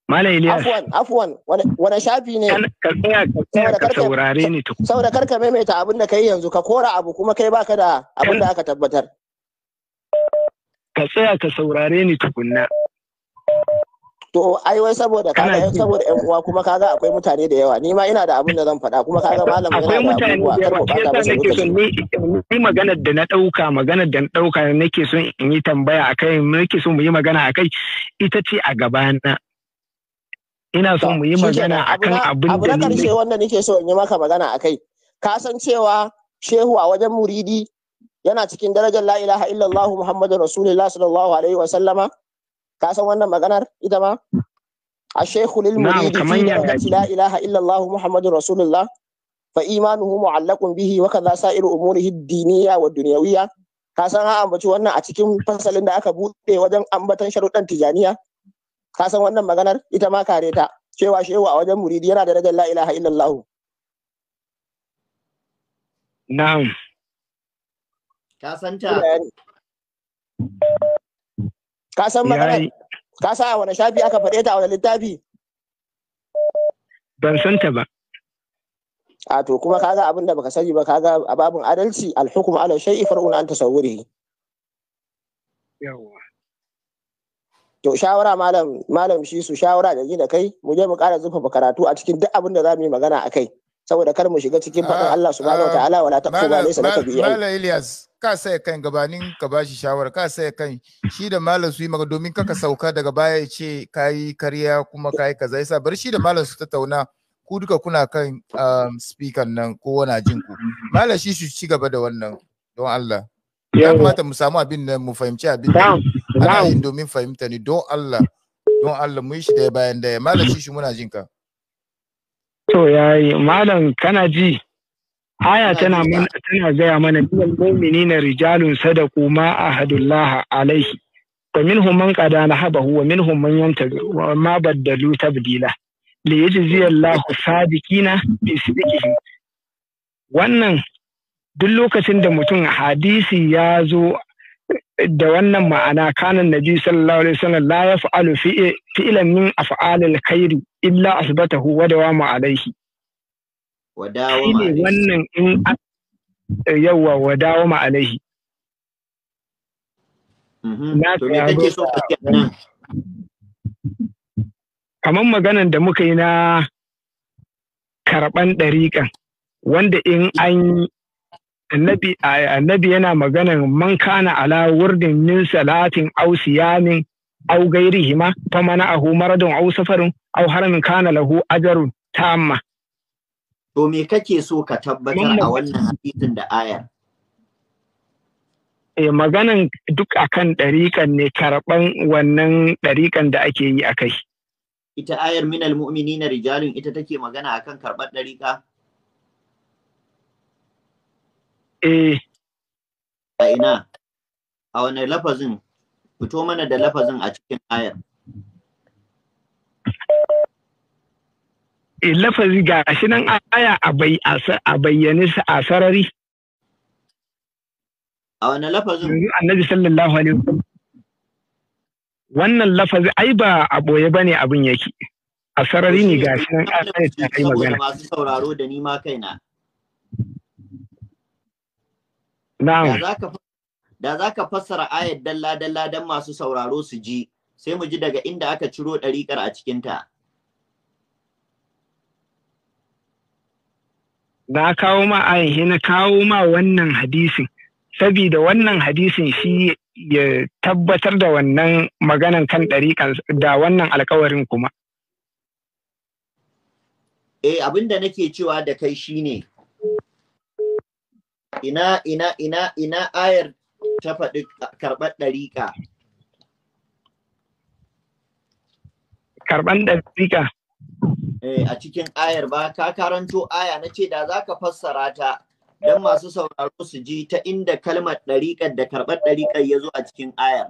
Mala Iliyas. Afuwan, afuwan, wani shafi ne? Ka tsaya ka saurare ni tukun. Saboda karka maimaita abin da ka yi yanzu ka kora abu kuma kai baka da abin da aka tabbatar. Ka tsaya ka saurare ni tukunna. To ai wai saboda ga saboda ƴan uwa kuma kaga akwai mutane da yawa ni ma ina da abin da zan faɗa kuma kaga malam yana da abubuwa kar mu bata masa lokaci. Ni maganar da na ɗauka maganar da na ɗauka nake son in yi tambaya akai nake son mu yi magana akai ita ce a gabana. ina so mu yi magana akan abin da abu karshe wanda nake so in yi maka magana akai ka san cewa shehu a wajen muridi yana cikin darajar la ilaha illallah muhammadur rasulullah sallallahu alaihi wa sallama ka san wannan maganar ita ma a shehu lil muridi fi la ilaha illallah Muhammadu rasulullah fa imanuhu mu'allaqun bihi wa kadha sa'iru umurihi ad-diniyya wa dunyawiyya ka san ha ambaci wannan a cikin fasalin da aka bude wajen ambatan sharuɗan tijaniya ka san wannan maganar ita ma kare ta cewa shewa a wajen muridi yana da darajar la ilaha illallah na'am ka san ta ka san maganar ka sa a wani shafi aka faɗe ta a wani littafi ban san ta ba a to kuma kaga abin da baka sani ba kaga a babin adalci alhukum ala shay'i far'un an tasawwurihi yawa to shawara malam malam shi su shawara da da kai mu je mu ƙara zufafa karatu a cikin duk abin da za mu yi magana a kai saboda kar mu shiga cikin faɗin ah, Allah subhanahu ah, ta'ala wala ta kuma laysa laka bi malam Ilyas ka sai kan gabanin ka bashi shawara ka sai kan shi da malam su yi maka domin kaka sauka daga baya ya ce kai karya kuma kayi kaza yasa bar shi da malam su tattauna ku duka kuna kan um, speaker nan kowa na jin ku malam shi su ci gaba da wannan don Allah ya kamata mu samu abin da mu fahimci abin da ana yin domin fahimta ne don Allah don Allah mu yi shi da bayan da malam shi muna jin ka to yayi malam kana ji aya tana mana tana gaya mana minal mu'minina rijalun sadaqu ma ahadullah alaihi wa minhum man qada nahabahu wa minhum man yantazir wa ma baddalu tabdila li sadiqina bi sidqihim wannan duk lokacin da mutum hadisi ya zo da wannan ma'ana kanan biyu sallallahu alaihi wasallam la yaf'alu fi'lan min af'alil khairi illa asbatahu wa dawama alaihi wadawama wannan in yawa wadawama alaihi na kamar maganan da muka yi na karɓan ɗariƙan wanda in an annabi yana maganan man kana ala wurdin min salatin aw siyamin aw ghairihima famana ahu maradun aw safarin aw haramin kana lahu ajrun tamma to me kake so ka tabbatar a wannan hadisin da ayar eh maganan duk akan ɗariƙan ne karɓan wannan ɗariƙan da ake yi a kai ita ayar minal mu'minina rijalun ita take magana akan karɓar ɗariƙa Eh. A ina? A wane lafazin? Fito mana da lafazin a cikin ayar. E lafazi ga shi nan aya a bayyane su a sarari. A wane lafazin? Annabi sallallahu alaihi wasallam. Wannan lafazi ai ba a ɓoye ba ne abin yake. A sarari ne ga shi nan aya ta kai magana. Masu sauraro da ni ma kaina. Da za ka fassara ayat dalla-dalla dan masu sauraro su ji, sai mu ji daga inda aka ciro ɗariƙar a cikinta. Na kawo ma ayin na kawo ma wannan hadisin, sabida wannan hadisin shi ya tabbatar da wannan maganan kan ɗariƙar da wannan alkawarin kuma. Eh abinda nake cewa da kai shine ina ina ina ina ayar ta faɗi karɓar ɗariƙa karɓar ɗariƙa eh a cikin ayar ba ka karanto aya na ce da za ka fassara ta don masu sauraro su ji ta inda kalmar ɗariƙar da karɓar ɗariƙar ya zo a cikin ayar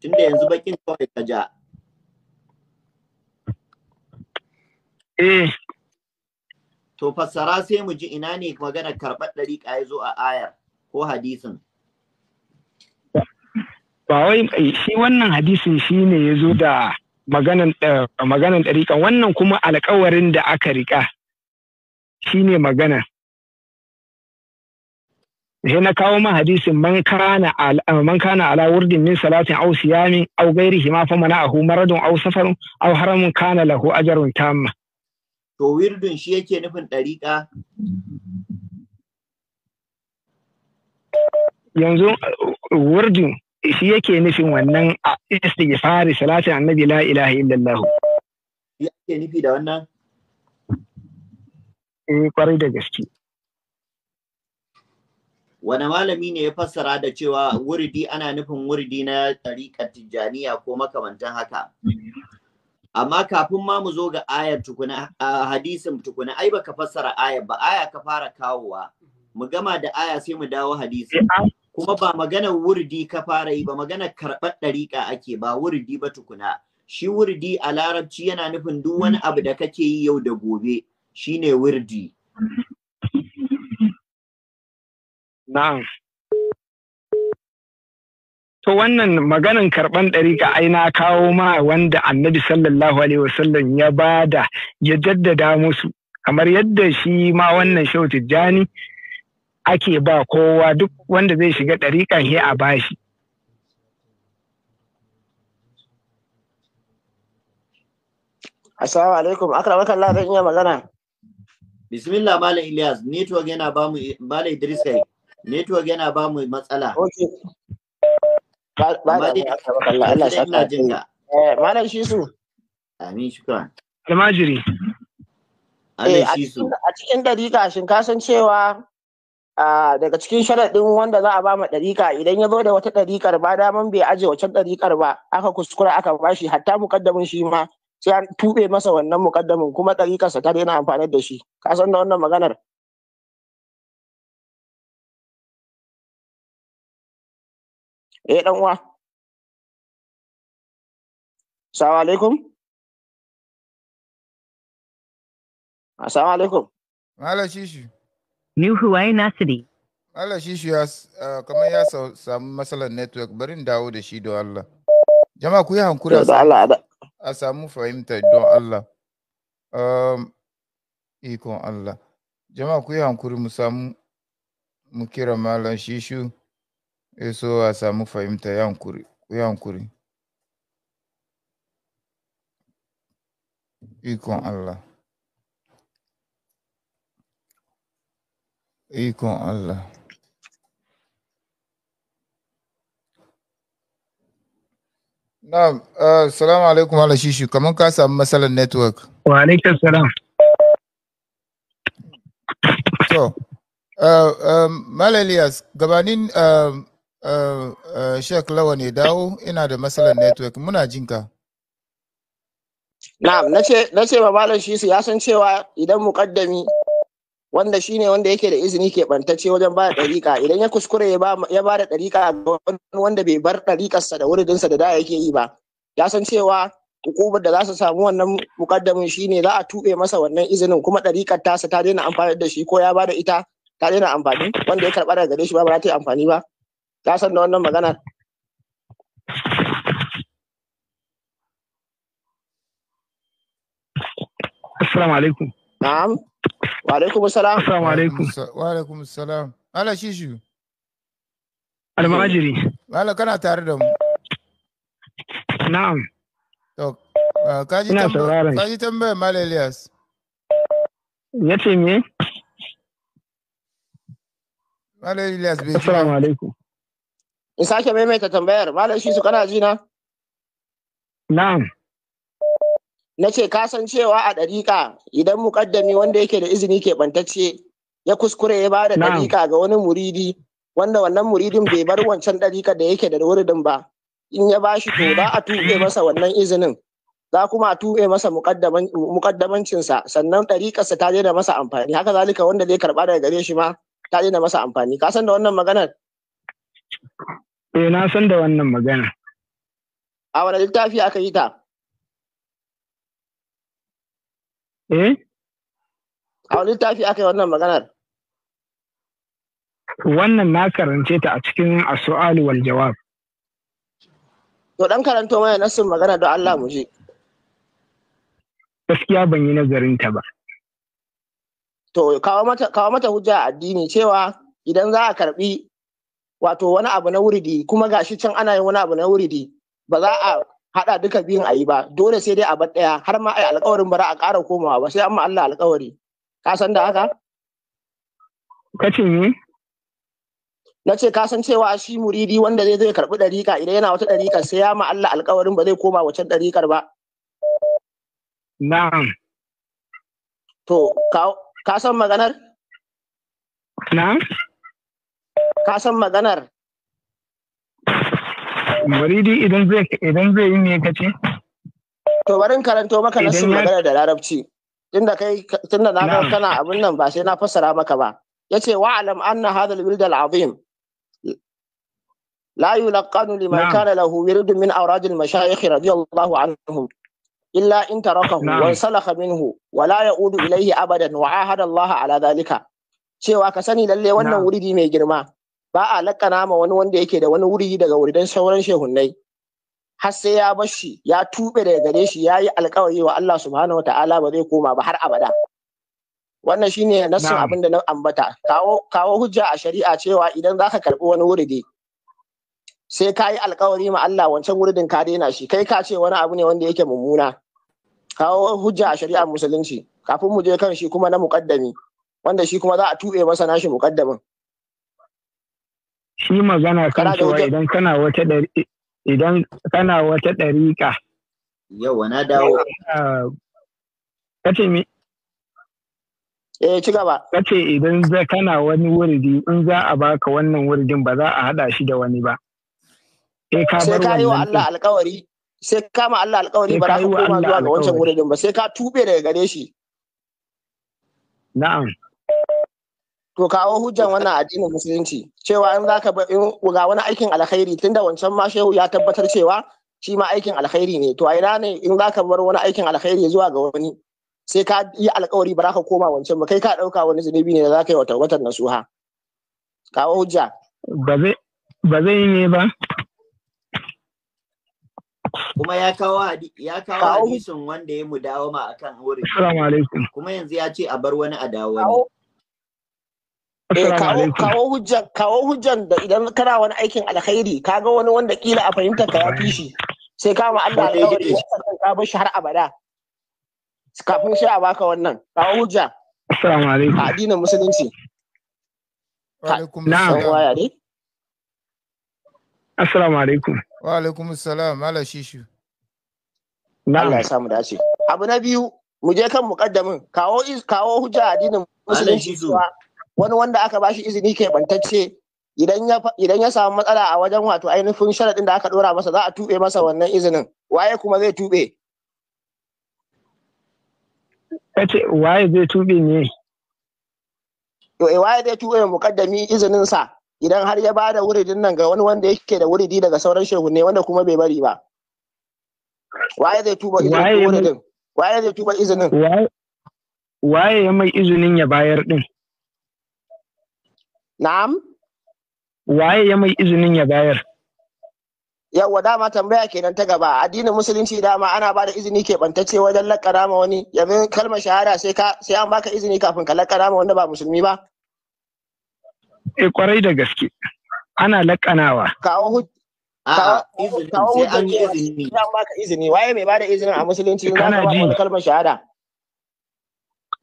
tunda yanzu bakin kawai ka ja eh, To fassara sai mu ji ina ne magana karɓar ɗariƙa ya zo a ayar ko hadisin. wai shi wannan hadisin shi ne ya zo da eh, maganan ɗariƙa wannan kuma alƙawarin da aka riƙa shi ne magana. sai na kawo ma hadisin man kana man kana ala wurdin min salatin aw siyamin aw ghairihi ma famana ahu maradun aw safarun aw haramun kana lahu ajrun tamma to wirdun shi yake nufin ɗariƙa yanzu wurdun shi yake nufin wannan a istighfari salatin annabi la ilaha illallah yake nufi da wannan eh kwarai da gaske wani malami ne ya fassara da cewa wuridi ana nufin wuridi na ɗariƙar tijjaniya ko makamantan haka amma kafin ma mu zo ga ayar tukuna a hadisin tukuna ai baka fassara ayar ba aya ka fara kawowa mu gama da aya sai mu dawo hadisi eh, kuma ba magana wurdi ka fara yi ba magana karɓar ɗariƙa ake ba wurdi ba tukuna shi wurdi a larabci yana nufin duk wani abu da kake yi yau da gobe shine wurdi na'am to wannan maganan karban ɗari ai na kawo ma wanda annabi sallallahu alaihi wasallam ya bada ya jaddada musu kamar yadda shi ma wannan shau tijjani ake ba kowa duk wanda zai shiga ɗarikan he a bashi Assalamu alaikum, akramaka Allah zan iya magana. Bismillah Malam Ilyas, network yana ba mu Malam Idris kai. Network yana ba mu matsala. Okay. Eh, Malam shi Amin shukran. Almajiri. Eh, a cikin dariƙa shin ka san cewa daga cikin sharaɗin wanda za a ba ma ɗariƙa idan ya zo da wata ɗariƙar ba daman bai aje wacan ɗariƙar ba aka kuskura aka ba shi, hatta mukaddamin shi ma sai an tuɓe masa wannan mukaddamin kuma ɗariƙarsa ta daina amfani da shi ka san da wannan maganar. eh dan uwa assalamu alaikum assalamu alaikum malam shishi new huwai nasiri Allah shi shi kamar ya samu matsalar network bari in dawo da shi don Allah. Jama'a ku yi hankuri a samu fahimta don Allah. Um, ikon Allah. Jama'a ku yi hankuri mu samu mu kira malam shishu ya so a samu fahimta ya hankuri ikon Allah ikon Allah Na'am, uh, salamu alaikum ala shishi, kamar ka samu matsalar network. Wa alaikum salam. so, uh, ah, um, ah, Malaliyas, gabanin uh, Eh, eh, Sheikh Lawa ne dawo ina da matsalar network muna jinka. Na'am na ce ba malam shi ya san cewa idan muƙaddami wanda shine wanda yake da izini ke bantacce wajen ba da ɗariƙa idan ya kuskure ya ba da ɗariƙa ga wanda bai bar ɗariƙarsa da wuridinsa da da yake yi ba ya san cewa hukumar da za su samu wannan mukaddamin shine za a tuɓe masa wannan izinin kuma ɗariƙar tasa ta daina amfani da shi ko ya ba da ita ta daina amfani wanda ya karɓa daga gare shi ba ba za ta yi amfani ba ka san da wannan maganar? Assalamu alaikum. Na'am. Wa alaikum assalam. Assalamu alaikum. Wa alaikum assalam. Ala shishu. Almajiri. Ala kana tare da mu. Na'am. To, uh, kaji tambayar kaji tambayar Malam Elias. Yace me? Malam Elias bai. Assalamu alaikum. in sake maimaita tambayar malam shi su kana jina? na na'am na ce kasancewa a ɗariƙa idan muƙaddami wanda yake da izini ke ɓantacce ya kuskure ya ba da ɗariƙa ga wani muridi wanda wannan muridin bai bar wancan ɗariƙa da yake da wuridin ba in ya ba shi to za a tuɓe masa wannan izinin za kuma a tuɓe masa muƙaddamancinsa sannan ɗariƙarsa ta daina masa amfani haka zalika wanda zai karɓa daga gare shi ma ta daina masa amfani ka san da wannan maganar Eh na san da wannan magana. A wani littafi aka yi ta? Eh? A wani littafi aka yi wannan maganar? Wannan na karance ta a cikin asu'alu wal jawab. To ɗan karanto mana nasin magana don Allah mu je. Gaskiya ban yi nazarin ta ba. To kawo mata hujja addini cewa idan za a karɓi wato wani abu na wuridi kuma gashi can ana yin wani abu na wuridi ba za a haɗa duka biyun a yi ba dole sai dai a bar ɗaya har ma a yi bara a ƙara komawa ba sai an ma Allah alƙawari. ka san da haka kace ne na ce ka san cewa shi muridi wanda zai zai karɓi ɗarika idan yana wata ɗarika sai ya ma Allah alƙawarin ba zai koma wacan ɗarikar ba na'am to ka san maganar na'am kasan maganar. Maridi idan zai yi ne ka ce? To karanto maka na sun magana da larabci. Tunda kai na kana abin nan ba sai na fassara maka ba. Yace wa alam anna hadhal wild al azim la yulaqanu liman kana lahu wird min awrad al mashayikh radiyallahu anhum illa in tarakahu wa salakha minhu wala la yaudu ilaihi abadan wa ahada Allah ala dhalika. Cewa ka sani lalle wannan wuridi mai girma ba a lakana ma wani wanda yake da wani wuri daga wuridan sauran shehunnai har sai ya bar shi ya tube daga gare shi ya yi alkawari wa Allah subhanahu wata'ala ba zai koma ba har abada wannan shine nasin abin da na ambata kawo kawo hujja a shari'a cewa idan zaka karbi wani wuridi sai ka yi alkawari ma Allah wancan wuridin ka daina shi kai ka ce wani abu ne wanda yake mummuna kawo hujja a shari'ar musulunci kafin mu je kan shi kuma na muqaddami wanda shi kuma za a tube masa nashi muqaddamin shi magana kan cewa idan kana wata idan kana wata ɗariƙa. Yawa na dawo. Kace mi? Eh ci gaba. Kace idan za kana wani wurdi in za a baka wannan wurdin ba za a haɗa shi da wani ba. Eh, sai ka bar wannan. Sai ka yi wa Allah alƙawari. Sai ka ma Allah alƙawari ba za ka koma zuwa ga wancan wurdin ba sai ka tube daga gare shi. Na'am. to kawo hujjan wannan addinin musulunci cewa in zaka ba in ga wani aikin alkhairi tunda wancan ma shehu ya tabbatar cewa shi ma aikin alkhairi ne to a ina ne in zaka bar wani aikin alkhairi zuwa ga wani sai ka yi alkawari ba za ka koma wancan ba kai ka dauka wani zunubi ne da za ka yi wata na nasuha kawo hujja ba zai ba zai yi ba kuma ya kawo ya kawo hadisin wanda ya mudawama akan wurin assalamu alaikum kuma yanzu ya ce a bar wani a dawo Eh, kawo hujjan kawo hujjan da idan kana wani aikin alkhairi ka ga wani wanda kila a fahimta ka ya fi shi sai ka ma Allah ya yi ka bar shi har abada kafin shi a baka wannan kawo hujja assalamu alaikum addinin musulunci na'am assalamu alaikum wa alaikum assalam mala shishu Allah ya samu dace abu na biyu mu je kan mukaddamin kawo kawo hujja addinin musulunci wani wanda aka bashi izini keɓantacce idan ya idan ya samu matsala a wajen wato ainihin sharaɗin da aka ɗora masa za a tuɓe masa wannan izinin waye kuma zai tuɓe kace waye zai tuɓe ne eh, waye zai tuɓe muƙaddami izinin sa idan har ya bada wuridin nan ga wani wanda yake da wuridi daga sauran shehunne wanda kuma bai bari ba waye zai tuɓa izinin? waye zai tuba izinin waye ya mai izinin ya bayar ɗin? Na'am? Waye ya mai izinin ya bayar? Yawwa dama tambaya kenan ta gaba addinin musulunci dama ana ba da izini keɓantacce wajen laƙara ma wani yanzu kalmar shahada sai ka sai an baka izini kafin ka laƙara ma wanda ba musulmi ba. E eh, kwarai da gaske ana laƙanawa. Kawo kawo an yi izini. An baka izini waye mai ba da izinin a musulunci na kalmar shahada.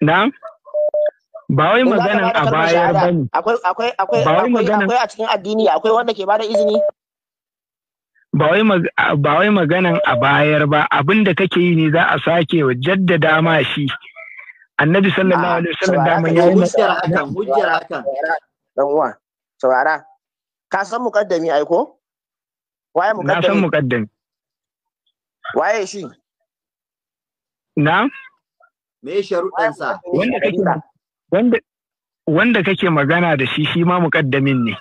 Na'am. ba wai magana a bayar ba ne akwai magana. akwai a cikin addini akwai wanda ke bada izini ba wai maganan a bayar ba abin da kake yi ne za a sake wa jaddada ma shi annabi sallallahu alaihi wasallam da mun yayi hujjar hakan hujjar hakan dan uwa saurara ka san mu ai ko waye muqaddami na san kaddami. waye shi na me sharuɗan sa wanda kake wanda wanda kake magana da shi shi ma muƙaddamin ne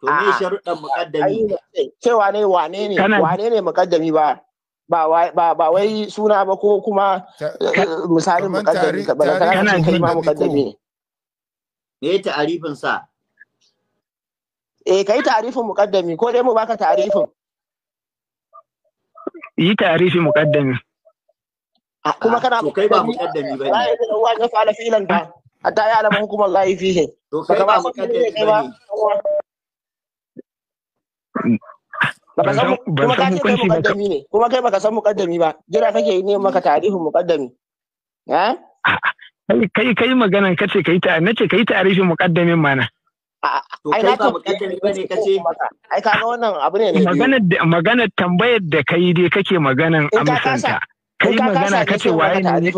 to me sharuɗan muƙaddami cewa ne wane ne wane ne muƙaddami ba ba ba wai suna ba ko kuma eh, eh, misalin muƙaddami ka ba kana kai ma muƙaddami ne me ta'arifin sa eh kai ta'arifin muƙaddami ko dai mu baka ta'arifin yi ta'arifi muƙaddami kuma ah, kana to kai ba muqaddami bane la yadda wa ya fa'ala fi'lan ba hatta ya alama hukumar Allah fihi to kai ba muqaddami bane kuma ka ce kai ne kuma kai baka san mukaddami ba jira kake yi ne maka mm. tarihin mukaddami eh kai kai maganan kace kai ta nace kai tarihin mukaddamin mana ai na ta mukaddami bane kace ai kaga wannan abu ne maganar maganar tambayar da kai dai kake maganan eh, amsanta kai magana ka ce waye ne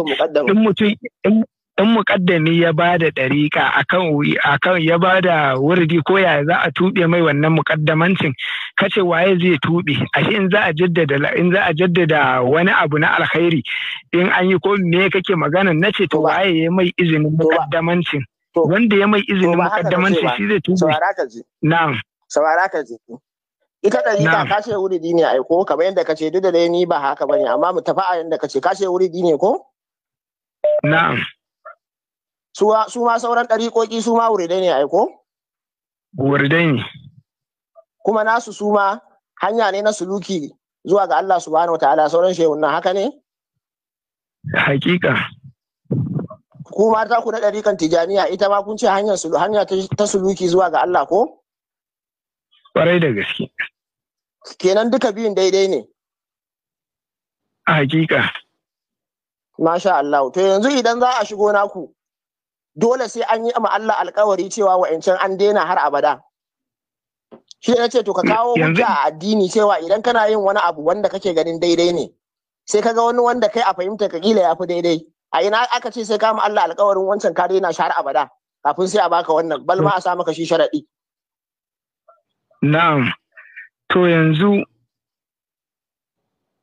in mutum in mukaddami ya ba da ɗariƙa akan ya ba da wurdi ko ya za a tuɓe mai wannan mukaddamancin kace waye zai tuɓe ashe in za a jaddada in za a jaddada wani abu na alkhairi in an yi ko me kake magana na ce to waye ya mai izinin mukaddamancin wanda ya mai izinin mukaddamancin shi zai tuɓe na'am saurara ka ji ita da ka ce wuri dini ai ko kamar yadda ka ce duk da dai ni ba haka bane amma mu tafi a yadda ka ce ka ce ko na'am su ma sauran dariƙoƙi, su ma wuridai ne ai ko wuridai ne kuma nasu su ma hanya ne na suluki zuwa ga Allah subhanahu wataala sauran shehu nan haka ne hakika kuma ta ku na dariƙan tijaniya ita ma kun ce hanya ta suluki zuwa ga Allah ko Kwarai da gaske. Kenan duka biyun daidai ne? A hakika. Masha Allah. To yanzu idan za a shigo naku, dole sai an yi ma Allah alkawari cewa wa'ancan an daina har abada. Shi na ce to ka kawo hujja a addini cewa idan kana yin wani abu wanda kake ganin daidai ne, sai ka ga wani wanda kai a fahimta ka kila ya fi daidai. A ina aka ce sai ka Allah alkawarin wancan ka daina shi har abada kafin sai a baka wannan balma ma a sa maka shi sharaɗi. Na'am, to yanzu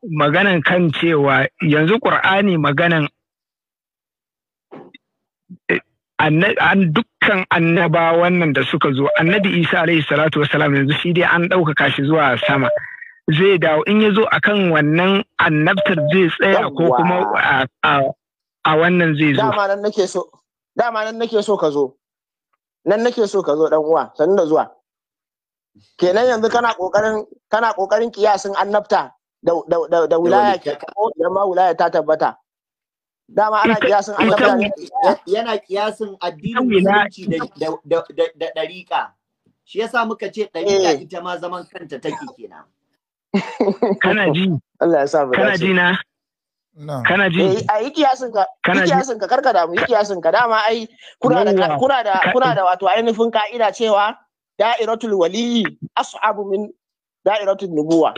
maganan kan cewa yanzu ƙur'ani maganan an dukkan annaba wannan da suka zo annabi isa alaihi salatu wasalam yanzu shi dai an ɗaukaka shi zuwa sama zai dawo in ya zo a kan wannan annabtar zai tsaya ko kuma a wannan zai zo dama nan nake so ka zo nan nake so ka zo dan uwa sannan da zuwa kenan yanzu kana kokarin kana kokarin kiyasin annabta da da da, da wilaya ke kawo idan ma wilaya ta tabbata dama ana kiyasin annabta yana kiyasin addinin musulunci da da da da dariƙa shi yasa muka ce dariƙa eh. ita ma zaman kanta take kenan kana ji Allah ya sa mu kana ji na kana ji eh, a yi kiyasin ka yi kiyasin ka karka damu yi kiyasin ka dama ai kuna da kuna da kuna da wato ainihin ka'ida cewa da'iratul waliyi as'abu min da'iratul nubuwa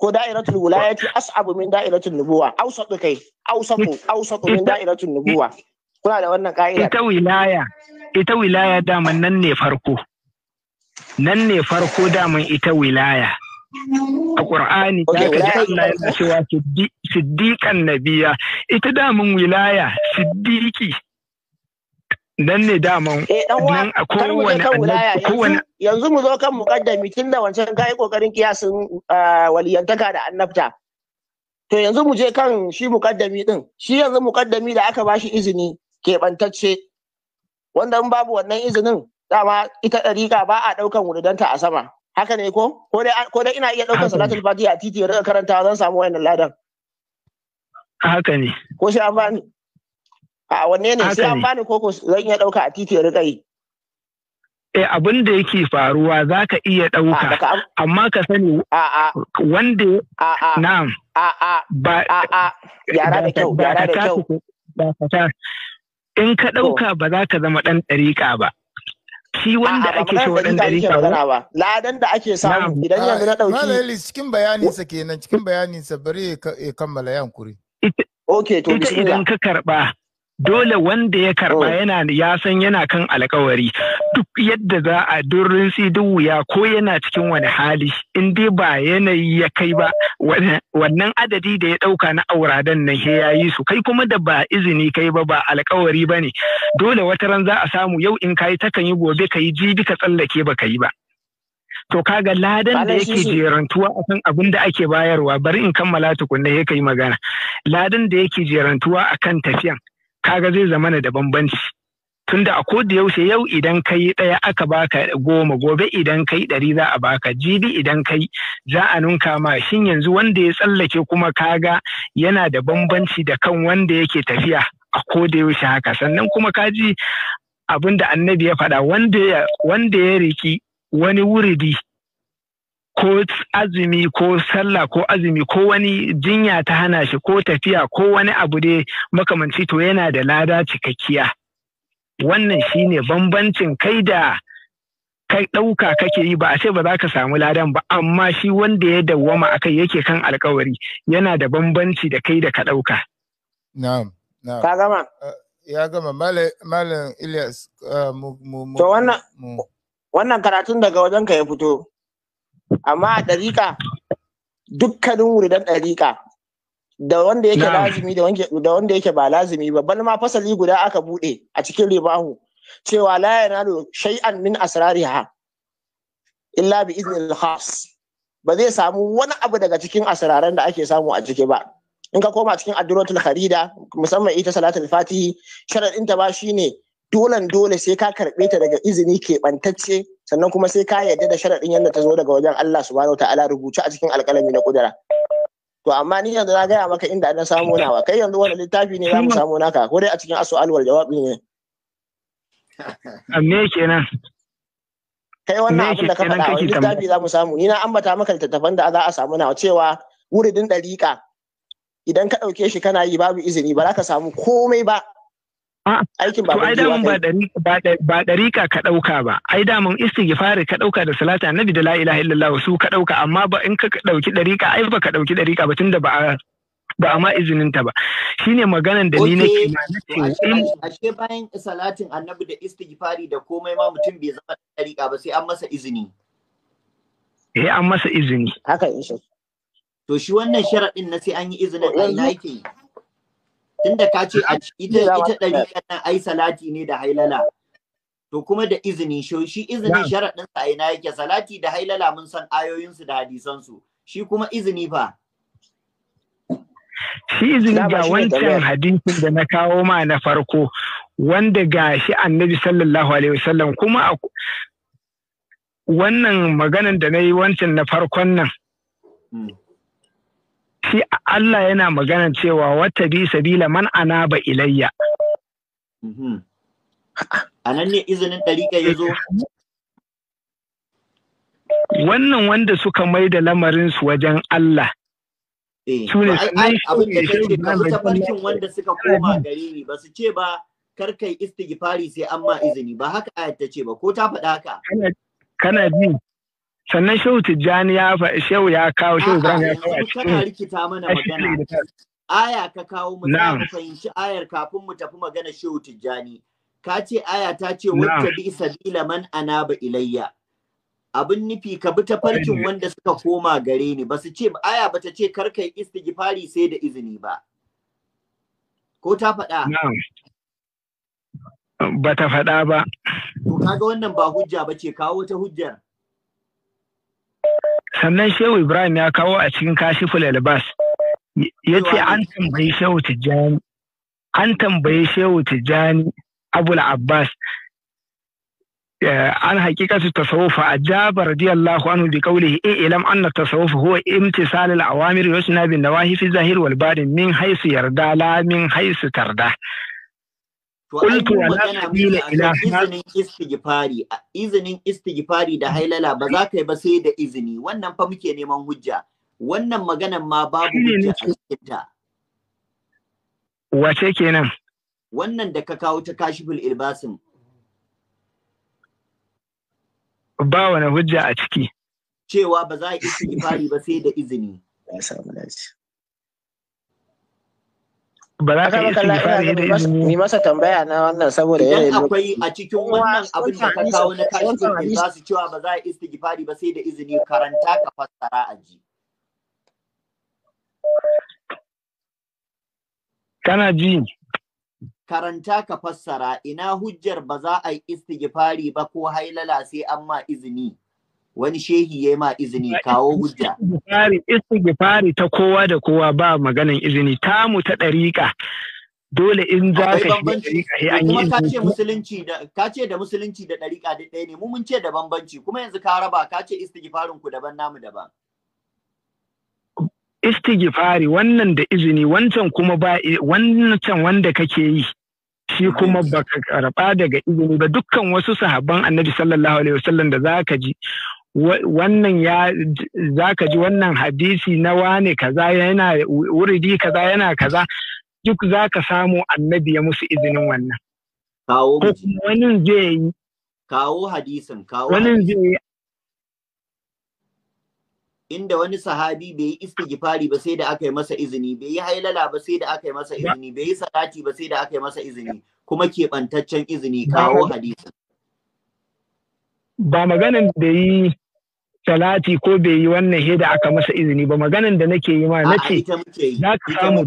ko da'iratul wulayati as'abu min da'iratul nubuwa ausatu kai ausatu ausatu min da'iratul nubuwa kuna da wannan ka'ida ita wilaya ita wilaya daman nan ne farko nan ne farko daman ita wilaya a ƙur'ani ya ka ji Allah yana cewa siddiƙan nabiya ita damun wilaya siddiƙi nan ne daman nan eh, a kowane kowane yanzu mu zo kan mukaddami tun da wancan kai kokarin kiyasin waliyantaka da annabta to yanzu mu je kan shi mukaddami din shi yanzu mukaddami da aka bashi izini keɓantacce wanda in babu wannan izinin dama ita ɗariƙa ba a ɗaukan wuridanta a sama haka ne ko ko dai ina iya ɗaukan salatul fatiha a titi ya karanta zan samu wayannan ladan haka ne ko shi an bani a wanne ne sai an bani koko zan iya dauka a titi ya riƙa yi Eh abin da yake faruwa za ka iya dauka amma ka sani wanda na'am ba a a yara da kyau yara da kyau in ka dauka ba za ka zama ɗan ɗariƙa ba. Shi wanda ake shi ɗan ɗariƙa ba. Ladan da ake samu idan yanzu na ɗauki. Malayali cikin bayaninsa kenan cikin bayaninsa bari ya kammala yankuri. Ok to Ita idan ka karɓa dole wanda ya karba oh. yana ya san yana kan alkawari duk yadda za a durrinsi duk wuya ko yana cikin wani hali in dai ba yanayi ya kai ba wannan adadi da ya dauka na auradan nan he yayi su kai kuma da ba izini kai ba ba alkawari bane dole wata ran za a samu yau in kai kan yi gobe kai jibi ka tsallake ba kai ba to kaga ladan da yake jerantuwa akan abin da ake bayarwa bari in kammala tukunna ya kai magana ladan da yake jerantuwa akan tafiyan kaga zai zama da bambanci tunda a da yaushe yau idan kai ɗaya aka baka goma gobe idan kai ɗari za a baka jibi idan kai za a nunka ma shin yanzu wanda ya tsallake kuma kaga yana da bambanci da kan wanda yake tafiya a da yaushe haka sannan kuma kaji abin da annabi ya faɗa wanda ya riki wani wuridi ko azumi ko sallah ko azumi ko wani jinya ta hana shi ko tafiya ko wani abu dai makamanci to yana da lada cikakkiya wannan shine bambancin kai da kai ɗauka kake yi ba a ce ba za ka samu ladan ba amma shi wanda ya dawwama kai yake kan alkawari yana da bambanci da kai da ka ɗauka. Na'am, na'am. Ka gama? Uh, ya gama Malam Ilyas uh, mu mu To wannan wannan karatun daga wajen ka ya fito. amma a ɗariƙa dukkanin wuridan ɗariƙa da wanda yake lazimi da wanda yake ba lazimi ba bal ma fasali guda aka buɗe a cikin ribahu cewa la da shay'an min ha illa bi iznil khas ba zai samu wani abu daga cikin asraran da ake samu a ciki ba in ka koma cikin addu'atul kharida musamman ita salatul fatihi sharadin ta ba shine dolan dole sai ka karbe ta daga izini keɓantacce sannan kuma sai ka yarda da sharaɗin yadda ta zo daga wajen Allah subhanahu ta'ala rubuce a cikin alƙalami na kudura to amma ni yanzu na gaya maka inda na samu nawa kai yanzu wani littafi ne za mu samu naka ko dai a cikin asu alwal jawabi ne me kenan kai wannan abin da ka faɗa wani littafi za mu samu ni na ambata maka littattafan da za a samu nawa cewa wuridin ɗariƙa idan ka ɗauke shi kana yi babu izini ba za ka samu komai ba aikin ba ai damun ba ba dariƙa ka ɗauka ba ai damun istighfari ka ɗauka da salatu annabi da la ilaha illallah su ka ɗauka amma ba in ka ɗauki dariƙa ai ba ka ɗauki dariƙa ba tunda ba ba a ma izinin ta ba shine maganan da ni nake ashe bayan salatin annabi da istighfari da komai ma mutum bai zama dariƙa ba sai an masa izini eh an masa izini haka insha to shi wannan sharaɗin na sai an yi izinin Allah yake tunda ka ce a ita ita dari nan ai salati ne da hailala to kuma da izini shi izini sharadin sa ina yake salati da hailala mun san ayoyinsu da su shi kuma izini fa shi izini ga wancan hadisin da na kawo ma na farko wanda ga shi annabi sallallahu alaihi wasallam kuma wannan maganan da na yi wancan na farkon nan hmm. shi Allah yana magana cewa wata bi sabila man ba ilayya mhm. a nan ne izinin ɗariƙa ya zo wannan wanda suka mai da lamarinsu wajen Allah eh, su ne abin da kake ba su tafarkin wanda suka koma gare ni ba su ce ba karkai istighfari sai an ma izini ba haka ayat ta ce ba ko ta faɗa haka kana ji sannan shehu tijjani ya fa shehu ya kawo shehu ya kawo a cikin rikita mana magana aya ka kawo mu fahimci ayar kafin mu tafi magana shehu tijjani ka ce aya ta ce wacce bi sabila man anaba ilayya abin nufi ka bi ta farkin wanda suka koma gare ni ba su ce aya ba ta ce kar kai istighfari sai da izini ba ko ta faɗa ba ta faɗa ba to kaga wannan ba hujja ba ce kawo ta hujjar sannan shehu ibrahim ya kawo a cikin kashiful albas ya ce an tambayi shehu tijjani an tambayi shehu tijjani abul abbas eh, an haƙiƙatu tasawufa a jabar radiyallahu anhu bi qawlihi in ilam anna tasawufa huwa imtisalil al awamir wa bin nawahi fi zahir wal min haisu yarda la min haisu tarda qultu wala sabila ila izinin istighfari izinin istighfari da hailala ba za ka yi ba sai da izini wannan fa muke neman hujja wannan maganan ma babu hujja a cikinta wace kenan wannan da ka kawo ta kashiful ilbasin ba wani hujja a ciki cewa ba za a yi istighfari ba sai da izini ba za ka iya su fara da izini ni masa tambaya na wannan saboda yanayin akwai a cikin wannan abin da ka kawo na kashi ne za su cewa ba za a istighfari ba sai da izini karanta ka fassara a ji kana ji karanta ka fassara ina hujjar ba za a yi istighfari ba ko hailala sai an ma izini wani shehi ya ma izini kawo hujja. Istighfari ta kowa da kowa ba maganan izini tamu ta ɗariƙa dole in za ka shi eh, an yi ka ce musulunci da ka ce da musulunci da ɗariƙa da ɗaya ne mun ce da bambanci kuma yanzu ka raba ka ce istighfarin ku daban namu daban. Istighfari wannan da izini wancan kuma ba eh, wancan wanda kake yi. shi kuma baka karɓa daga izini ba dukkan wasu sahabban annabi sallallahu alaihi wasallam da ka ji wannan ya za ka ji wannan hadisi na wane kaza yana wuridi kaza yana kaza duk za ka samu annabi ya musu izinin wannan. Kawo wani zai yi. Kawo hadisin, kawo Wani zai yi. Inda wani sahabi bai yi istighfari ba sai da aka yi masa izini, bai yi hailala ba sai da aka yi masa izini, bai yi salati ba sai da aka yi masa izini, kuma keɓantaccen izini kawo hadisin. Ba maganin da yi salati ko bai yi wannan heda aka masa izini ba maganan da nake yi ma na ce za ka samu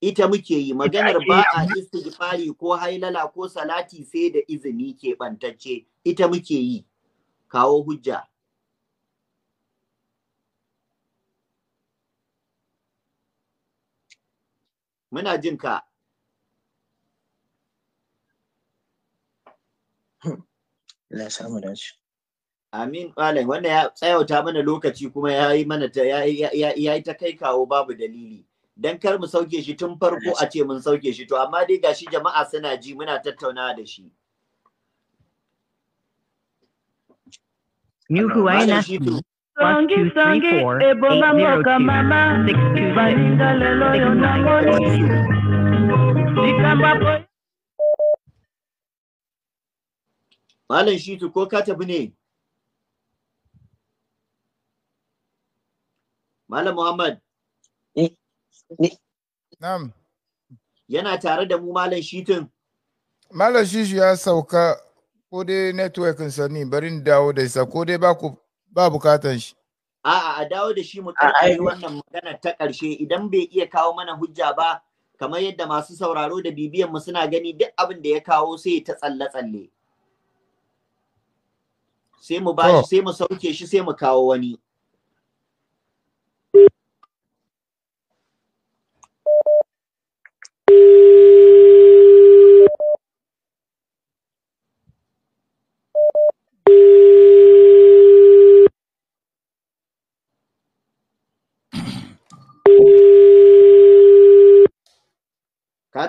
ita muke yi maganar ba a istighfari ko hailala ko salati sai da izini ke bantacce ita muke yi kawo hujja muna jin ka hmm. samu dace Amin Malam wanda ya tsayauta mana lokaci kuma ya yi mana ta ya ta kai kawo babu dalili. Dan kar mu sauke shi tun farko a ce mun sauke shi to amma dai gashi jama'a suna ji muna tattaunawa da shi. Ni Malam Shitu ko ka tafi ne? Malam Muhammad. Nam. Yana tare da mu Malam Shitin. Malam Shishu ya sauka ko dai network sa ne barin dawo da isa ko dai ba ku ba bukatan shi. A'a a dawo da shi mu karɓi wannan magana ta ƙarshe idan bai iya kawo mana hujja ba kamar yadda masu sauraro da bibiyan mu suna gani duk abin da ya kawo sai ta tsalle-tsalle. Sai mu ba sai mu sauke shi sai mu kawo wani.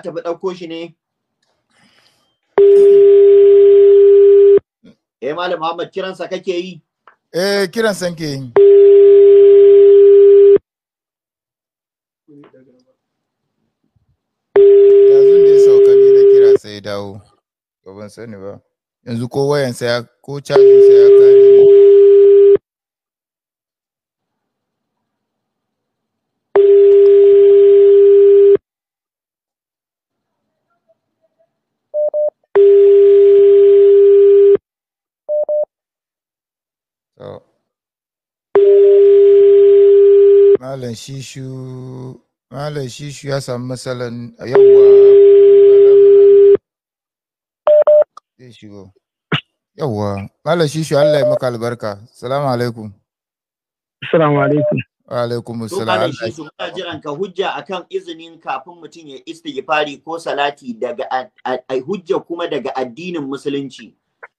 ka tafi ɗauko shi ne eh malam Muhammad kiransa kake yi eh kiransa ke yi kira sai dawo ba ban sani ba yanzu ko wayansa ya ko cajinsa ya Malam Shishu Malam Shishu ya samu matsalan a yawwa zai shigo. Yawwa, Malam Shishu Allah ya maka albarka. Salamu alaikum. Salamu alaikum. Wa alaikum salam. Malam Shishu muna jiran ka hujja akan izinin kafin mutum ya istighfari ko salati daga ai hujja kuma daga addinin musulunci.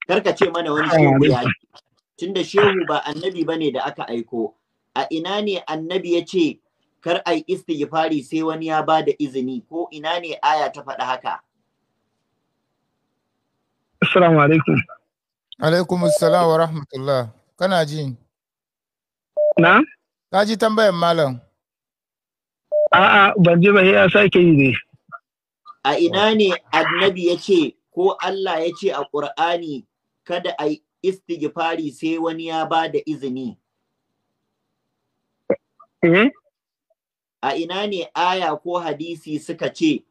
Karka ce mana wani shehu ya tunda shehu ba annabi bane da aka aiko. a ina ne annabi ya ce kar a yi istighfari sai wani ya ba da izini ko ina ne aya ta faɗa haka assalamu alaikum alaikum assalam wa rahmatullah kana ji na ka ji tambayar malam a'a ban ji ba ya sake yi ne a ina ne annabi ya ce ko Allah ya ce a ƙur'ani kada a yi istighfari sai wani ya ba da izini Mhm. A ina ne aya ko hadisi suka ce,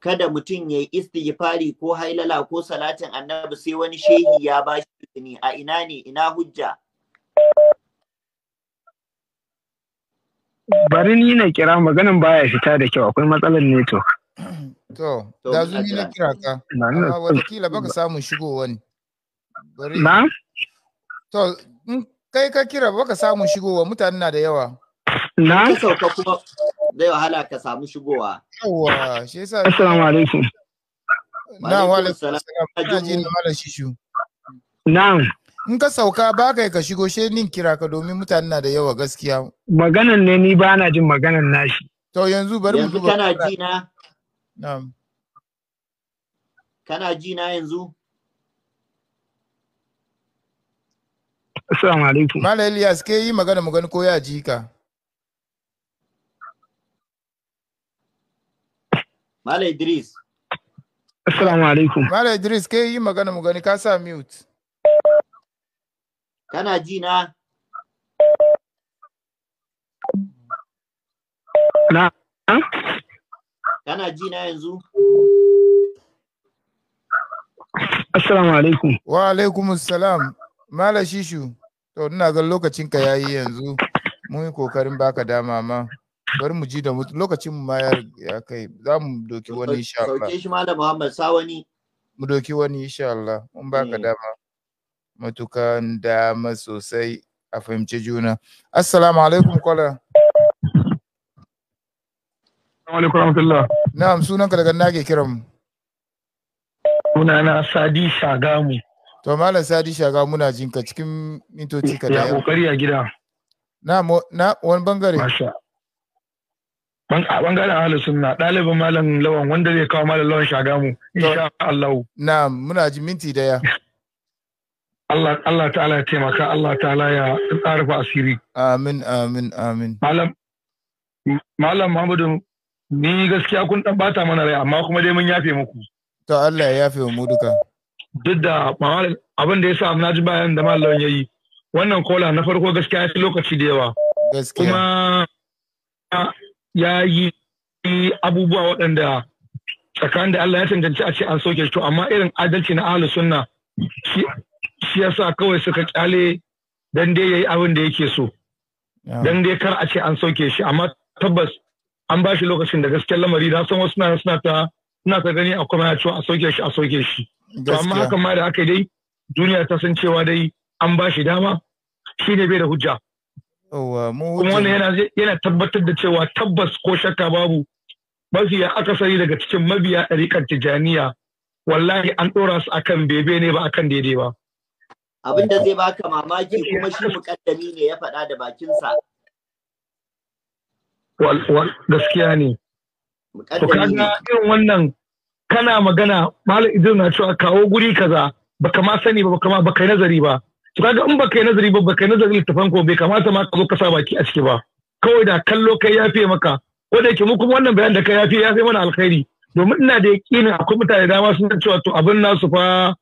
kada mutum ya yi istighfari ko hailala ko salatin annabi sai wani shehi ya ba shi izini a ina ne ina hujja bari ni na kira maganin baya fita da kyau akwai matsalar network to da zu ni na kira ka ah, watakila baka samu shigo wani. na to kai ka kira baka samu wa mutane na da yawa Na? Ka sauka kuma zai wahala ka samu shigowa. Na na In ka sauka ba kai ka shigo she nin kira ka domin mutane na da yawa gaskiya. Maganan ne ni ba na jin maganan nashi. To yanzu bari mu duba. Yanzu kana ji na? Na'am. Kana ji na yanzu? Assalamu alaikum. Malam Ilyas ke yi magana mu gani ko ya ji ka? Mala Idris. Assalamu alaikum. Mala Idris, ke yi magana mu gani ka sa mute. Kana ji na? Na. Kana ji na yanzu? Assalamu alaikum. Wa alaikum assalam. Mala Shishu, to ina ga lokacin ka yayi yanzu. Mun yi kokarin baka dama ma. bari mu ji da mutu. lokacin ma ya kai za mu doki wani insha Allah sauke shi malam Muhammad sa wani mu doki wani insha Allah mun baka eh. dama matukan dama sosai a fahimci juna assalamu alaikum kwala assalamu alaikum rahmatullah na'am sunan ka daga nake kiran mu na Sadi Shagamu to malam Sadi Shagamu muna jinka cikin mintoci ka ya kokari a gida na na wani bangare masha a bangaren ahalin sunna ɗalibin malam lawan wanda zai kawo malam lawan shagamu insha Allah na muna ji minti daya Allah Allah ta'ala ya taimaka Allah ta'ala ya tsarfa asiri amin amin amin malam malam Muhammadu ni gaskiya kun dan bata mana rai amma kuma dai mun yafe muku to Allah ya yafe mu duka duk da abin da ya sa na ji bayan da malam lawan yayi wannan kola na farko gaskiya ya fi lokaci da yawa gaskiya kuma ya yi abubuwa waɗanda tsakanin da Allah ya tantance a ce an soke to amma irin adalci na ahlus sunna shi ya sa kawai suka kyale dan dai yayi abin da yake so dan dai kar a ce an soke shi amma tabbas an ba shi lokacin da gaskiyar lamari da san wasu na suna ta suna ta gani akwai mai cewa a soke shi a soke shi to amma haka ma da aka dai duniya ta san cewa dai an ba shi dama shine ne bai da hujja kuma wannan yana tabbatar da cewa tabbas ko shakka babu mafiya akasari daga cikin mabiya ɗariƙar tijaniya wallahi an ɗora su akan bebe ne ba akan daidai ba. Abin da zai baka mamaki kuma shi mukaddami ne ya faɗa da bakinsa. Gaskiya ne. To kaga irin wannan kana magana Malam Idris na cewa kawo guri kaza baka ma sani ba baka ma baka nazari ba. to kaga in baka yi nazari ba baka yi nazarin littafan ko bai kamata ma ka zo ka sa baki a ciki ba kawai da kallo kai ya fiye maka ko da yake mu kuma wannan bayan da kai ya fiye ya fiye mana alkhairi domin ina da yakinin akwai mutane dama sun cewa to abin nasu fa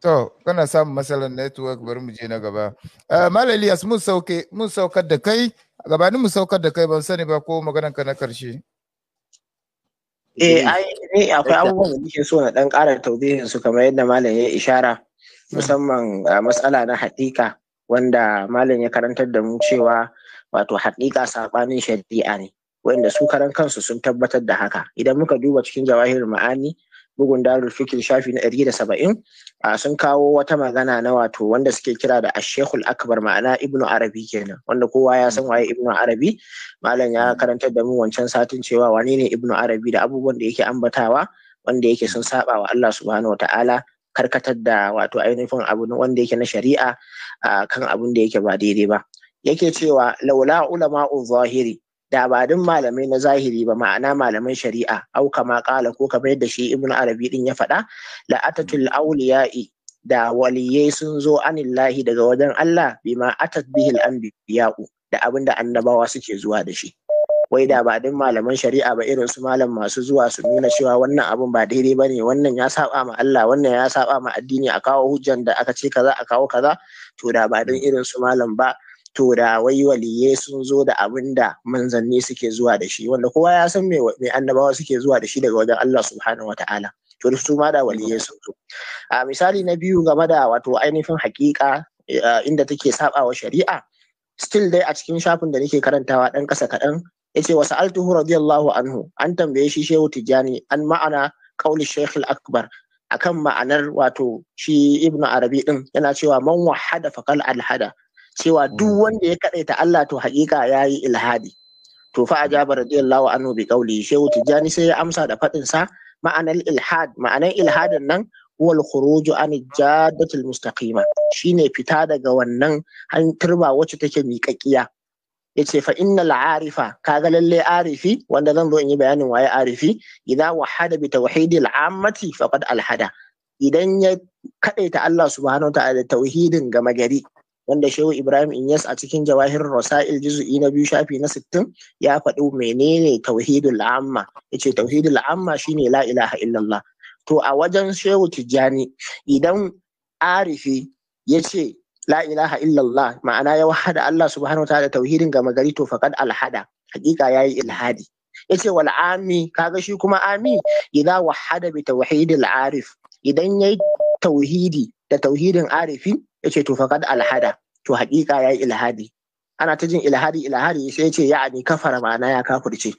To, kana samun matsalar network bari mu je na gaba. Eh, Malali Yas, mun saukar da kai, gabanin mu saukar da kai ban sani ba ko maganan ka na karshe. Eh, eh ai eh, akwai abubuwan da nake so na dan ƙara tauzihin su kamar yadda malam ya ishara hmm. musamman matsala na haƙiƙa wanda malam ya karantar da mu cewa wato haƙiƙa saɓanin shari'a ne wanda su karan kansu sun tabbatar da haka idan muka duba cikin jawahir ma'ani bugun darul fikir shafi na ɗari da saba'in sun kawo wata magana na wato wanda suke kira da ashekul akbar ma'ana ibnu arabi kenan wanda kowa ya san waye ibnu arabi malam ya karantar da mu wancan satin cewa "Wanene ne ibnu arabi da abubuwan da yake ambatawa wanda yake sun saba wa Allah subhanahu wataala karkatar da wato ainihin abu wanda yake na shari'a kan abun da yake ba daidai ba yake cewa laula ulama'u zahiri da ba malamai na zahiri ba ma'ana malaman shari'a au kama kala ko kamar yadda shi ibnu arabi din ya faɗa la'atatul auliyai da waliyai sun zo anillahi daga wajen Allah bima atat bihil anbiya'u da abin da annabawa suke zuwa da shi wai da ba duk malaman shari'a ba irin su malam masu zuwa su nuna cewa wannan abin ba daidai ba ne wannan ya saba ma Allah wannan ya saba ma addini a kawo hujjan da aka ce kaza a kawo kaza to da ba duk irin su malam ba to da wai waliyai sun zo da abin da manzanni suke zuwa da shi wanda kowa ya san me annabawa suke zuwa da shi daga wajen Allah subhanahu wataala to su ma da waliyai sun zo a misali na biyu game da wato ainihin hakika inda take saba wa shari'a still dai a cikin shafin da nake karantawa dan kasa kadan yace wa sa'altuhu radiyallahu anhu an tambaye shi shehu tijani an ma'ana qauli shaykh al-akbar akan ma'anar wato shi ibnu arabi din yana cewa man wahada faqal alhada cewa duk mm. wanda ya kaɗaita Allah to hakika yi ilhadi to fa ajaba mm. radiyallahu anhu bi ƙauli shehu tijjani sai ya amsa da faɗinsa sa ma'anar ilhad ma'anar ilhadin nan wal khuruju an jaddatil mustaqima shine fita daga wannan turba wacce take miƙaƙiya yace fa innal arifa kaga lalle arifi wanda zan zo in yi bayanin waye arifi idza wahada bi tauhidil ammati faqad alhada idan ya kadaita Allah subhanahu wa ta'ala tauhidin gama gari wanda shehu ibrahim inyas a cikin jawahir rasail juz'i na biyu shafi na sittin ya faɗi menene tauhidul amma yace tauhidul amma shine la ilaha illallah to a wajen shehu tijjani idan arifi yace la ilaha illallah ma'ana ya wahada Allah subhanahu wa ta'ala tauhidin gama gari to faqad alhada hakika yayi ilhadi yace wal ami kaga shi kuma ami idza wahada bi tauhidil arif idan yayi tauhidi da tauhidin arifi yace to faqad alhada to haƙiƙa yayi ilhadi ana ta jin ilhadi ilhadi sai yace ya'ani kafara ma'ana ya kafirce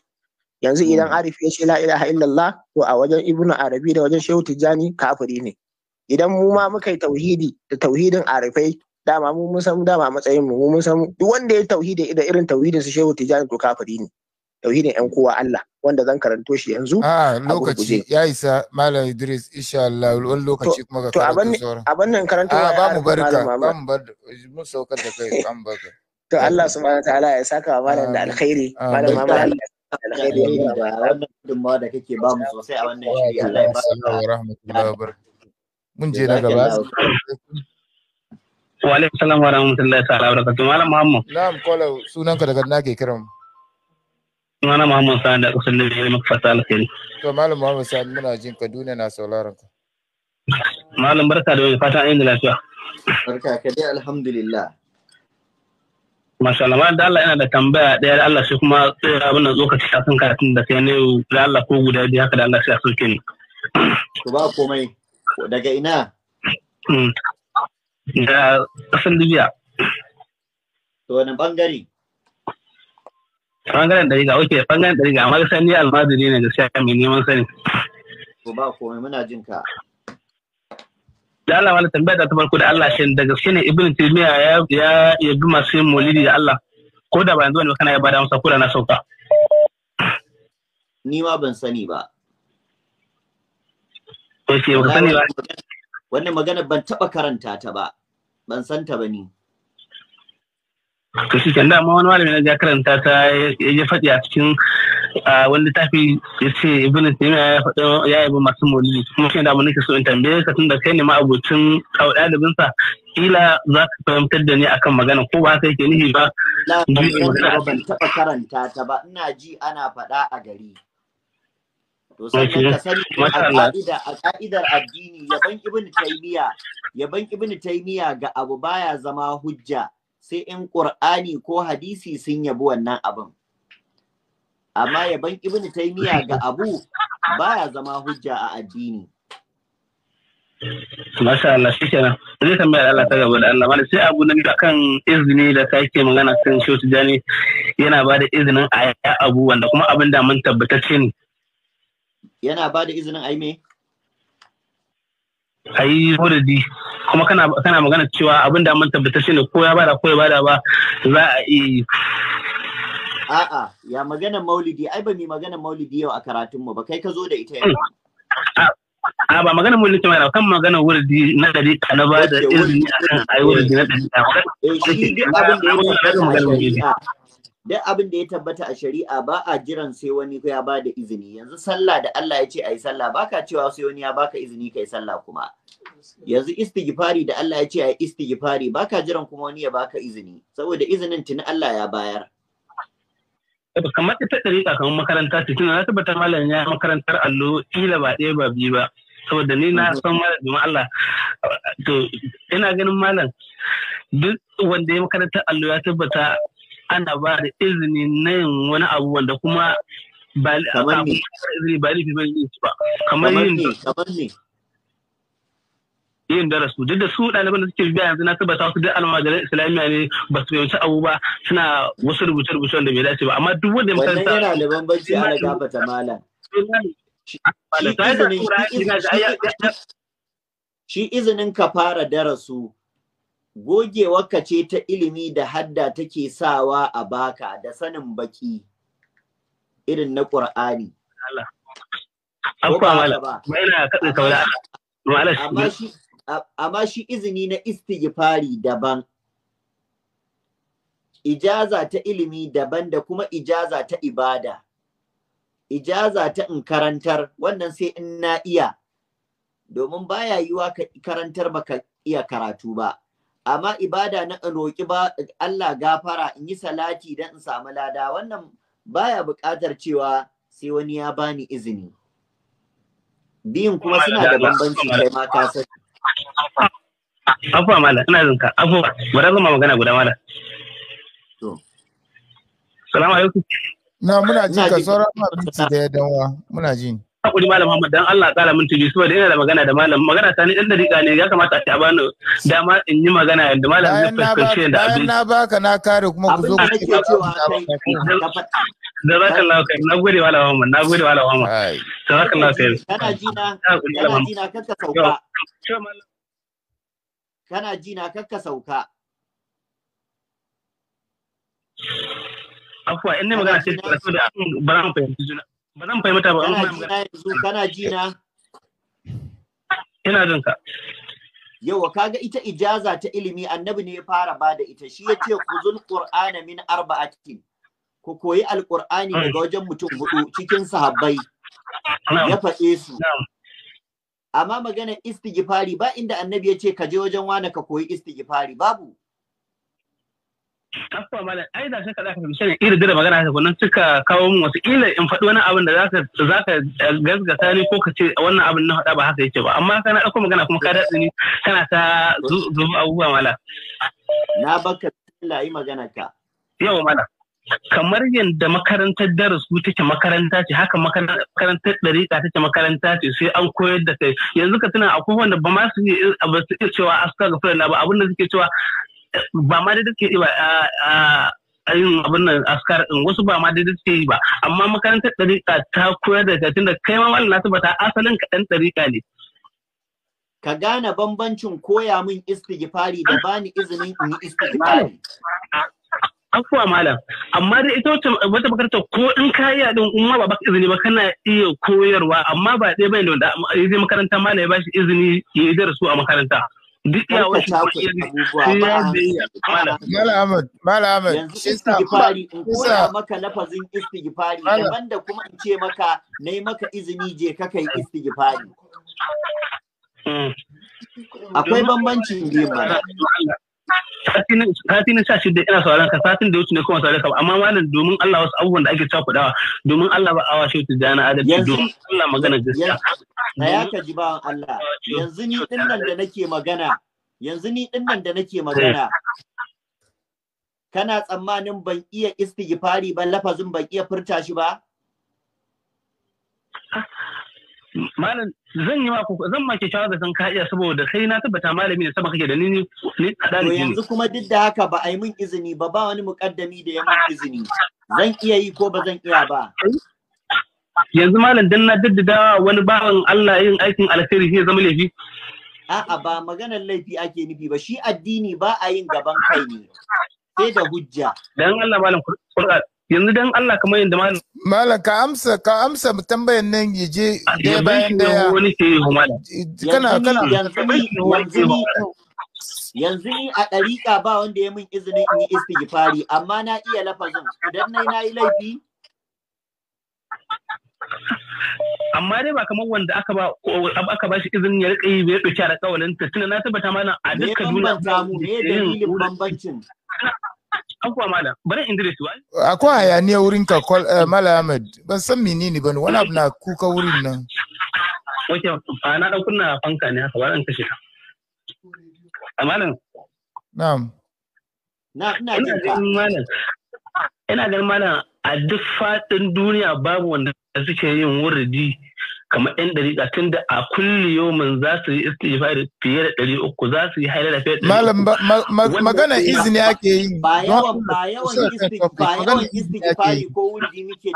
yanzu hmm. idan arif ya ce la ilaha illallah to a wajen ibnu arabi da wajen shehu tijjani kafiri ne idan mu ma muka yi tauhidi da tauhidin arifai dama mu mun san dama matsayin mu mun san duk wanda ya tauhidi da irin tauhidin su shehu tijjani to kafiri ne tauhidin yan kowa Allah wanda zan karanto shi yanzu ah, a lokaci ya isa malam Idris insha Allah wani lokaci kuma ka karanto sauran to abin nan karanto ah, a ba mu barka ba mu bar mu saukar da kai ba an barka to Allah subhanahu wataala ya saka wa malam da alkhairi malam ma Allah alkhairi ya ba wannan gudunmawa da kake ba mu sosai a wannan shiri Allah ya ba wa rahmatullahi wa barakatuh mun je na gaba wa alaikum salam wa rahmatullahi ta'ala wa barakatuh malam Muhammad na'am kola sunanka daga nake kiran mu Sunana Muhammad Sani da kusan da ya maka fata alkhairi. To Malam Muhammad Sani muna jin Kaduna na sauraron ka. Malam barka da wani fatan ainihin lafiya. Barka ka dai alhamdulillah. Mashallah, Allah, da Allah yana da tambaya ɗaya da Allah shi kuma sai abin da ka ci kan karatun da sai ne da Allah ko guda biyu haka da Allah shi a soke ni. Ku ba komai daga ina? Hmm. Da ƙasar Libya. To wani bangare? ɗari ga. ok, ɗari ga. amma gaskiya ni almajiri ne siya mai neman sani. Ko ba komai muna jin ka. Da Allah wani tambaya ta farko da Allah shi daga gaske ne Ibn Taymiyyah ya yabi masu yin molidi da Allah ko da ba yanzu wani kana ya bada masa kula na sauka. Ni ma ban sani ba. Ok, ban sani ba. Wannan magana ban taɓa karanta ta ba, ban santa ba ni. to shi kan dama wani malami na karanta ta ya faɗi a cikin wani littafi ya ce ibn taymiya ya faɗi ya bin masu maulidi kuma shi da nake so in tambaye ka tunda kai ne ma abocin kawo ɗalibin sa kila za ka fahimtar da ni akan magana ko ba kai ke nihi ba ban taɓa karanta ta ba ina ji ana faɗa a gari to sannan ka sani a addini yaban ibn taymiya yaban ibn taymiya ga abu baya zama hujja sai in ƙur'ani ko hadisi sun yabi wannan abin amma yaban ibn taymiya ga abu baya zama hujja a addini Masha Allah shi kenan zai tambayar Allah ta gaba da Allah mana sai abu na biyu kan izini da ta ke magana sun shi jani yana ba da izinin a abu wanda kuma abin da mun tabbatacce ne yana ba da izinin a yi me a yi muradi kuma kana magana cewa abin da mun tabbata ne ko ya bada ko ya bada ba za a yi a'a ya magana maulidi ai ba mi magana maulidi yau a karatun mu ba kai ka zo da ita yau a ba magana maulidi ba kan magana wurdi na dari na ba da izini akan ai wurdi na dari na eh, duk abin da ya tabbata a shari'a ba a jiran sai wani ya ba da izini yanzu sallah da Allah ya ce a yi sallah baka cewa sai wani ya baka izini kai sallah kuma yanzu istighfari da Allah ya ce ai istighfari baka jiran kuma wani ya baka izini saboda izinin tuni Allah ya bayar eh, kamar ita ɗariƙa kamar makaranta ce tuna na tabbatar malam ya makarantar allo kila ba ɗaya ba biyu ba saboda ni na san malam domin Allah to ina ganin malam duk wanda ya makarantar allo ya tabbata ana ba da izini na yin wani abu wanda kuma ba ba ba ba ba. yin darasu duk da su ɗaliban da suke biya yanzu na tabbata su duk almajiran islamiyya ne ba su fahimci abu ba suna wasu rubuce rubucen da bai dace ba amma duk wanda makaranta wannan yana da bambanci ana malam shi izinin ka fara darasu gogewarka ce ta ilimi da hadda take sawa a baka da sanin baki irin na ƙur'ani. Allah. Akwai amma shi izini na istighfari daban ijaza ta ilimi daban da kuma ijaza ta ibada ijaza ta in karantar wannan sai in na iya domin baya yiwa ka karantar baka iya karatu ba amma ibada na in roki ba Allah gafara in yi salati dan in samu lada wannan baya buƙatar cewa sai wani ya bani izini biyun kuma suna da bambanci kai ma ka sani afuwa mala ina zinka. afuwa bari zama magana guda mala to salamu alaikum na muna ji ka sauran minti da ya dawa muna ji hakuri malam Muhammad dan Allah kala min tubi saboda ina da magana da malam magana ta ni dan dariƙa ne ya kamata a ta bani dama in yi magana yadda malam ya fuskanci yadda abin Bayan na baka na kare kuma ku zo ku ce cewa da zaka Allah kai na gode malam Muhammad na gode malam Muhammad da zaka Allah kai kana ji na kana ji na kanka sauka kana ji na kakka sauka afuwa inda ne magana ce da su da ba zan fahimci juna ba zan fahimta ba kana ji na yanzu kana ji na ina jin ka yawa kaga ita ijaza ta ilimi annabi ne ya fara ba da ita shi ya yace kuzul qur'ana min arba'atin ku koyi alƙur'ani hmm. daga wajen mutum hudu cikin sahabbai ya faɗe su amma magana istighfari ba inda annabi ya ce ka je wajen wani ka koyi istighfari babu Afuwa malam, ai da shi da ka fahimci ne irin da magana haka kunan suka kawo min wasu ila in faɗi wani abin da zaka zaka eh, gasgata ni ko ka ce wannan abin na faɗa ba haka yake ba amma kana ɗauko magana kuma ka daɗi ni kana ta zuba abubuwa malam. Na baka Allah yi magana ka. Yau, malam. kamar yadda makarantar darasu take makaranta ce haka makarantar ɗariƙa take makaranta ce sai an koyar da kai yanzu ka tuna akwai wanda ba ma su iya cewa a suka gafi ba abin da suke cewa ba ma da suke ba yin abin nan askar din wasu ba ma daidai suke yi ba amma makarantar ɗariƙa ta koyar da kai tunda kai ma wannan nasu ta asalin ka ɗan ɗariƙa ne ka gane bambancin koya min istighfari da bani izinin in yi istighfari afuwa malam amma da ita wata makaranta ko in ka yi din in ba baka izini ba kana iya koyarwa amma ba ɗaya bane da zai makaranta malam ya bashi izini ya idar darasu a makaranta duk ya wasu malam malam yanzu istighfari in koya maka lafazin istighfari daban da kuma in ce maka nayi maka izini je ka kai istighfari mm. akwai bambanci ne ba satin sha da ina sauraron ka satin da wuce ne kuma sauraron ka amma malam domin Allah wasu abubuwan da ake cakudawa domin Allah ba awa shi tijana adalci domin Allah magana gaskiya na ya ka ji bawan Allah yanzu ni din nan da nake magana yanzu ni din nan da nake magana kana tsammanin ban iya istighfari ban lafazin ban iya furta shi ba malam zan yi maku zan maki kyakkyawa da san ka'iya saboda kai na tabbata malami ne saboda kake da ni ni da ni yanzu kuma duk da haka ba a yi min izini ba ba wani mukaddami da ya min izini zan iya yi ko ba zan iya ba yanzu malam dan na daddada wani bawan Allah yin aikin alkhairi sai zama laifi a'a ba maganar laifi ake nufi ba shi addini ba a yin gaban kai ne sai da hujja dan Allah malam Qur'an yanzu dan Allah kamar yadda ne. malam ka amsa ka amsa tambayar nan ya je da ah, bayan da wani ke yi malam kana kana yanzu yanzu ni a ɗariƙa ba wanda ya min izinin in yi istighfari amma na iya lafazin idan na na yi laifi amma dai ba kamar wanda aka ba aka ba shi izinin ya rika yi bai a kyara kawalin ta tunda na tabbata mana a dukkan duniya ne dalilin bambancin akwai malam bari in dire su akwai hayaniya wurin ka eh, mala Ahmed ban san menene bane wani abu na kuka wurin nan oke ba na dan kunna fanka ne haka ba dan kashe ta malam na'am na ina jin malam ina jin malam a duk faɗin duniya babu wanda suke yin wuridi kamar yan dariƙa tun da a kulli yomin za su yi istighfari fiye da ɗari uku za su yi haila da fiye da malam magana izini ake yi ba yawan ba yawan istighfari ko wuri muke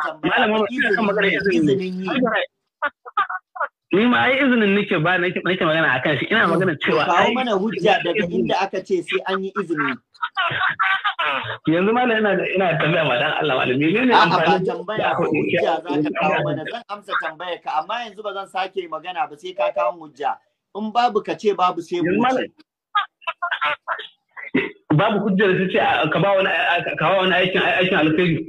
tambaya izinin yi ni ma ai izinin nake ba nake magana akan shi ina magana cewa ai mana hujja daga inda aka ce sai an yi izini yanzu malam ina ina tambaya ma dan Allah malam ne amfani da tambaya ko hujja za ka kawo mana zan amsa tambaya ka amma yanzu ba zan sake magana ba sai ka kawo hujja in babu ka ce babu sai mu babu hujjar da ce ka ba wani ka ba wani aikin aikin alkhairi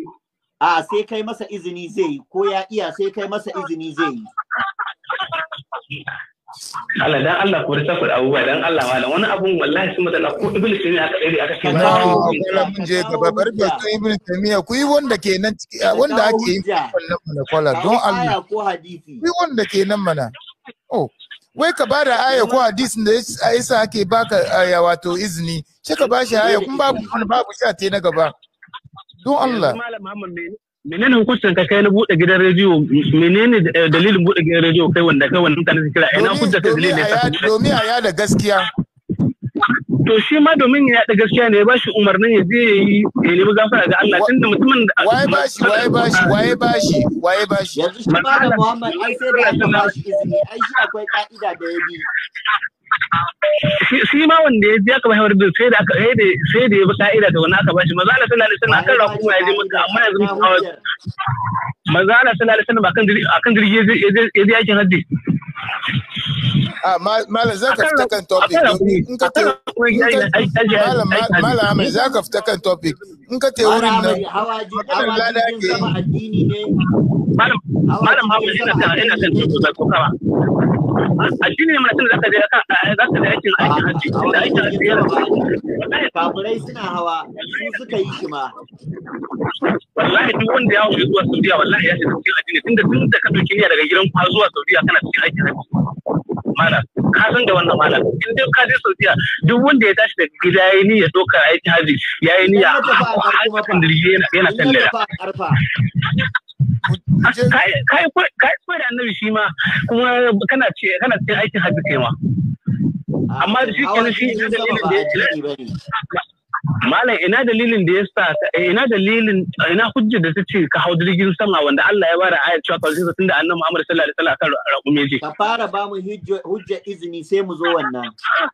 a sai kai masa izini zai yi ko ya iya sai kai masa izini zai yi Allah dan Allah ku rasa ku abubuwa dan Allah malam wani abun wallahi sun matsala ko iblis ne aka dare aka ce ba ku je gaba bar bai to iblis tamiya ku yi wanda ke nan wanda ake yi wannan mana kwala don Allah ko hadisi ku yi wanda ke nan mana oh wai ka ba da aya ko hadisin da ya ake baka aya wato izini sai ka ba shi aya kun babu babu sha te na gaba don Allah malam Muhammad menene hukuncin ka kai na bude gidan rediyo menene eh, dalilin bude gidan rediyo kai wanda kai wanda mutane su kira ina hujja kai dalilin ya domin a yada gaskiya to shi ma domin ya yada gaskiya ne ya bashi umarnin ya je ya nemi gafara ga Allah tunda mutumin da waye shi? waye shi? waye shi waye shi yanzu shi ma da Muhammad ai sai da ya bashi izini ai shi akwai ka'ida da ya bi shi ma wanda ya biya kamar hawar sai da aka sai da ya bi ka'ida da wani aka bashi maza Allah sallallahu alaihi wasallam akan ma ya je maka amma yanzu maza Allah sallallahu alaihi wasallam akan akan jirgi ya je yakin haddi Ah, malam za ka fita kan topic in ka te kan topic in ke malam ne mutum za ka je aikin aikin da aikin hajji yana suna hawa su suka yi shi ma wallahi duk wanda ya hau zuwa Saudiya wallahi ya shi cikin addini tunda tun da ka dauki daga gidan kwa zuwa Saudiya kana cikin aikin hajji malam ka san da wannan malam in dai ka je Saudiya duk wanda ya tashi daga gida yayi niyya dokar aiki haji yayi niyya hajjin dirje yana yana kan leda kai kai da annabi shi ma kuma kana ce kana cikin aikin haji kai ma amma shi kenan shi da ne malam ina dalilin da ya sa ina dalilin ina hujjar da ta ce ka hau jirgin sama wanda Allah ya bada ayat cewa kawai sun da annabi Muhammad sallallahu alaihi wasallam akan raƙume ji ka fara ba mu hujjar izini sai mu zo wannan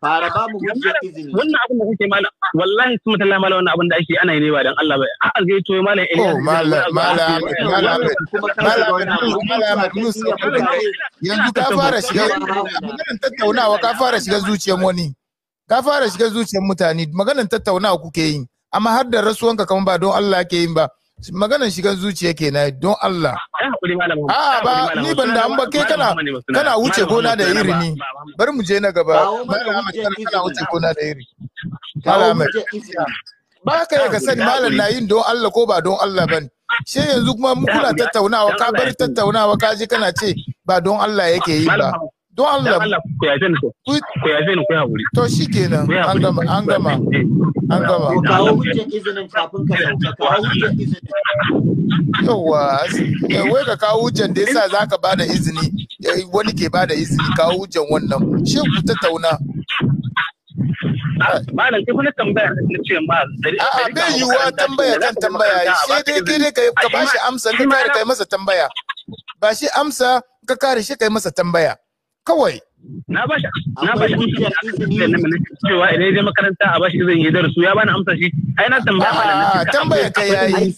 fara ba mu hujjar izini wannan abin da kuke malam wallahi sun mutalla malam wannan abin da ake ana yi ne ba dan Allah ba a gaito malam ina malam malam malam malam yanzu ka fara shiga ka fara shiga zuciyar wani ka fara shiga zuciyar mutane maganan tattaunawa kuke yi amma har da rasuwanka kamar ba don Allah ke yin ba maganan shigan zuciya ke na don Allah a ba ni ban da ba ke kana kana wuce gona da iri ni bari mu je na gaba kana wuce gona da iri ba ka ka sani malam na yin don Allah ko ba don Allah ne. Sai yanzu kuma mu kuna tattaunawa ka bar tattaunawa ka je kana ce ba don Allah yake yi ba Don Allah. Ku yafe To shi kenan an gama an gama an gama. Kawo eh, wai ka kawo hujjar da yasa za ka ba da izini eh, wani ke ba da izini kawo hujjar wannan shi ku tattauna. Ah, A'a bai yiwuwa tambaya kan tambaya sai dai kai dai ka ba shi amsa ka kare kai masa tambaya. Ba shi amsa ka kare shi kai masa tambaya. kawai na ba shi na ba shi cewa idan ya je makaranta a bashi zan yi darasu ya bani amsa shi ai na tambaya ah, malamin tambaya ka yayi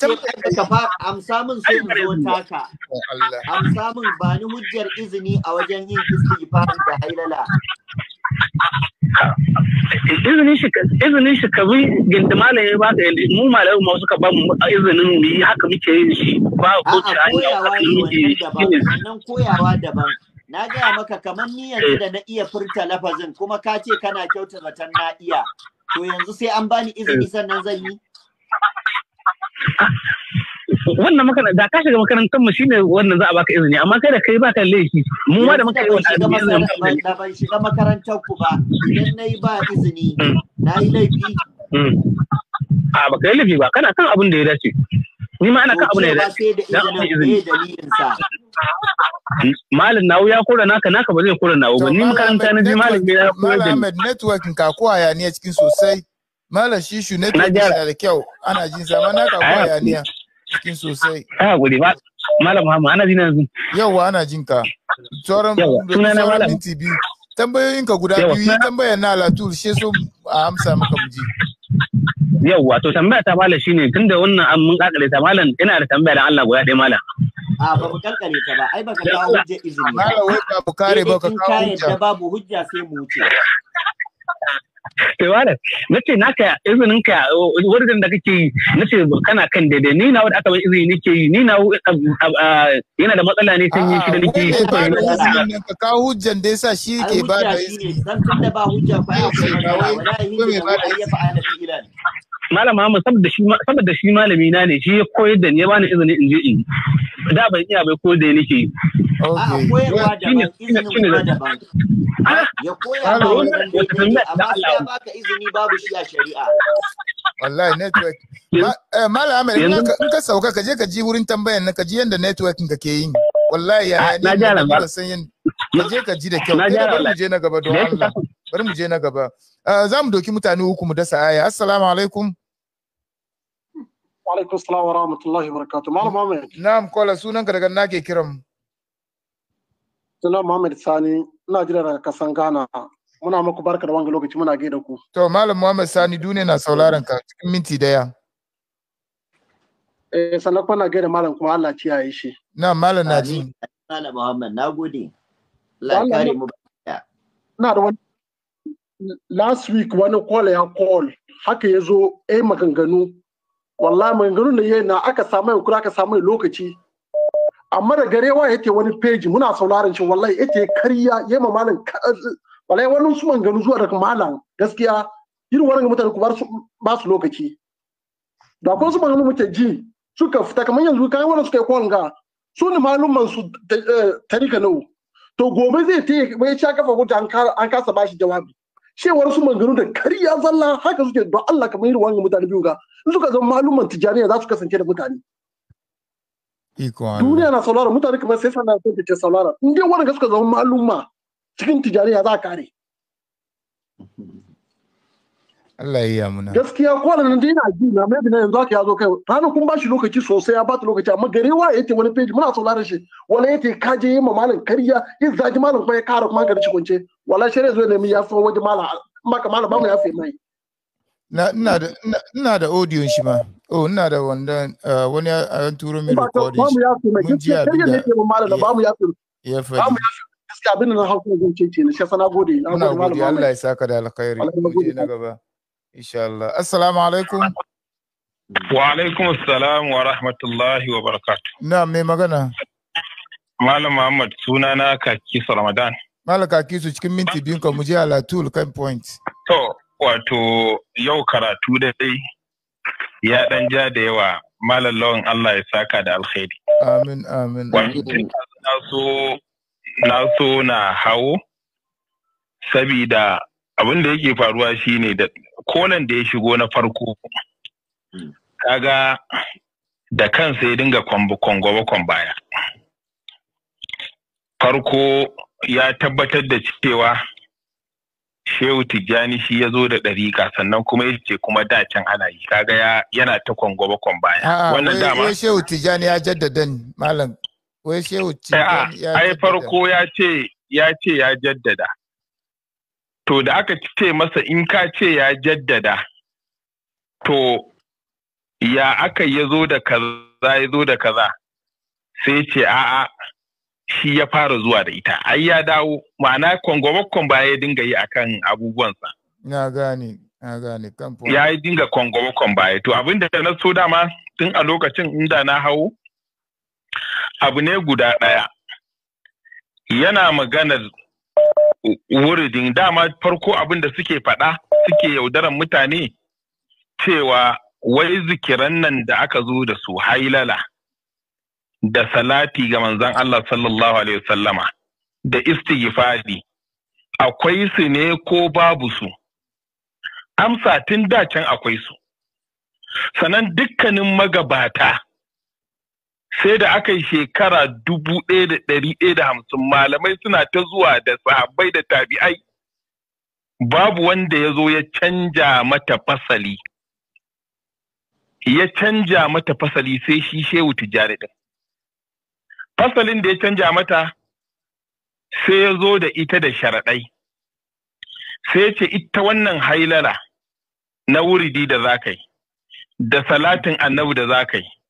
ka fa amsa min sai mu zo taka oh, amsa min ba ni hujjar izini a wajen yin istighfar da hailala izinin shi izinin shi ka bi ginda malam ya baka mu malamu ma suka ba mu izinin mu yi haka muke yin shi ba ko ta hanya haka muke yi shi ne koyawa daban na gaya maka kamar ni yanzu eh. da na iya furta lafazin kuma ka ce kana kyauta zaton na iya to yanzu sai an bani izini eh. sannan zan yi wannan makana da ka shiga makarantar mu shine wannan za a baka izini amma kai da kai baka laifi mu ma da muka yi wannan da ban shiga makarantar ku ba idan nayi ba izini hmm. nayi laifi hmm. a baka laifi ba kana kan abin da ya dace ni ma ana ka abu ne da izini malam nawo ya kora naka naka ba zai kora nawo ba ni makaranta na ji malam ya kora da Ahmed network ka ko hayaniya cikin sosai malam shishu network yana da kyau ana jin sa na ka ko aya cikin sosai a gode ba malam Muhammad ana jin yanzu yawa ana jin ka sauran sunana malam tambayoyin ka guda biyu tambayar na latul she so a amsa maka buji Yawwa to tambaya ta malam shine tunda wannan an mun kakare ta malam ina da tambaya da Allah guda ɗaya malam. A ba mu kankare ta ba ai ba ka kawo hujja izini. Malam wai ba ku kare ba ka kawo hujja. Da babu hujja sai mu wuce. Sai eh, malam na ce naka izinin ka wurin da kake yi na ce kana kan daidai ni na wadda aka bai izini nake yi ni na yana da matsala ne sun yi shi da nake yi. Ka kawo hujjan da yasa shi ke ba da izini. tun da ba hujja ba ya kuma ba da izini. malam Muhammad saboda shi saboda shi malami na ne shi ya koyar da ni ya bani izini in je in da ban iya bai koyar da ni ke a'a ah, koyarwa da ban izini da ban ah? ya koyar da wannan amma sai ya baka izini babu shi a shari'a wallahi network eh, malam Ahmed in ka sauka ka je ka ji wurin tambayan ka ji yanda networking ka ke yin wallahi ya ah, ne ka san yin ka je ka ji da kyau bari mu je na gaba don Allah eh, bari mu je na gaba za mu doki mutane uku mu dasa aya assalamu alaikum alaikum salam wa rahmatullahi wa barakatuh malam muhammad sunan ka na ke kiran sunan muhammad sani ina jira daga kasan ghana muna muku barka da lokaci muna gaida ku to malam sani na cikin minti daya eh sannan kuma na gaida malam kuma Allah ci yayi shi na malam na ji malam muhammad na gode. ya mu na da wani last week wani call ya call haka ya zo eh maganganu wallahi ganin da yayi na aka samu ya kura aka samu lokaci amma da garewa yake wani page muna sauraron shi wallahi yake karya yema malam wallahi wani su manganu zuwa daga malam gaskiya irin wannan mutane ku bar su ba su lokaci da ko su manganu muke ji suka fita kamar yanzu kai wannan suka yi kwanga su ne malumman su eh, tarika nau to gobe zai ta yi ya ci kafa hujja an kasa bashi jawabi cewar su maganganu da karya zalla haka suke don Allah kamar irin wannan mutane biyu ga suka zama maluman tijaniya za su kasance da mutane duniya na saulara mutane kamar sai sana sun fice saulara in dai wannan suka zama maluma cikin tijaniya za a kare Allah ya muna. Gaskiya ko nan dai na ji na mai na yanzu haka ya zo kai rana kun ba shi lokaci sosai ya ba ta lokaci amma gare wa yace wani page muna sauraron shi wala yace ka je ma malam kariya yin zaji malam kuma ya kara kuma gari shi kunce wala shi zo ne mi ya so waje malam ka malam ba mu ya fi mai. Na ina da ina da audio shi ma. Oh ina da wanda uh, wani an turo min recording. Ba mu ya fi mai. Mun ji abin da. Ba mu ya fi. Ya fa. Ba mu ya fi. Gaskiya abin nan hausa hauka zan ce ce ne sai sana gode. Na gode Allah ya saka da alkhairi. Na gaba. insha Allah assalamu alaikum wa alaikum assalam wa rahmatullahi wa barakatuh na me magana malam Muhammad suna na kaki Ramadan malam kaki su cikin minti biyun ka mu je alatul kan point to wato yau karatu da dai ya dan ja da yawa malam lawan Allah ya saka da alkhairi amin amin na so na so na hawo sabida abin da yake faruwa shine da kolan da ya shigo na farko hmm. kaga da kansa ya dinga kwangwabakon baya farko ya tabbatar da cewa shehu tijjani shi ya zo da ɗari sannan kuma ya ce kuma da can ana yi kaga yana ta kwangwabakon baya wannan dama wai shehu tijjani ya jaddada malam wai shehu tijjani ya jaddada ai farko ya ce ya ce ya jaddada to da aka ce masa in ka ce ya jaddada to ya aka ya zo da kaza ya zo da kaza sai ce a'a shi ya fara zuwa da ita ai ya dawo ma'ana kwangwamakon ba ya dinga yi akan abubuwansa na gane na gane ya yi dinga kwangwamakon baya to abin da na so dama tun a lokacin inda na hau abu ne guda ɗaya yana maganar wuridin dama farko abin da suke faɗa suke yaudaran mutane cewa wai zikiran nan da aka zo da su hailala da salati ga manzan Allah sallallahu alaihi wasallama da istighfari akwai su ne ko babu su amsa tun da akwai su sannan dukkanin magabata sai da aka yi shekara dubu ɗaya da ɗari ɗaya da hamsin malamai suna ta zuwa da sahabbai da tabi'ai babu wanda ya zo ya canja mata fasali ya canja mata fasali sai shi shehu tijjani fasalin da ya canja mata sai ya zo da ita da sharaɗai sai ce ita wannan hailara na wuridi da za ka yi da salatin annabi da za ka yi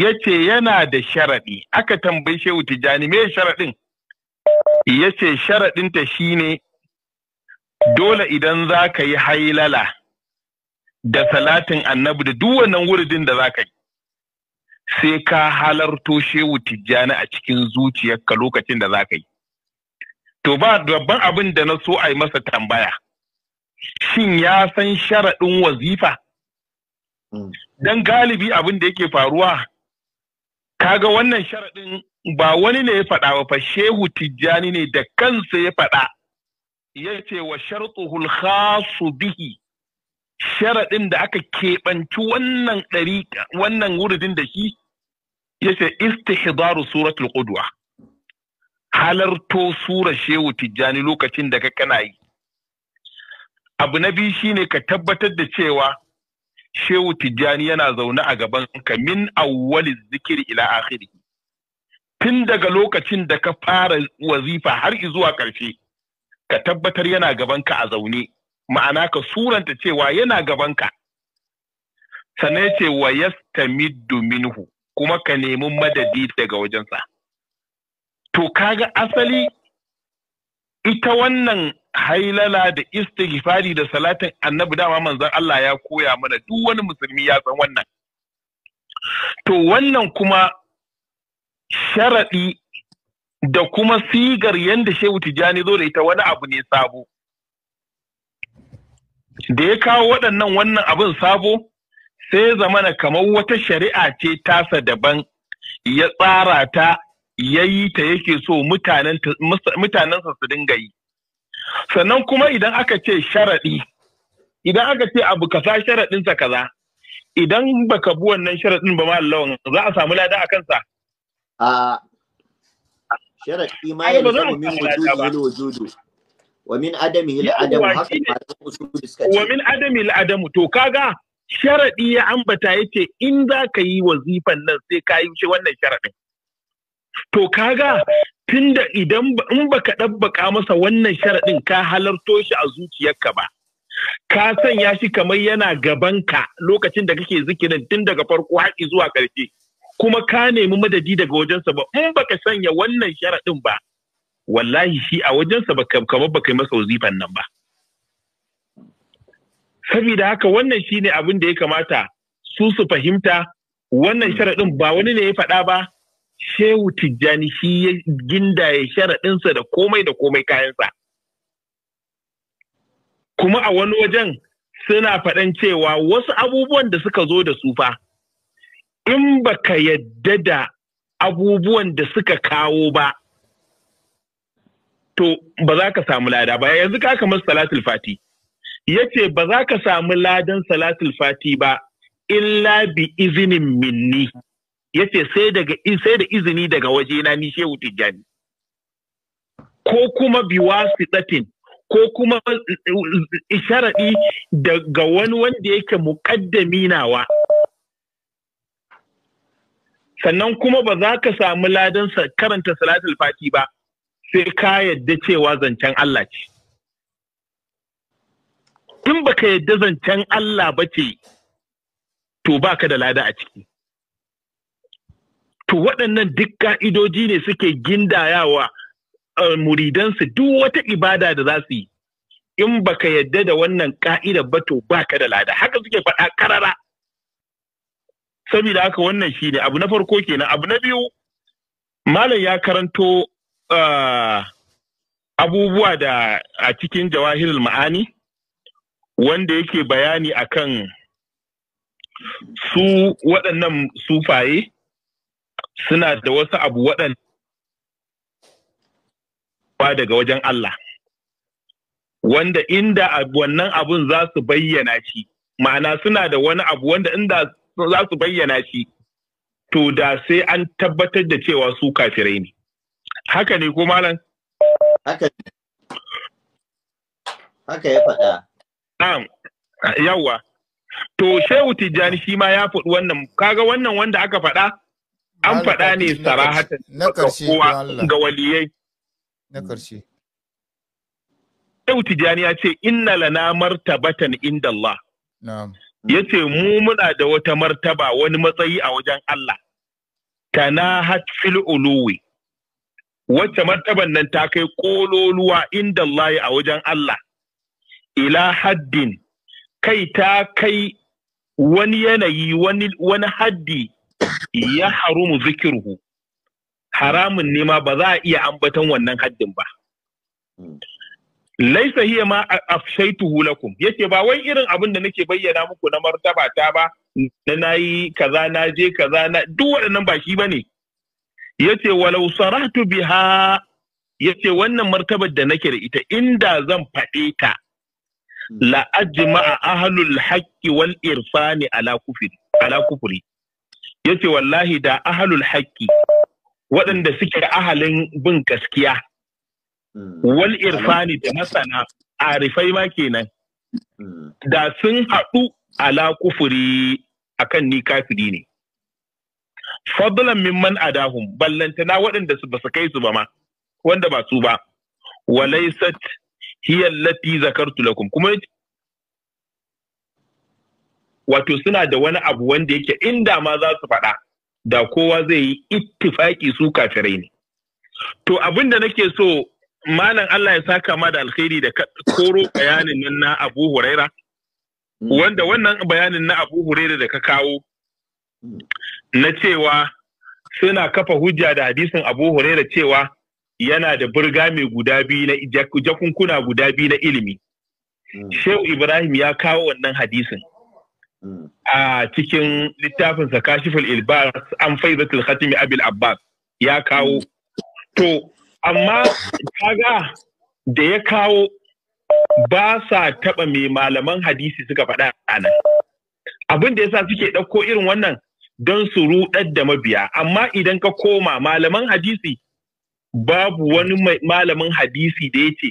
Ya ce yana da sharaɗi aka tambayi shehu tijjani me sharaɗin Ya yace sharaɗinta ne. dole idan za ka yi hailala da salatin annabi da duk wannan wuridin da za ka yi sai ka halarto shehu tijjani a cikin zuciyarka lokacin da za ka yi to ba babban abin da na so a yi masa tambaya shin ya san sharaɗin wazifa hmm. don galibi abin da yake faruwa kaga wannan sharaɗin ba wani ne ya faɗa ba fa shehu tijjani ne da kansa ya faɗa ya ce wa sharɗuhul khasu bihi sharaɗin da aka keɓanci wannan ɗari wannan wuridin da shi ya ce istihdaru suratul qudwa halarto sura shehu tijjani lokacin da ka kana yi abu na biyu shine ka tabbatar da cewa shehu tijjani yana zaune a gaban ka min awwali zikiri ila akhiri tun daga lokacin da ka fara wazifa har zuwa ƙarshe ka tabbatar yana gaban ka a zaune ma'ana ka suranta cewa yana gaban ka sannan ya ce wa yastamiddu minhu kuma ka nemi madadi daga wajensa to kaga asali ita wannan hailala da istighfari da salatin annabi dama manzon Allah ya koya mana duk wani musulmi ya san wannan to wannan kuma sharaɗi da kuma sigar yadda shehu tijjani zo da ita wani abu ne sabo da ya kawo waɗannan wannan abin sabo sai zamana kamar wata shari'a ce tasa daban ya tsara ta yayi ta yake so mutanensa su dinga yi sannan kuma idan aka ce sharaɗi idan aka ce abu kaza sharaɗinsa kaza idan baka bi wannan sharaɗin ba lawan, za a samu lada a kansa a sharaɗi ma ya zama min wujudu wa min adami hil adamu haka wa min adami hil adamu to kaga sharaɗi ya ambata ya ce in za ka yi wazifan nan sai ka yi wannan sharaɗin. To kaga tunda idan in baka ɗabbaka masa wannan sharaɗin ka halarto shi a zuciyarka ba ka sanya shi kamar yana gaban ka lokacin da kake zikirin tun daga farko haƙi zuwa ƙarshe kuma ka nemi madadi daga wajensa ba in baka sanya wannan sharaɗin ba wallahi shi a wajensa ba kamar baka yi masa wazifan nan ba saboda haka wannan shine abin da ya kamata su su fahimta wannan sharaɗin ba wani ne ya faɗa ba shehu tijjani shi ya ginda gindaye sharaɗinsa da komai da komai kayansa kuma a wani wajen suna faɗan cewa wasu abubuwan da suka zo da su fa in baka yadda da abubuwan da suka kawo ba to ba za ka samu lada ba yanzu ka kamar salatul fati ya ce ba za ka samu ladan salatul fati ba illa bi izinin minni Ya sai daga sai da izini daga wajena ni shehu tijjani ko kuma tsafin, ko kuma eh, sharaɗi daga wani wanda yake muƙaddami nawa sannan kuma ba za ka samu ladan karanta salatul fati ba sai ka yadda cewa zancen Allah ce in baka yadda zancen Allah ba ce to baka da lada a ciki To waɗannan duk ka'idoji ne suke gindayawa eh, muridansu duk wata ibada da za su yi. In baka yadda da wannan ka'ida ba to baka da lada. Haka suke faɗa karara. Saboda haka wannan shi ne abu na farko kenan. Abu na biyu, Malam ya karanto eh, abubuwa da a cikin jawahirul ma'ani wanda yake bayani akan su waɗannan sufaye suna da wasu abu waɗanda daga wajen Allah wanda inda wannan abun za su bayyana shi ma'ana suna da wani abu wanda inda za su bayyana shi to da sai an tabbatar da cewa su kafirai ne haka ne ko malam haka ne. haka ya faɗa na'am yawwa. to shehu tijjani shi ma ya faɗi wannan kaga wannan wanda aka faɗa an faɗa ne sarahatan na ƙarshe ga waliyai na ƙarshe Yau Tijjani ya ce inna lana martabatan inda Allah. Ya ce mu muna da wata martaba wani matsayi a wajen Allah. Tana hatfil uluwi. Wacce martaban nan ta kai kololuwa inda Allah a wajen Allah. Ila haddin kai ta kai wani yanayi wani haddi ya haramu zikirhu haramun ne ma ba za a iya ambatan wannan haddin ba hmm. laisa hiya ma afshaituhu lakum yace ba wai irin abin da nake bayyana muku na martaba ta ba na yi kaza na je kaza na duk waɗannan ba shi bane yace walau Saratu biha yace wannan martabar da nake da ita inda zan faɗe ta la ajma'a ahlul haqqi wal irfani ala kufri ala kufri yace wallahi da ahalul haƙƙi, waɗanda suke ahalin bin gaskiya hmm. wal irfani da masana arifai ma kenan hmm. da sun haɗu ala kufuri akan ni kafiri ne fadlan mimman adahum ballantana waɗanda su ba su kai su ba ma wanda ba su ba walaisat hiya allati zakartu lakum kuma wato suna da wani abu wanda yake inda ma za su faɗa da kowa zai yi ittifaki su kafirai ne to abin da nake so malam Allah ya saka ma da alkhairi da koro bayanin nan na Abu Huraira mm. wanda wannan bayanin na Abu Huraira da ka kawo mm. na cewa suna kafa hujja da hadisin Abu Huraira cewa yana da burga mai guda biyu na jakunkuna guda biyu na ilimi mm. Shehu Ibrahim ya kawo wannan hadisin a cikin littafin sa kashiful an faizatul khatimi abil abbas ya kawo to amma kaga da ya kawo ba sa taba mai malaman hadisi suka faɗa a nan abin da yasa suke ɗauko irin wannan don su ruɗar da mabiya amma idan ka koma malaman hadisi babu wani malamin hadisi da ya ce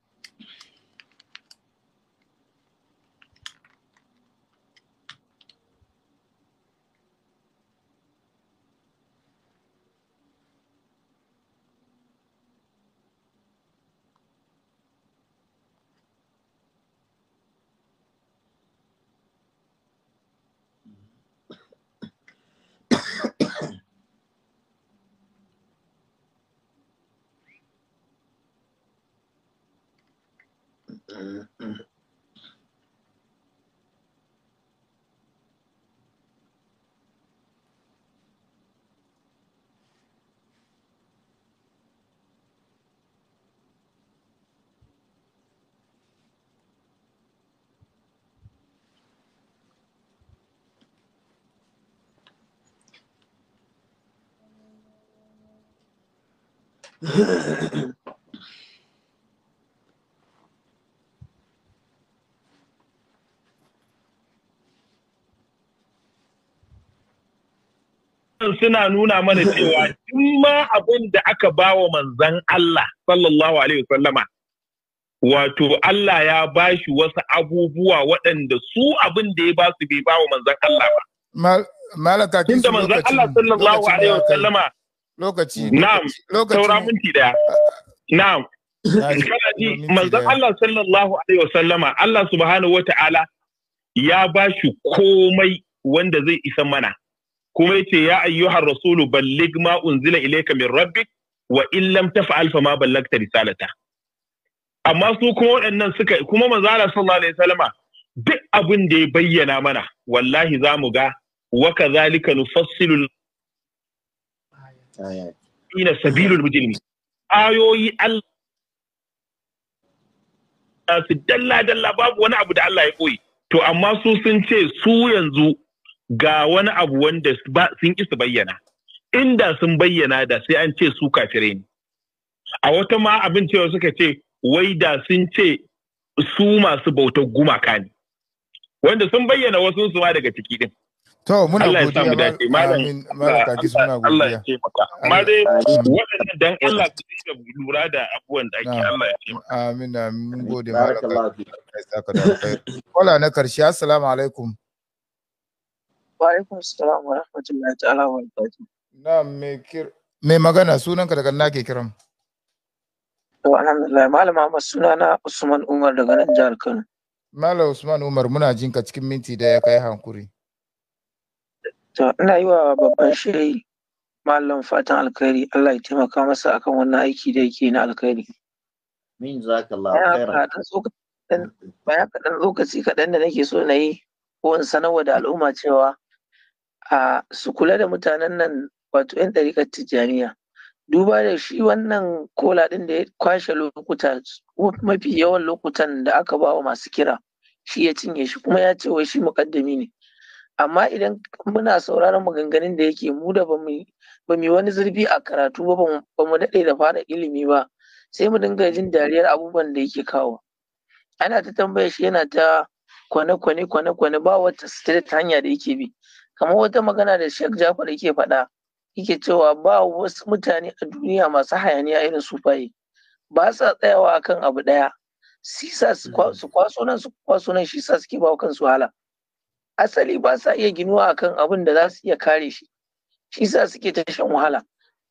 Mm-hmm. mm-hmm. wannan suna nuna mana cewa in ma abin da aka ba wa manzan Allah sallallahu alaihi wasallama wato Allah ya ba shi wasu abubuwa waɗanda su abin da ya ba su bai ba wa manzan Allah ba. Malaka ke su manzan Allah sallallahu alaihi wasallama lokaci na'am saura minti daya ah, na'am manzan Allah sallallahu alaihi wasallama Allah subhanahu wata'ala ya ba shi komai wanda zai isa mana kuma ya ce ya ayyuhar rasulu balligh ma unzila ilayka min rabbik wa in lam taf'al fa ma ballagta risalata amma su kuma waɗannan suka kuma manzo Allah sallallahu alaihi wasallama duk abin da ya bayyana mana wallahi za mu ga wa kadhalika nufassilu ina sabilul mujrimin ayoyi Allah su dalla dalla babu wani abu da Allah ya koyi to amma su sun ce su yanzu ga wani abu wanda sun ƙi bayyana inda sun bayyana da sai an ce su kafire ne a wata ma abin cewa suka ce wai da sun ce su masu bautar gumaka ne wanda sun bayyana wasu su ma daga ciki din to muna Allah ya sa mu dace malam Allah ya ce maka amma dai waɗannan dan Allah su yi da lura da abuwan da ake Allah ya ce maka amin amin gode malam Allah ya saka da kai kola na karshe assalamu alaikum Wa alaikum assalam wa rahmatullahi ta'ala wa barakatuh. Na me kir me magana sunanka daga na ke kiran. To alhamdulillah malam Ahmad sunana Usman Umar daga nan jihar Kano. Malam Usman Umar muna jin ka cikin minti da ya kai hankuri. To ina yi wa babban shiri malam fatan alkhairi Allah ya taimaka masa akan wannan aiki da yake na alkhairi. Min jazakallahu khairan. Bayan kaɗan lokaci kaɗan da nake so na yi ko in sanarwa da al'umma cewa a su kula da mutanen nan wato 'yan ɗarikar tijjaniya duba da shi wannan kola ɗin da ya kwashe lokuta mafi yawan lokutan da aka ba wa masu kira shi ya cinye shi kuma ya ce wai shi muƙaddami ne amma idan muna sauraron maganganun da yake mu da ba mu wani zurfi a karatu ba ba mu daɗe da fara ilimi ba sai mu dinga jin dariyar abubuwan da yake kawo ana ta tambaya shi yana ta kwane kwane kwane kwane ba wata ta hanya da yake bi kamar wata magana da Sheikh Jafar yake faɗa yake cewa ba wasu mutane a duniya masu hayaniya irin sufaye ba sa tsayawa akan abu ɗaya sisa mm. su kwaso nan su kwaso nan shi sa suke bawa kansu hala asali ba sa iya ginuwa akan abin da za su iya kare shi shi suke ta shan wahala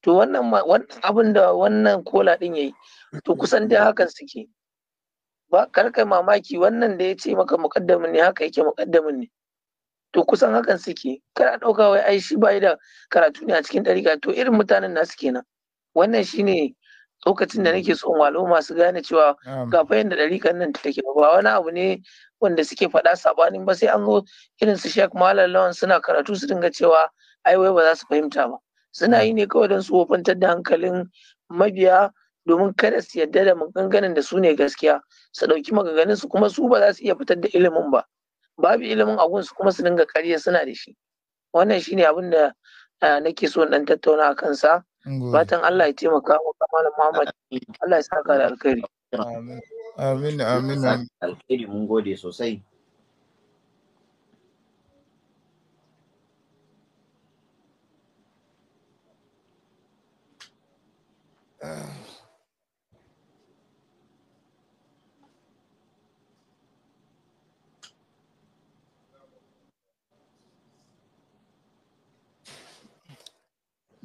to wannan wannan abin da wannan kola din yayi to kusan dai hakan suke ba karkai mamaki wannan da ya ce maka muƙaddamin ne haka yake muƙaddamin ne to kusan hakan suke kana ɗauka wai ai shi bai da karatu ne a cikin ɗariƙa to irin mutanen nasu kenan wannan shine lokacin da nake son walo masu gane cewa ga fa yadda nan take ba wani abu ne wanda suke faɗa sabanin ba sai an zo irin su shek malam lawan suna karatu su dinga cewa ai wai ba za su fahimta ba suna yi ne kawai don su wofantar da hankalin mabiya domin kada su yarda da maganganun da su ne gaskiya su ɗauki maganganun su kuma su ba za su iya fitar da ilimin ba babu ilimin a su kuma su dinga karya suna da shi wannan shine abin da nake so dan tattauna a kansa fatan Allah ya taimaka wa kamalan Muhammad Allah ya saka da alkhairi amin amin amin alkhairi mun gode sosai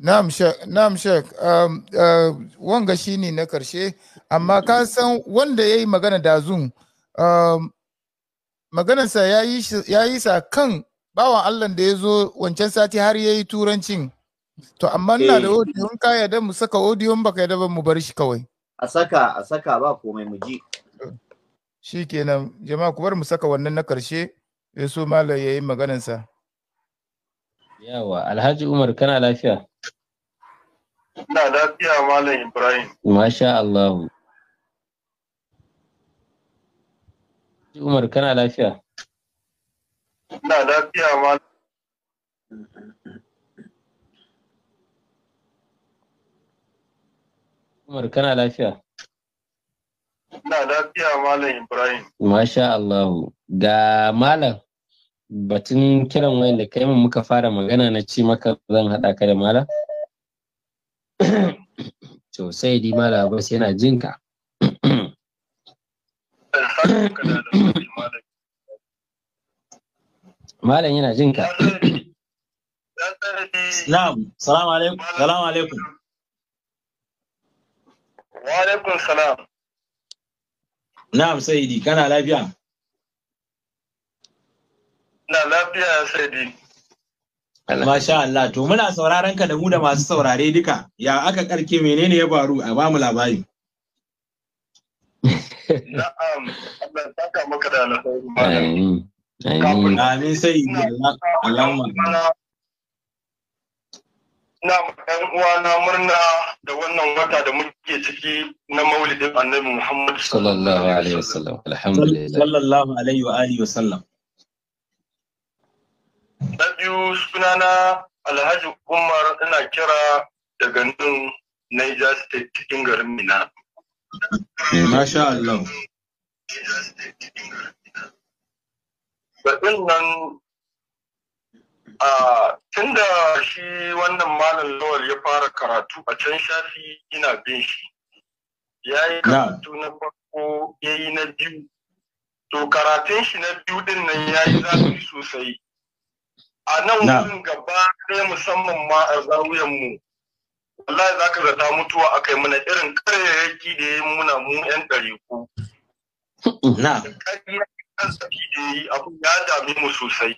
Na'am Sheikh, na'am Sheikh, um, uh, wanga shine na karshe, amma ka san wanda ya yi magana da zun, um, maganarsa ya yi sa kan bawan Allah da ya zo wancan sati har ya yi turancin. To, amma na da odiyon eh. ka yarda mu saka odiyon baka yadda ba mu bar shi kawai. A saka, a saka ba komai mu ji. Shi kenan, jama'a ku bar mu saka wannan na karshe, ya so malam ya yi maganarsa. Yawa, Alhaji Umar kana lafiya? Ina lafiya Malam Ibrahim. Masha Allah. Umar kana lafiya? Ina lafiya Malam. Umar kana lafiya? Ina lafiya Malam Ibrahim. Masha Allah. Ga Malam batun kiran wayan da kai muka fara magana na ci maka zan haɗa ka da Malam. to sai di mala abbas yana jin ka malam yana jin ka na'am salamu alaikum salamu alaikum wa alaikum salam na'am saidi kana lafiya na lafiya saidi Masha Allah, to muna sauraron ka da mu da masu saurare duka, ya aka karke menene ya faru a bamu labari. Na'am, Allah saka maka da Na murna da wannan wata da muke ciki na maulidin Annabi Muhammad sallallahu alaihi wasallam. Sallallahu alaihi wa alihi wasallam. Na biyu sunana Alhaji Umar ina kira daga nan Niger State cikin garin Mina. Na eh, masha Allah. Gaɗin nan tun da shi wannan malam lawal ya fara karatu a can shafi ina bin shi. Ya yi karatu na farko ya yi na biyu. To karatun shi na biyu din nan ya yi zafi sosai. a nan wurin gaba ɗaya musamman ma a zawiyan mu wallahi za ka zata mutuwa a kai mana irin karyayyaki da ya yi muna mu yan ɗari ku. Na. da ya yi abu ya dame mu sosai.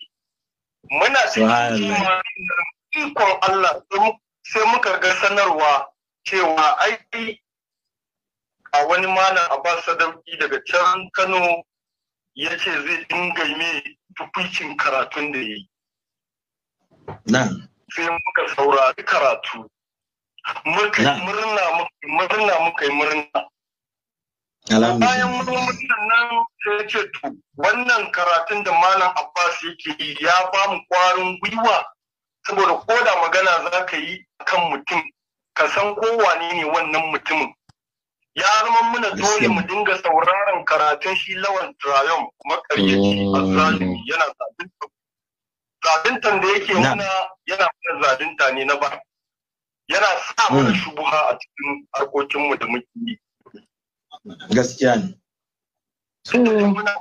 Muna cikin ikon Allah sai muka ga sanarwa cewa ai a wani malam Abbas Sadauki daga can Kano ya ce zai dinga mai tukuncin karatun da ya yi. sai muka saurari karatu murna muka yi murna bayan murmurin nan sai ce to wannan karatun da malam abbas yake yi ya ba mu kwarin gwiwa saboda ko da magana za ka yi kan mutum ka san kowane ne wannan mutumin ya zama muna dole mu dinga sauraron karatun shi lawan trayon makaryaci mm. azzalimi yana zaɓin zaduntan da yake mana yana mana zadunta ne na ba yana sa mana hmm. shubuha a cikin harkokinmu da muke yi gaskiya ne muna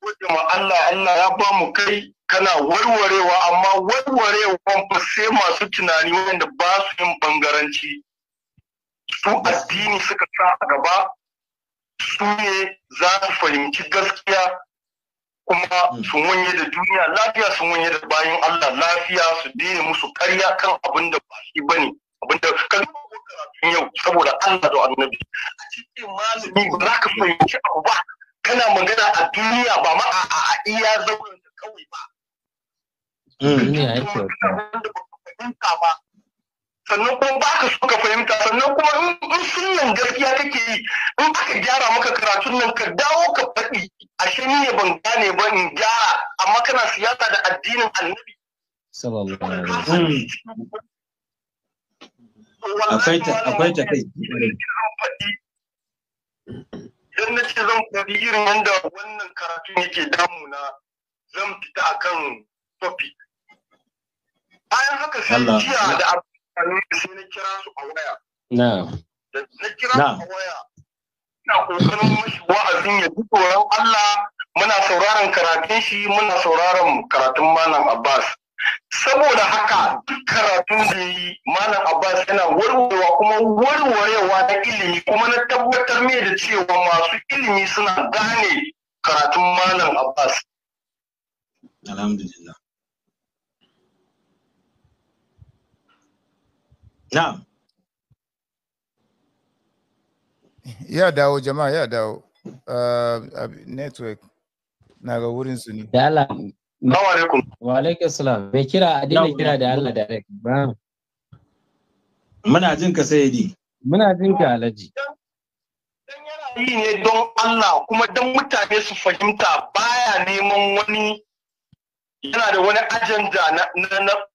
gode ma Allah Allah ya ba mu kai kana warwarewa amma warwarewa fa sai masu tunani wanda ba su yin bangaranci su addini suka sa a gaba su ne za su fahimci gaskiya kuma mm. su wanye da duniya lafiya su wanye da bayan Allah lafiya su daina musu karya kan abin da ba shi ne abin da kan karatun yau saboda Allah da annabi a cikin malami ba za ka fahimci abu ba kana magana a duniya ba ma a iya zauren da kawai mm. ba sannan kuma ba ka so ka fahimta sannan kuma in sunan gaskiya kake yi in aka gyara maka karatun nan ka dawo ka faɗi ashe ni ne ban gane ba in gyara amma kana siyasa da addinin annabi hmm. akwai ta kai idan na ce zan faɗi irin yadda wannan karatun yake damuna zan fita akan topic bayan haka sai jiya da abu sai na kira su a waya na kira su a waya ina kokarin mashi wa'azin ya ji tsoron Allah muna sauraron karatun shi muna sauraron karatun malam Abbas saboda haka duk karatu da yi malam Abbas yana warwarewa kuma warwarewa na ilimi kuma na tabbatar mai da cewa masu ilimi suna gane karatun malam Abbas alhamdulillah na'am ya dawo jama'a ya dawo uh, network na ga wurin su ne da Allah alaikum wa alaikum salam bai kira a adina kira da Allah direct ba muna jin ka di. muna jin ka alaji dan yana yi ne don Allah kuma dan mutane su fahimta baya neman wani yana da wani ajanda na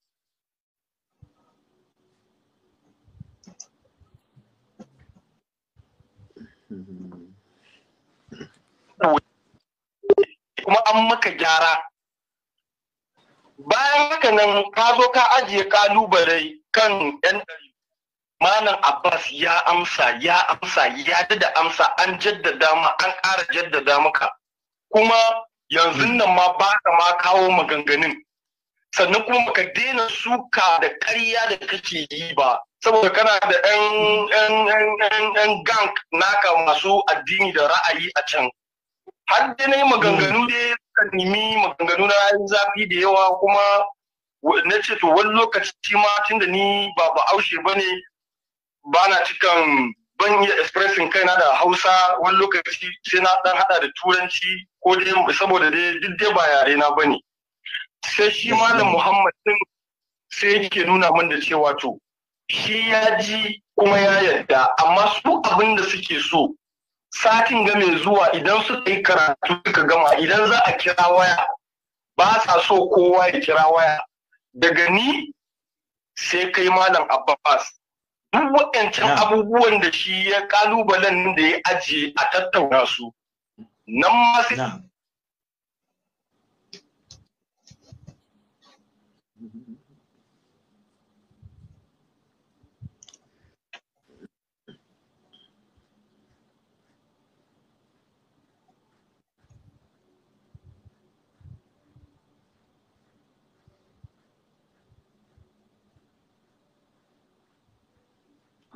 kuma an maka gyara bayan haka nan ka zo ka ajiye ƙalubale kan yan ɗari malam abbas ya amsa ya amsa ya da amsa an jaddada ma an ƙara jaddada maka kuma yanzu nan ma ba ka ma kawo maganganun sannan kuma ka daina suka da karya da kake yi ba saboda kana da 'yan gank naka masu addini da ra'ayi a can har da na yi maganganu mm. dai, kan nemi maganganu na yin zafi da yawa kuma na ce to wani lokaci ma tun da ni ba ba aushe ba ne ba na cikin ban iya expressing kaina da hausa wani lokaci sai na dan hada da turanci ko dai saboda dai duk dai ba yare na bane sai shi malam muhammad din sai yake nuna min da cewa to shi ya ji kuma ya yarda amma su abin da suke so satin ga zuwa idan suka yi karatu suka gama idan za a kira waya ba sa so kowa ya kira waya daga ni sai kai malam abbas duk waɗancan abubuwan da shi ya kalubalen da ya ajiye a tattauna su nan masu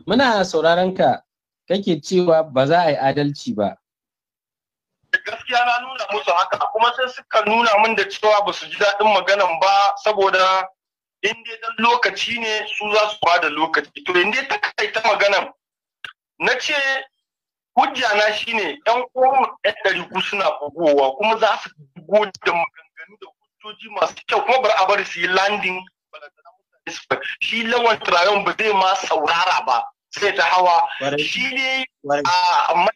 muna sauraron ka kake cewa ba za a yi adalci ba gaskiya na nuna musu haka kuma sai suka nuna min da cewa ba su ji daɗin maganan ba saboda in dai dan lokaci ne su za su ba da lokaci to in dai takaita maganan na ce hujja na shine yan uwan yan ɗari ku suna bugowa kuma za su bugo da maganganu da hujjoji masu kyau kuma bar a bari su yi landing shi lawan trayon ba zai ma saurara ba sai ta hawa shi ne a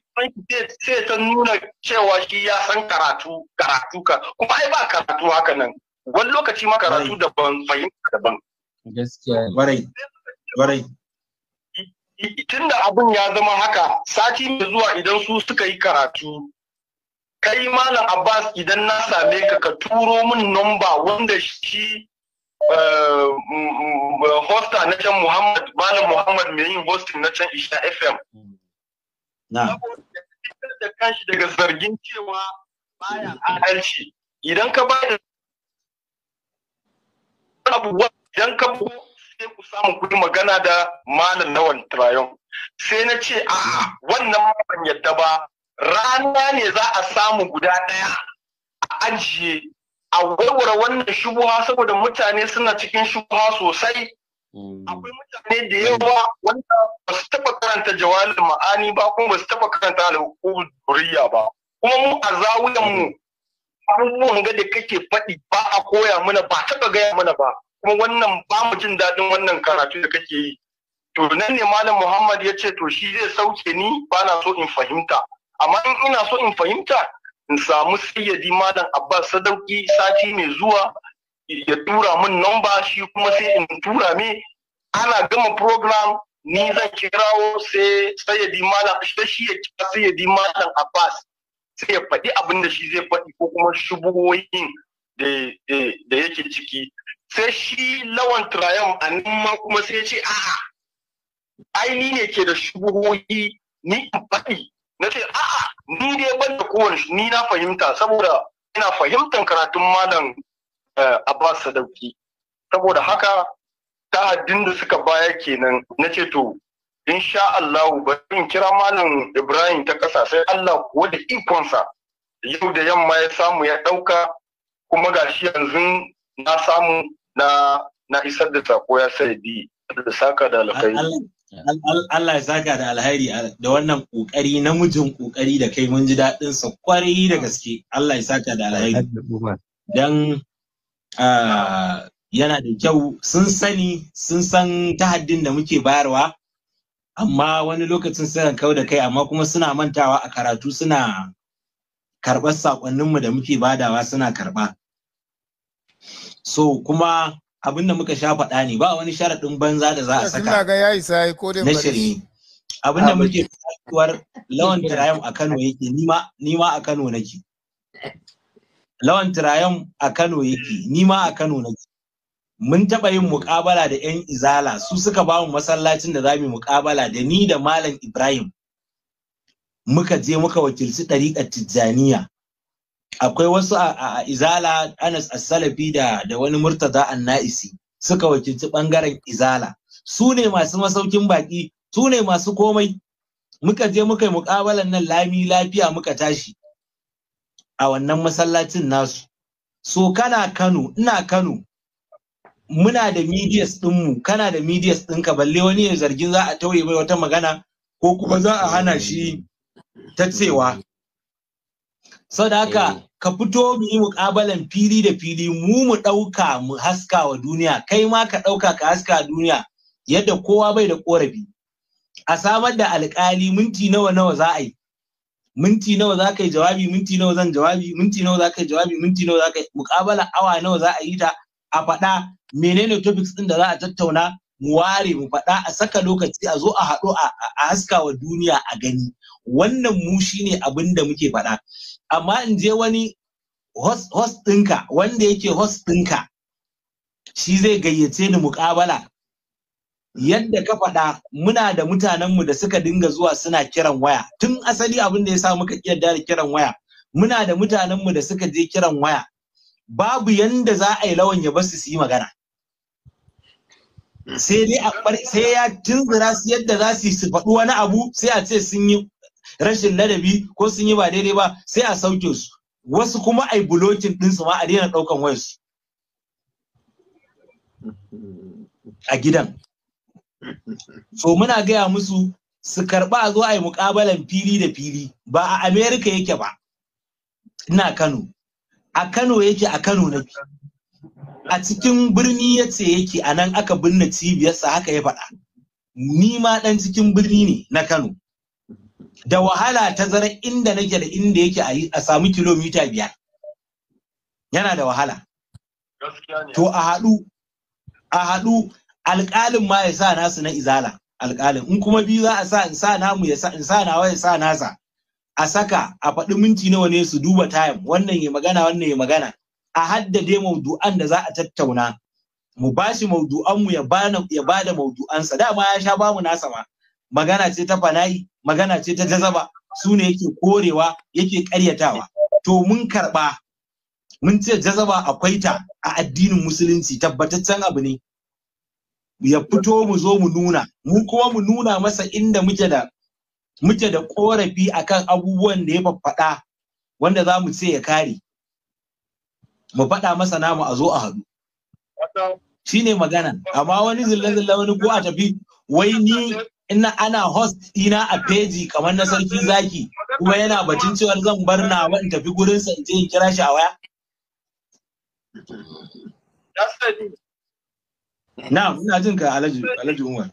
sai ta nuna cewa shi ya san karatu karatu ka kuma ai ba karatu haka nan wani lokaci ma karatu daban fahimta daban gaskiya tun da abun ya zama haka sati mai zuwa idan su suka yi karatu kai malam abbas idan na same ka ka turo min nomba wanda shi Eh, mm, mm, hosta na can Muhammad Malam Muhammad mai yin hosting na can Isha FM. Na. da kashi daga zargin cewa bayan adalci idan ka ba da abubuwa idan ka bu sai ku samu kuɗi magana da malam lawan trayon sai na ce a wannan ban yadda ba rana ne za a samu guda ɗaya a ajiye a warware wannan shubuha saboda mutane suna cikin shubuha sosai mm. akwai mutane da yawa wanda ba su taɓa karanta jawalin ma'ani ba kuma ba su taɓa karanta al'ukuriya ba kuma mu a zawiyan mu abubuwan ga da kake faɗi ba a koya mana ba taɓa gaya mana ba kuma wannan ba mu jin daɗin wannan karatu da kake yi to nan ne malam muhammad ya ce to shi zai sauke ni ba na so in fahimta amma in ina so in fahimta in samu sayyadi malam abbas sadauki sati mai zuwa ya tura min namba shi kuma sai in tura me ana gama program ni zan kirawo sai sayyadi malam shi ya kira sayyadi malam abbas sai ya faɗi abin da shi zai faɗi ko kuma shubuwoyin da yake ciki sai shi lawan turayen a nan ma kuma sai ce a ai ne ke da shubuhoyi ni in faɗi na ce a'a ni dai ban da kowane ni na fahimta saboda ina fahimtar karatun malam eh, Abbas Sadauki saboda haka ta haddin da suka baya kenan na ce to sha allahu bari in kira malam Ibrahim ta ƙasa sai Allah kuwa da ikonsa yau da yamma ya samu ya ɗauka kuma gashi yanzu na samu na isar da sako ya sai da saka da alkhairi Allah ya saka da alhairi da wannan kokari namijin kokari da kai mun ji daɗin sa kwarai da gaske Allah ya saka da alhairi dan yana da kyau sun sani sun san tahaddin da muke bayarwa amma wani lokacin suna kau da kai amma kuma suna mantawa a karatu suna karɓar saƙonninmu da muke badawa suna karɓa so kuma abin da muka sha faɗa ne ba wani sharaɗin banza da za a saka ga yayi sai na shirye abin da muke fatuwar lawan tirayam a Kano yake ni ma a Kano nake lawan tirayam a Kano yake nima a Kano nake mun taɓa yin muƙabala da 'yan izala su suka ba mu masallacin da za mu muƙabala da ni da malam ibrahim muka je muka wakilci ɗariƙar tijjaniya akwai wasu a izala anas as-salafi da da wani murtaza an-na'isi suka wakilci bangaren izala su ne masu masaukin baki su ne masu komai muka je muka yi mukabalan nan lami lafiya muka tashi a wannan masallacin nasu so kana kano ina kano muna da medias ɗinmu kana da medias ɗinka balle wani ya zargin za a tauye mai wata magana ko kuma za a hana shi ta cewa Sadaka eh. ka fito mu yi muƙabalan fili da fili mu mu ɗauka mu haska wa duniya kai ma ka ɗauka ka haska duniya yadda kowa bai da korafi A samar da alƙali minti nawa nawa za a yi. Minti nawa za ka yi jawabi, minti nawa zan jawabi, minti nawa za ka yi jawabi, minti nawa za ka yi muƙabala awa nawa za a yi ta a faɗa menene topics ɗin da za a tattauna mu ware mu faɗa a saka lokaci a zo a haɗu a haska wa duniya a gani wannan mu shine abin da muke faɗa amma in je wani host ɗinka wanda yake host ɗinka shi zai gayyace ni muƙabala yadda ka faɗa muna da mutanenmu da suka dinga zuwa suna kiran waya tun asali abin da ya sa muka yarda da kiran waya muna da mutanenmu da suka je kiran waya babu yadda za a yi lawan ya basu su yi magana sai dai a sai ya tunzura yadda za su faɗi wani abu sai a ce sun yi rashin ladabi ko sun yi ba daidai ba sai a sauke su wasu kuma ai bulokin ɗinsu ma a daina ɗaukan wayarsu a gidan so muna gaya musu su karɓa a zo a yi muƙabalan fili da fili ba a amerika yake ba ina kano a kano yake a kano na a cikin birni ya ce yake a nan aka binne cibiyarsa haka ya faɗa ni ma ɗan cikin birni ne na kano da wahala tazara inda nake da inda yake a samu kilomita biyar yana da wahala to a haɗu a haɗu alƙalin ma ya sa nasu na izala alƙalin in kuma biyu za a sa in sa namu ya sa in sa nawa ya sa nasa a saka a faɗi minti nawa ne su duba tayan wannan ya magana wannan ya magana a haddade maudu'an da za a tattauna mu bashi maudu'an mu ya bada maudu'ansa dama ya sha bamu nasa ma magana ce ta fana'i magana ce ta jazaba su ne yake korewa yake karyatawa to mun karɓa mun ce jazaba akwai ta a addinin musulunci tabbataccen abu ne ya fito mu zo mu nuna mu kuma mu nuna masa inda muke da muke da korafi akan abubuwan da ya faɗa wanda za mu ce ya kare mu faɗa masa namu a zo a haɗu shine magana amma wani zilla zilla wani ko a tafi wai ni ina ana host dina a peji kamar na sarki zaki kuma yana batun cewar zan bar nawa in tafi gurin sa in je in kira shi a waya na ina jin ka alaji, alaji umar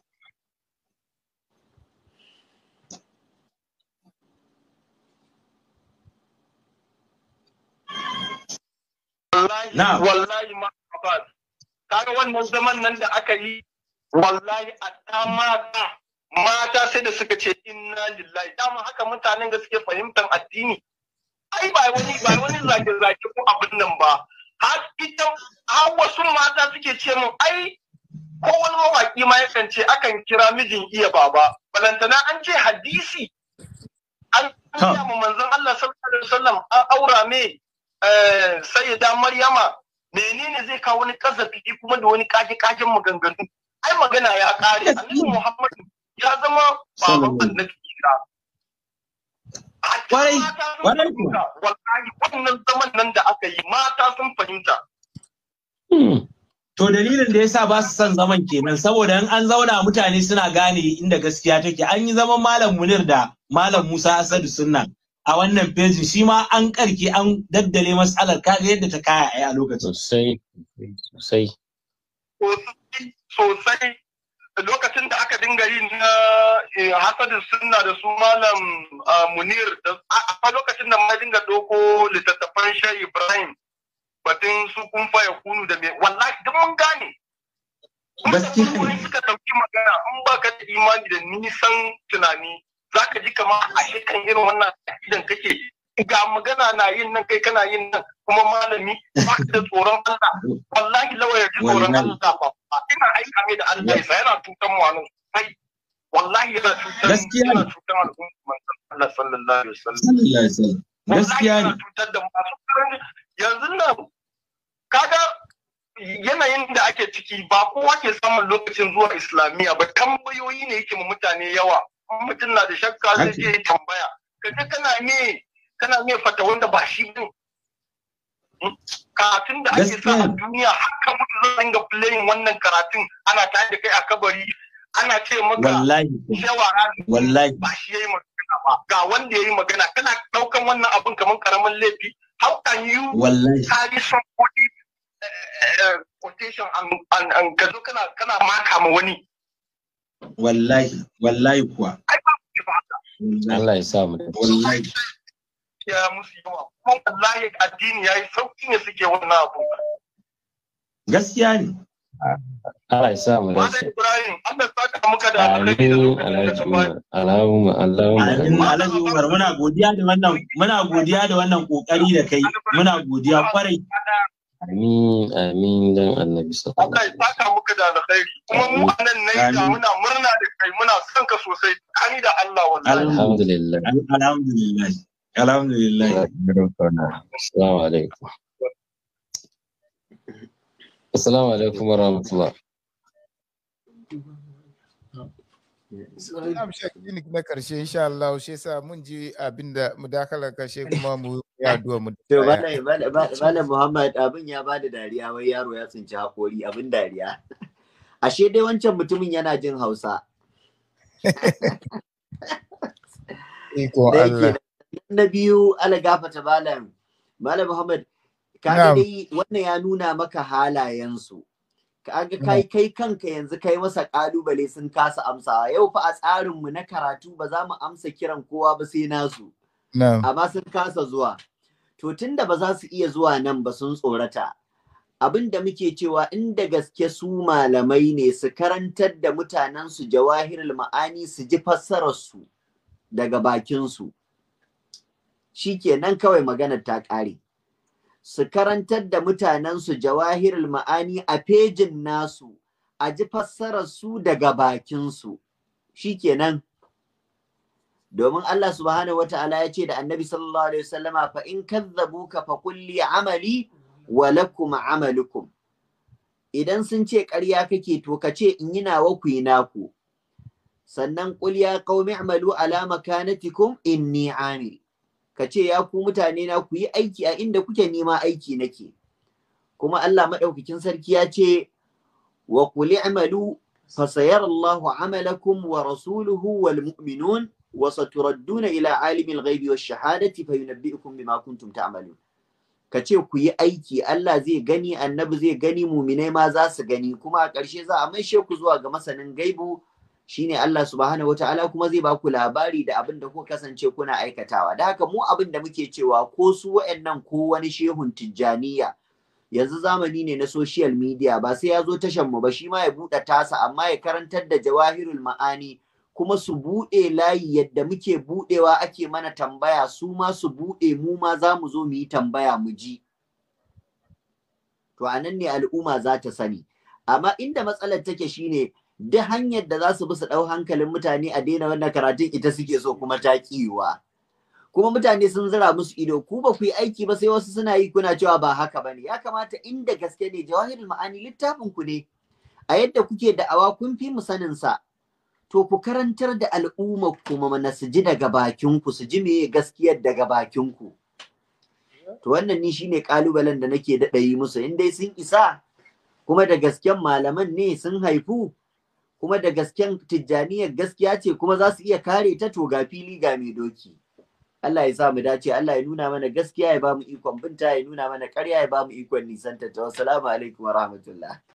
wallahi ma ma kaga wannan zaman nan da aka yi wallahi a ta mata sai da suka ce inna lillahi dama haka mutanen da suke fahimtar addini ai ba wani ba wani zage zage ko abin nan ba har ita har wasu mata suke ce mun ai ko wani mawaki ma yakan ce akan kira mijin iya baba balantana an ce hadisi an ya mu manzon Allah sallallahu alaihi wasallam an aura me eh, sayyida maryama menene zai kawo wani kazafi kuma da wani kaji kajin maganganu ai magana ya kare annabi muhammadu ya zama baban annabi Isa kwarai kwarai wallahi wannan zaman nan da aka yi mata sun fahimta hmm. To dalilin da ya sa ba su son zaman kenan saboda in an zauna mutane suna gane inda gaskiya take an yi zaman malam Munir da malam Musa Asadu Sunna a wannan fejin shi ma an karke an daddale matsalar kaga yadda ta kaya a lokacin. Sosai sosai. Sosai lokacin da aka dinga yi na eh, hasadin sunna da su malam ah, munir a lokacin da ma dinga doko littattafan shan ibrahim batun su kun faya kunu da mai wallahi duk mun gane gaskiya suka dauki magana in ba ka da imani da nisan tunani za ka ji kama a shekan irin wannan idan kake ga magana na yin nan kai kana yin nan kuma malami ba ka da tsoron Allah wallahi lawa ya ji tsoron Allah ba ina aika mai da Allah ya yana tutan mu anan sai wallahi yana tutan gaskiya yana tutan al'umman Allah sallallahu alaihi wasallam gaskiya ne tutar da masu yanzu nan kaga yanayin da ake ciki ba kowa ke samun lokacin zuwa islamiyya ba tambayoyi ne yake ma mutane yawa mutum na da shakka zai je tambaya kaje kana me kana mai fata wanda ba shi ne hmm? karatun da ake sa a duniya haka mutu zan ga playing wannan karatun ana ta da kai a kabari ana ce maka wallahi wallahi ba shi yayi magana ba ga wanda yayi magana kana daukan wannan abun kamar karamin laifi how can you wallahi carry somebody eh, eh, quotation an ka zo kana kana maka ma wani wallahi wallahi kuwa ai ba Allah ya sa mu wallahi gaskiya musu yawa kuma wallahi addini yayi sauki ne suke wannan abu gaskiya ne Allah ya sa mu dace. Ibrahim, Allah ya saka muka da alheri. Allahumma Allahumma Umar muna godiya da wannan muna godiya da wannan kokari da kai. Muna godiya kwarai. Amin amin dan Annabi sallallahu alaihi wasallam. Allah ya saka muka da alheri. Kuma mu anan ne ga muna murna da kai muna son ka sosai. Kani da Allah wallahi. Alhamdulillah. Alhamdulillah. alhamdulillah assalamu alaikum assalamu alaikum wa rahmatullah Salam Sheikh na karshe insha Allah shi yasa mun ji abinda mudakalar karshe kuma mu ya duwa mu. To Malam Muhammad abin ya bada dariya wai yaro ya tsinci hakori abin dariya. Ashe dai wancan mutumin yana jin Hausa. Iko Allah. na biyu ala gafata malam malam muhammad ga dai wannan ya nuna maka halayensu kaga kai kai kanka yanzu kai masa kalubale sun kasa amsawa yau fa a tsarinmu na karatu ba za mu amsa kiran kowa ba sai nasu amma sun kasa zuwa to tunda ba za su iya zuwa nan ba sun tsorata abin da muke cewa inda gaske su malamai ne su karantar da mutanen su jawahirul ma'ani su ji fassararsu daga bakinsu shi nan kawai maganar ta ƙare su karantar da mutanensu jawahirul ma'ani a fejin nasu a ji fassararsu daga bakinsu shi nan. domin Allah subhanahu wata'ala ya ce da annabi sallallahu alaihi wasallama fa in ka fa kulli amali wa lakum amalukum idan sun ce ƙarya kake to ka ce in yi nawa ku yi naku sannan qul ya qaumi a'malu ala makanatikum inni amil ka ce ya ku mutane na ku yi aiki a inda kuke nema aiki nake kuma Allah maɗaukakin sarki ya ce wa qul i'malu فسيرى الله wa ورسوله والمؤمنون وستردون إلى عالم الغيب والشهادة bima kuntum ta'malun Ka ce ku yi aiki Allah zai gani annabi zai gani muminai ma za su gani kuma a ƙarshe za a maishe ku zuwa ga masanin gaibu shine Allah subhanahu wataala kuma zai ba ku labari da abin da kuka kasance kuna aikatawa da haka mu abin da muke cewa ko su wa'annan ko wani shehun tijjaniya yanzu zamani ne na social media ba sai ya zo tashan mu ba shi ma ya buɗe tasa amma ya karantar da jawahirul ma'ani kuma su buɗe layi yadda muke buɗewa ake mana tambaya su ma su buɗe mu ma za mu zo mu yi tambaya mu ji to anan ne al'umma za ta sani amma inda matsalar take shine duk hanyar da za su bi su ɗau hankalin mutane a daina wannan karatun ita suke so kuma ta kiwa kuma mutane sun zira musu ido ku ba ku yi aiki ba sai wasu suna yi kuna cewa ba haka ba ne. ya kamata inda gaske ne jawahirul ma'ani littafin ku ne a yadda kuke da'awa kun fi mu sanin sa to ku karantar da al'umma kuma mana su ji daga bakin ku su ji meye gaskiyar daga bakin ku to wannan ni shine kalubalen da nake daɗa yi musu in dai sun isa kuma da gasken malaman ne sun haifu kuma da gasken tijjaniyar gaskiya ce kuma za su iya kare ta to ga fili ga mai doki Allah ya sa mu dace Allah ya nuna mana gaskiya ya ba mu ikon binta ya nuna mana ƙarya ya ba mu ikon nisanta ta wassalamu alaikum wa rahmatullah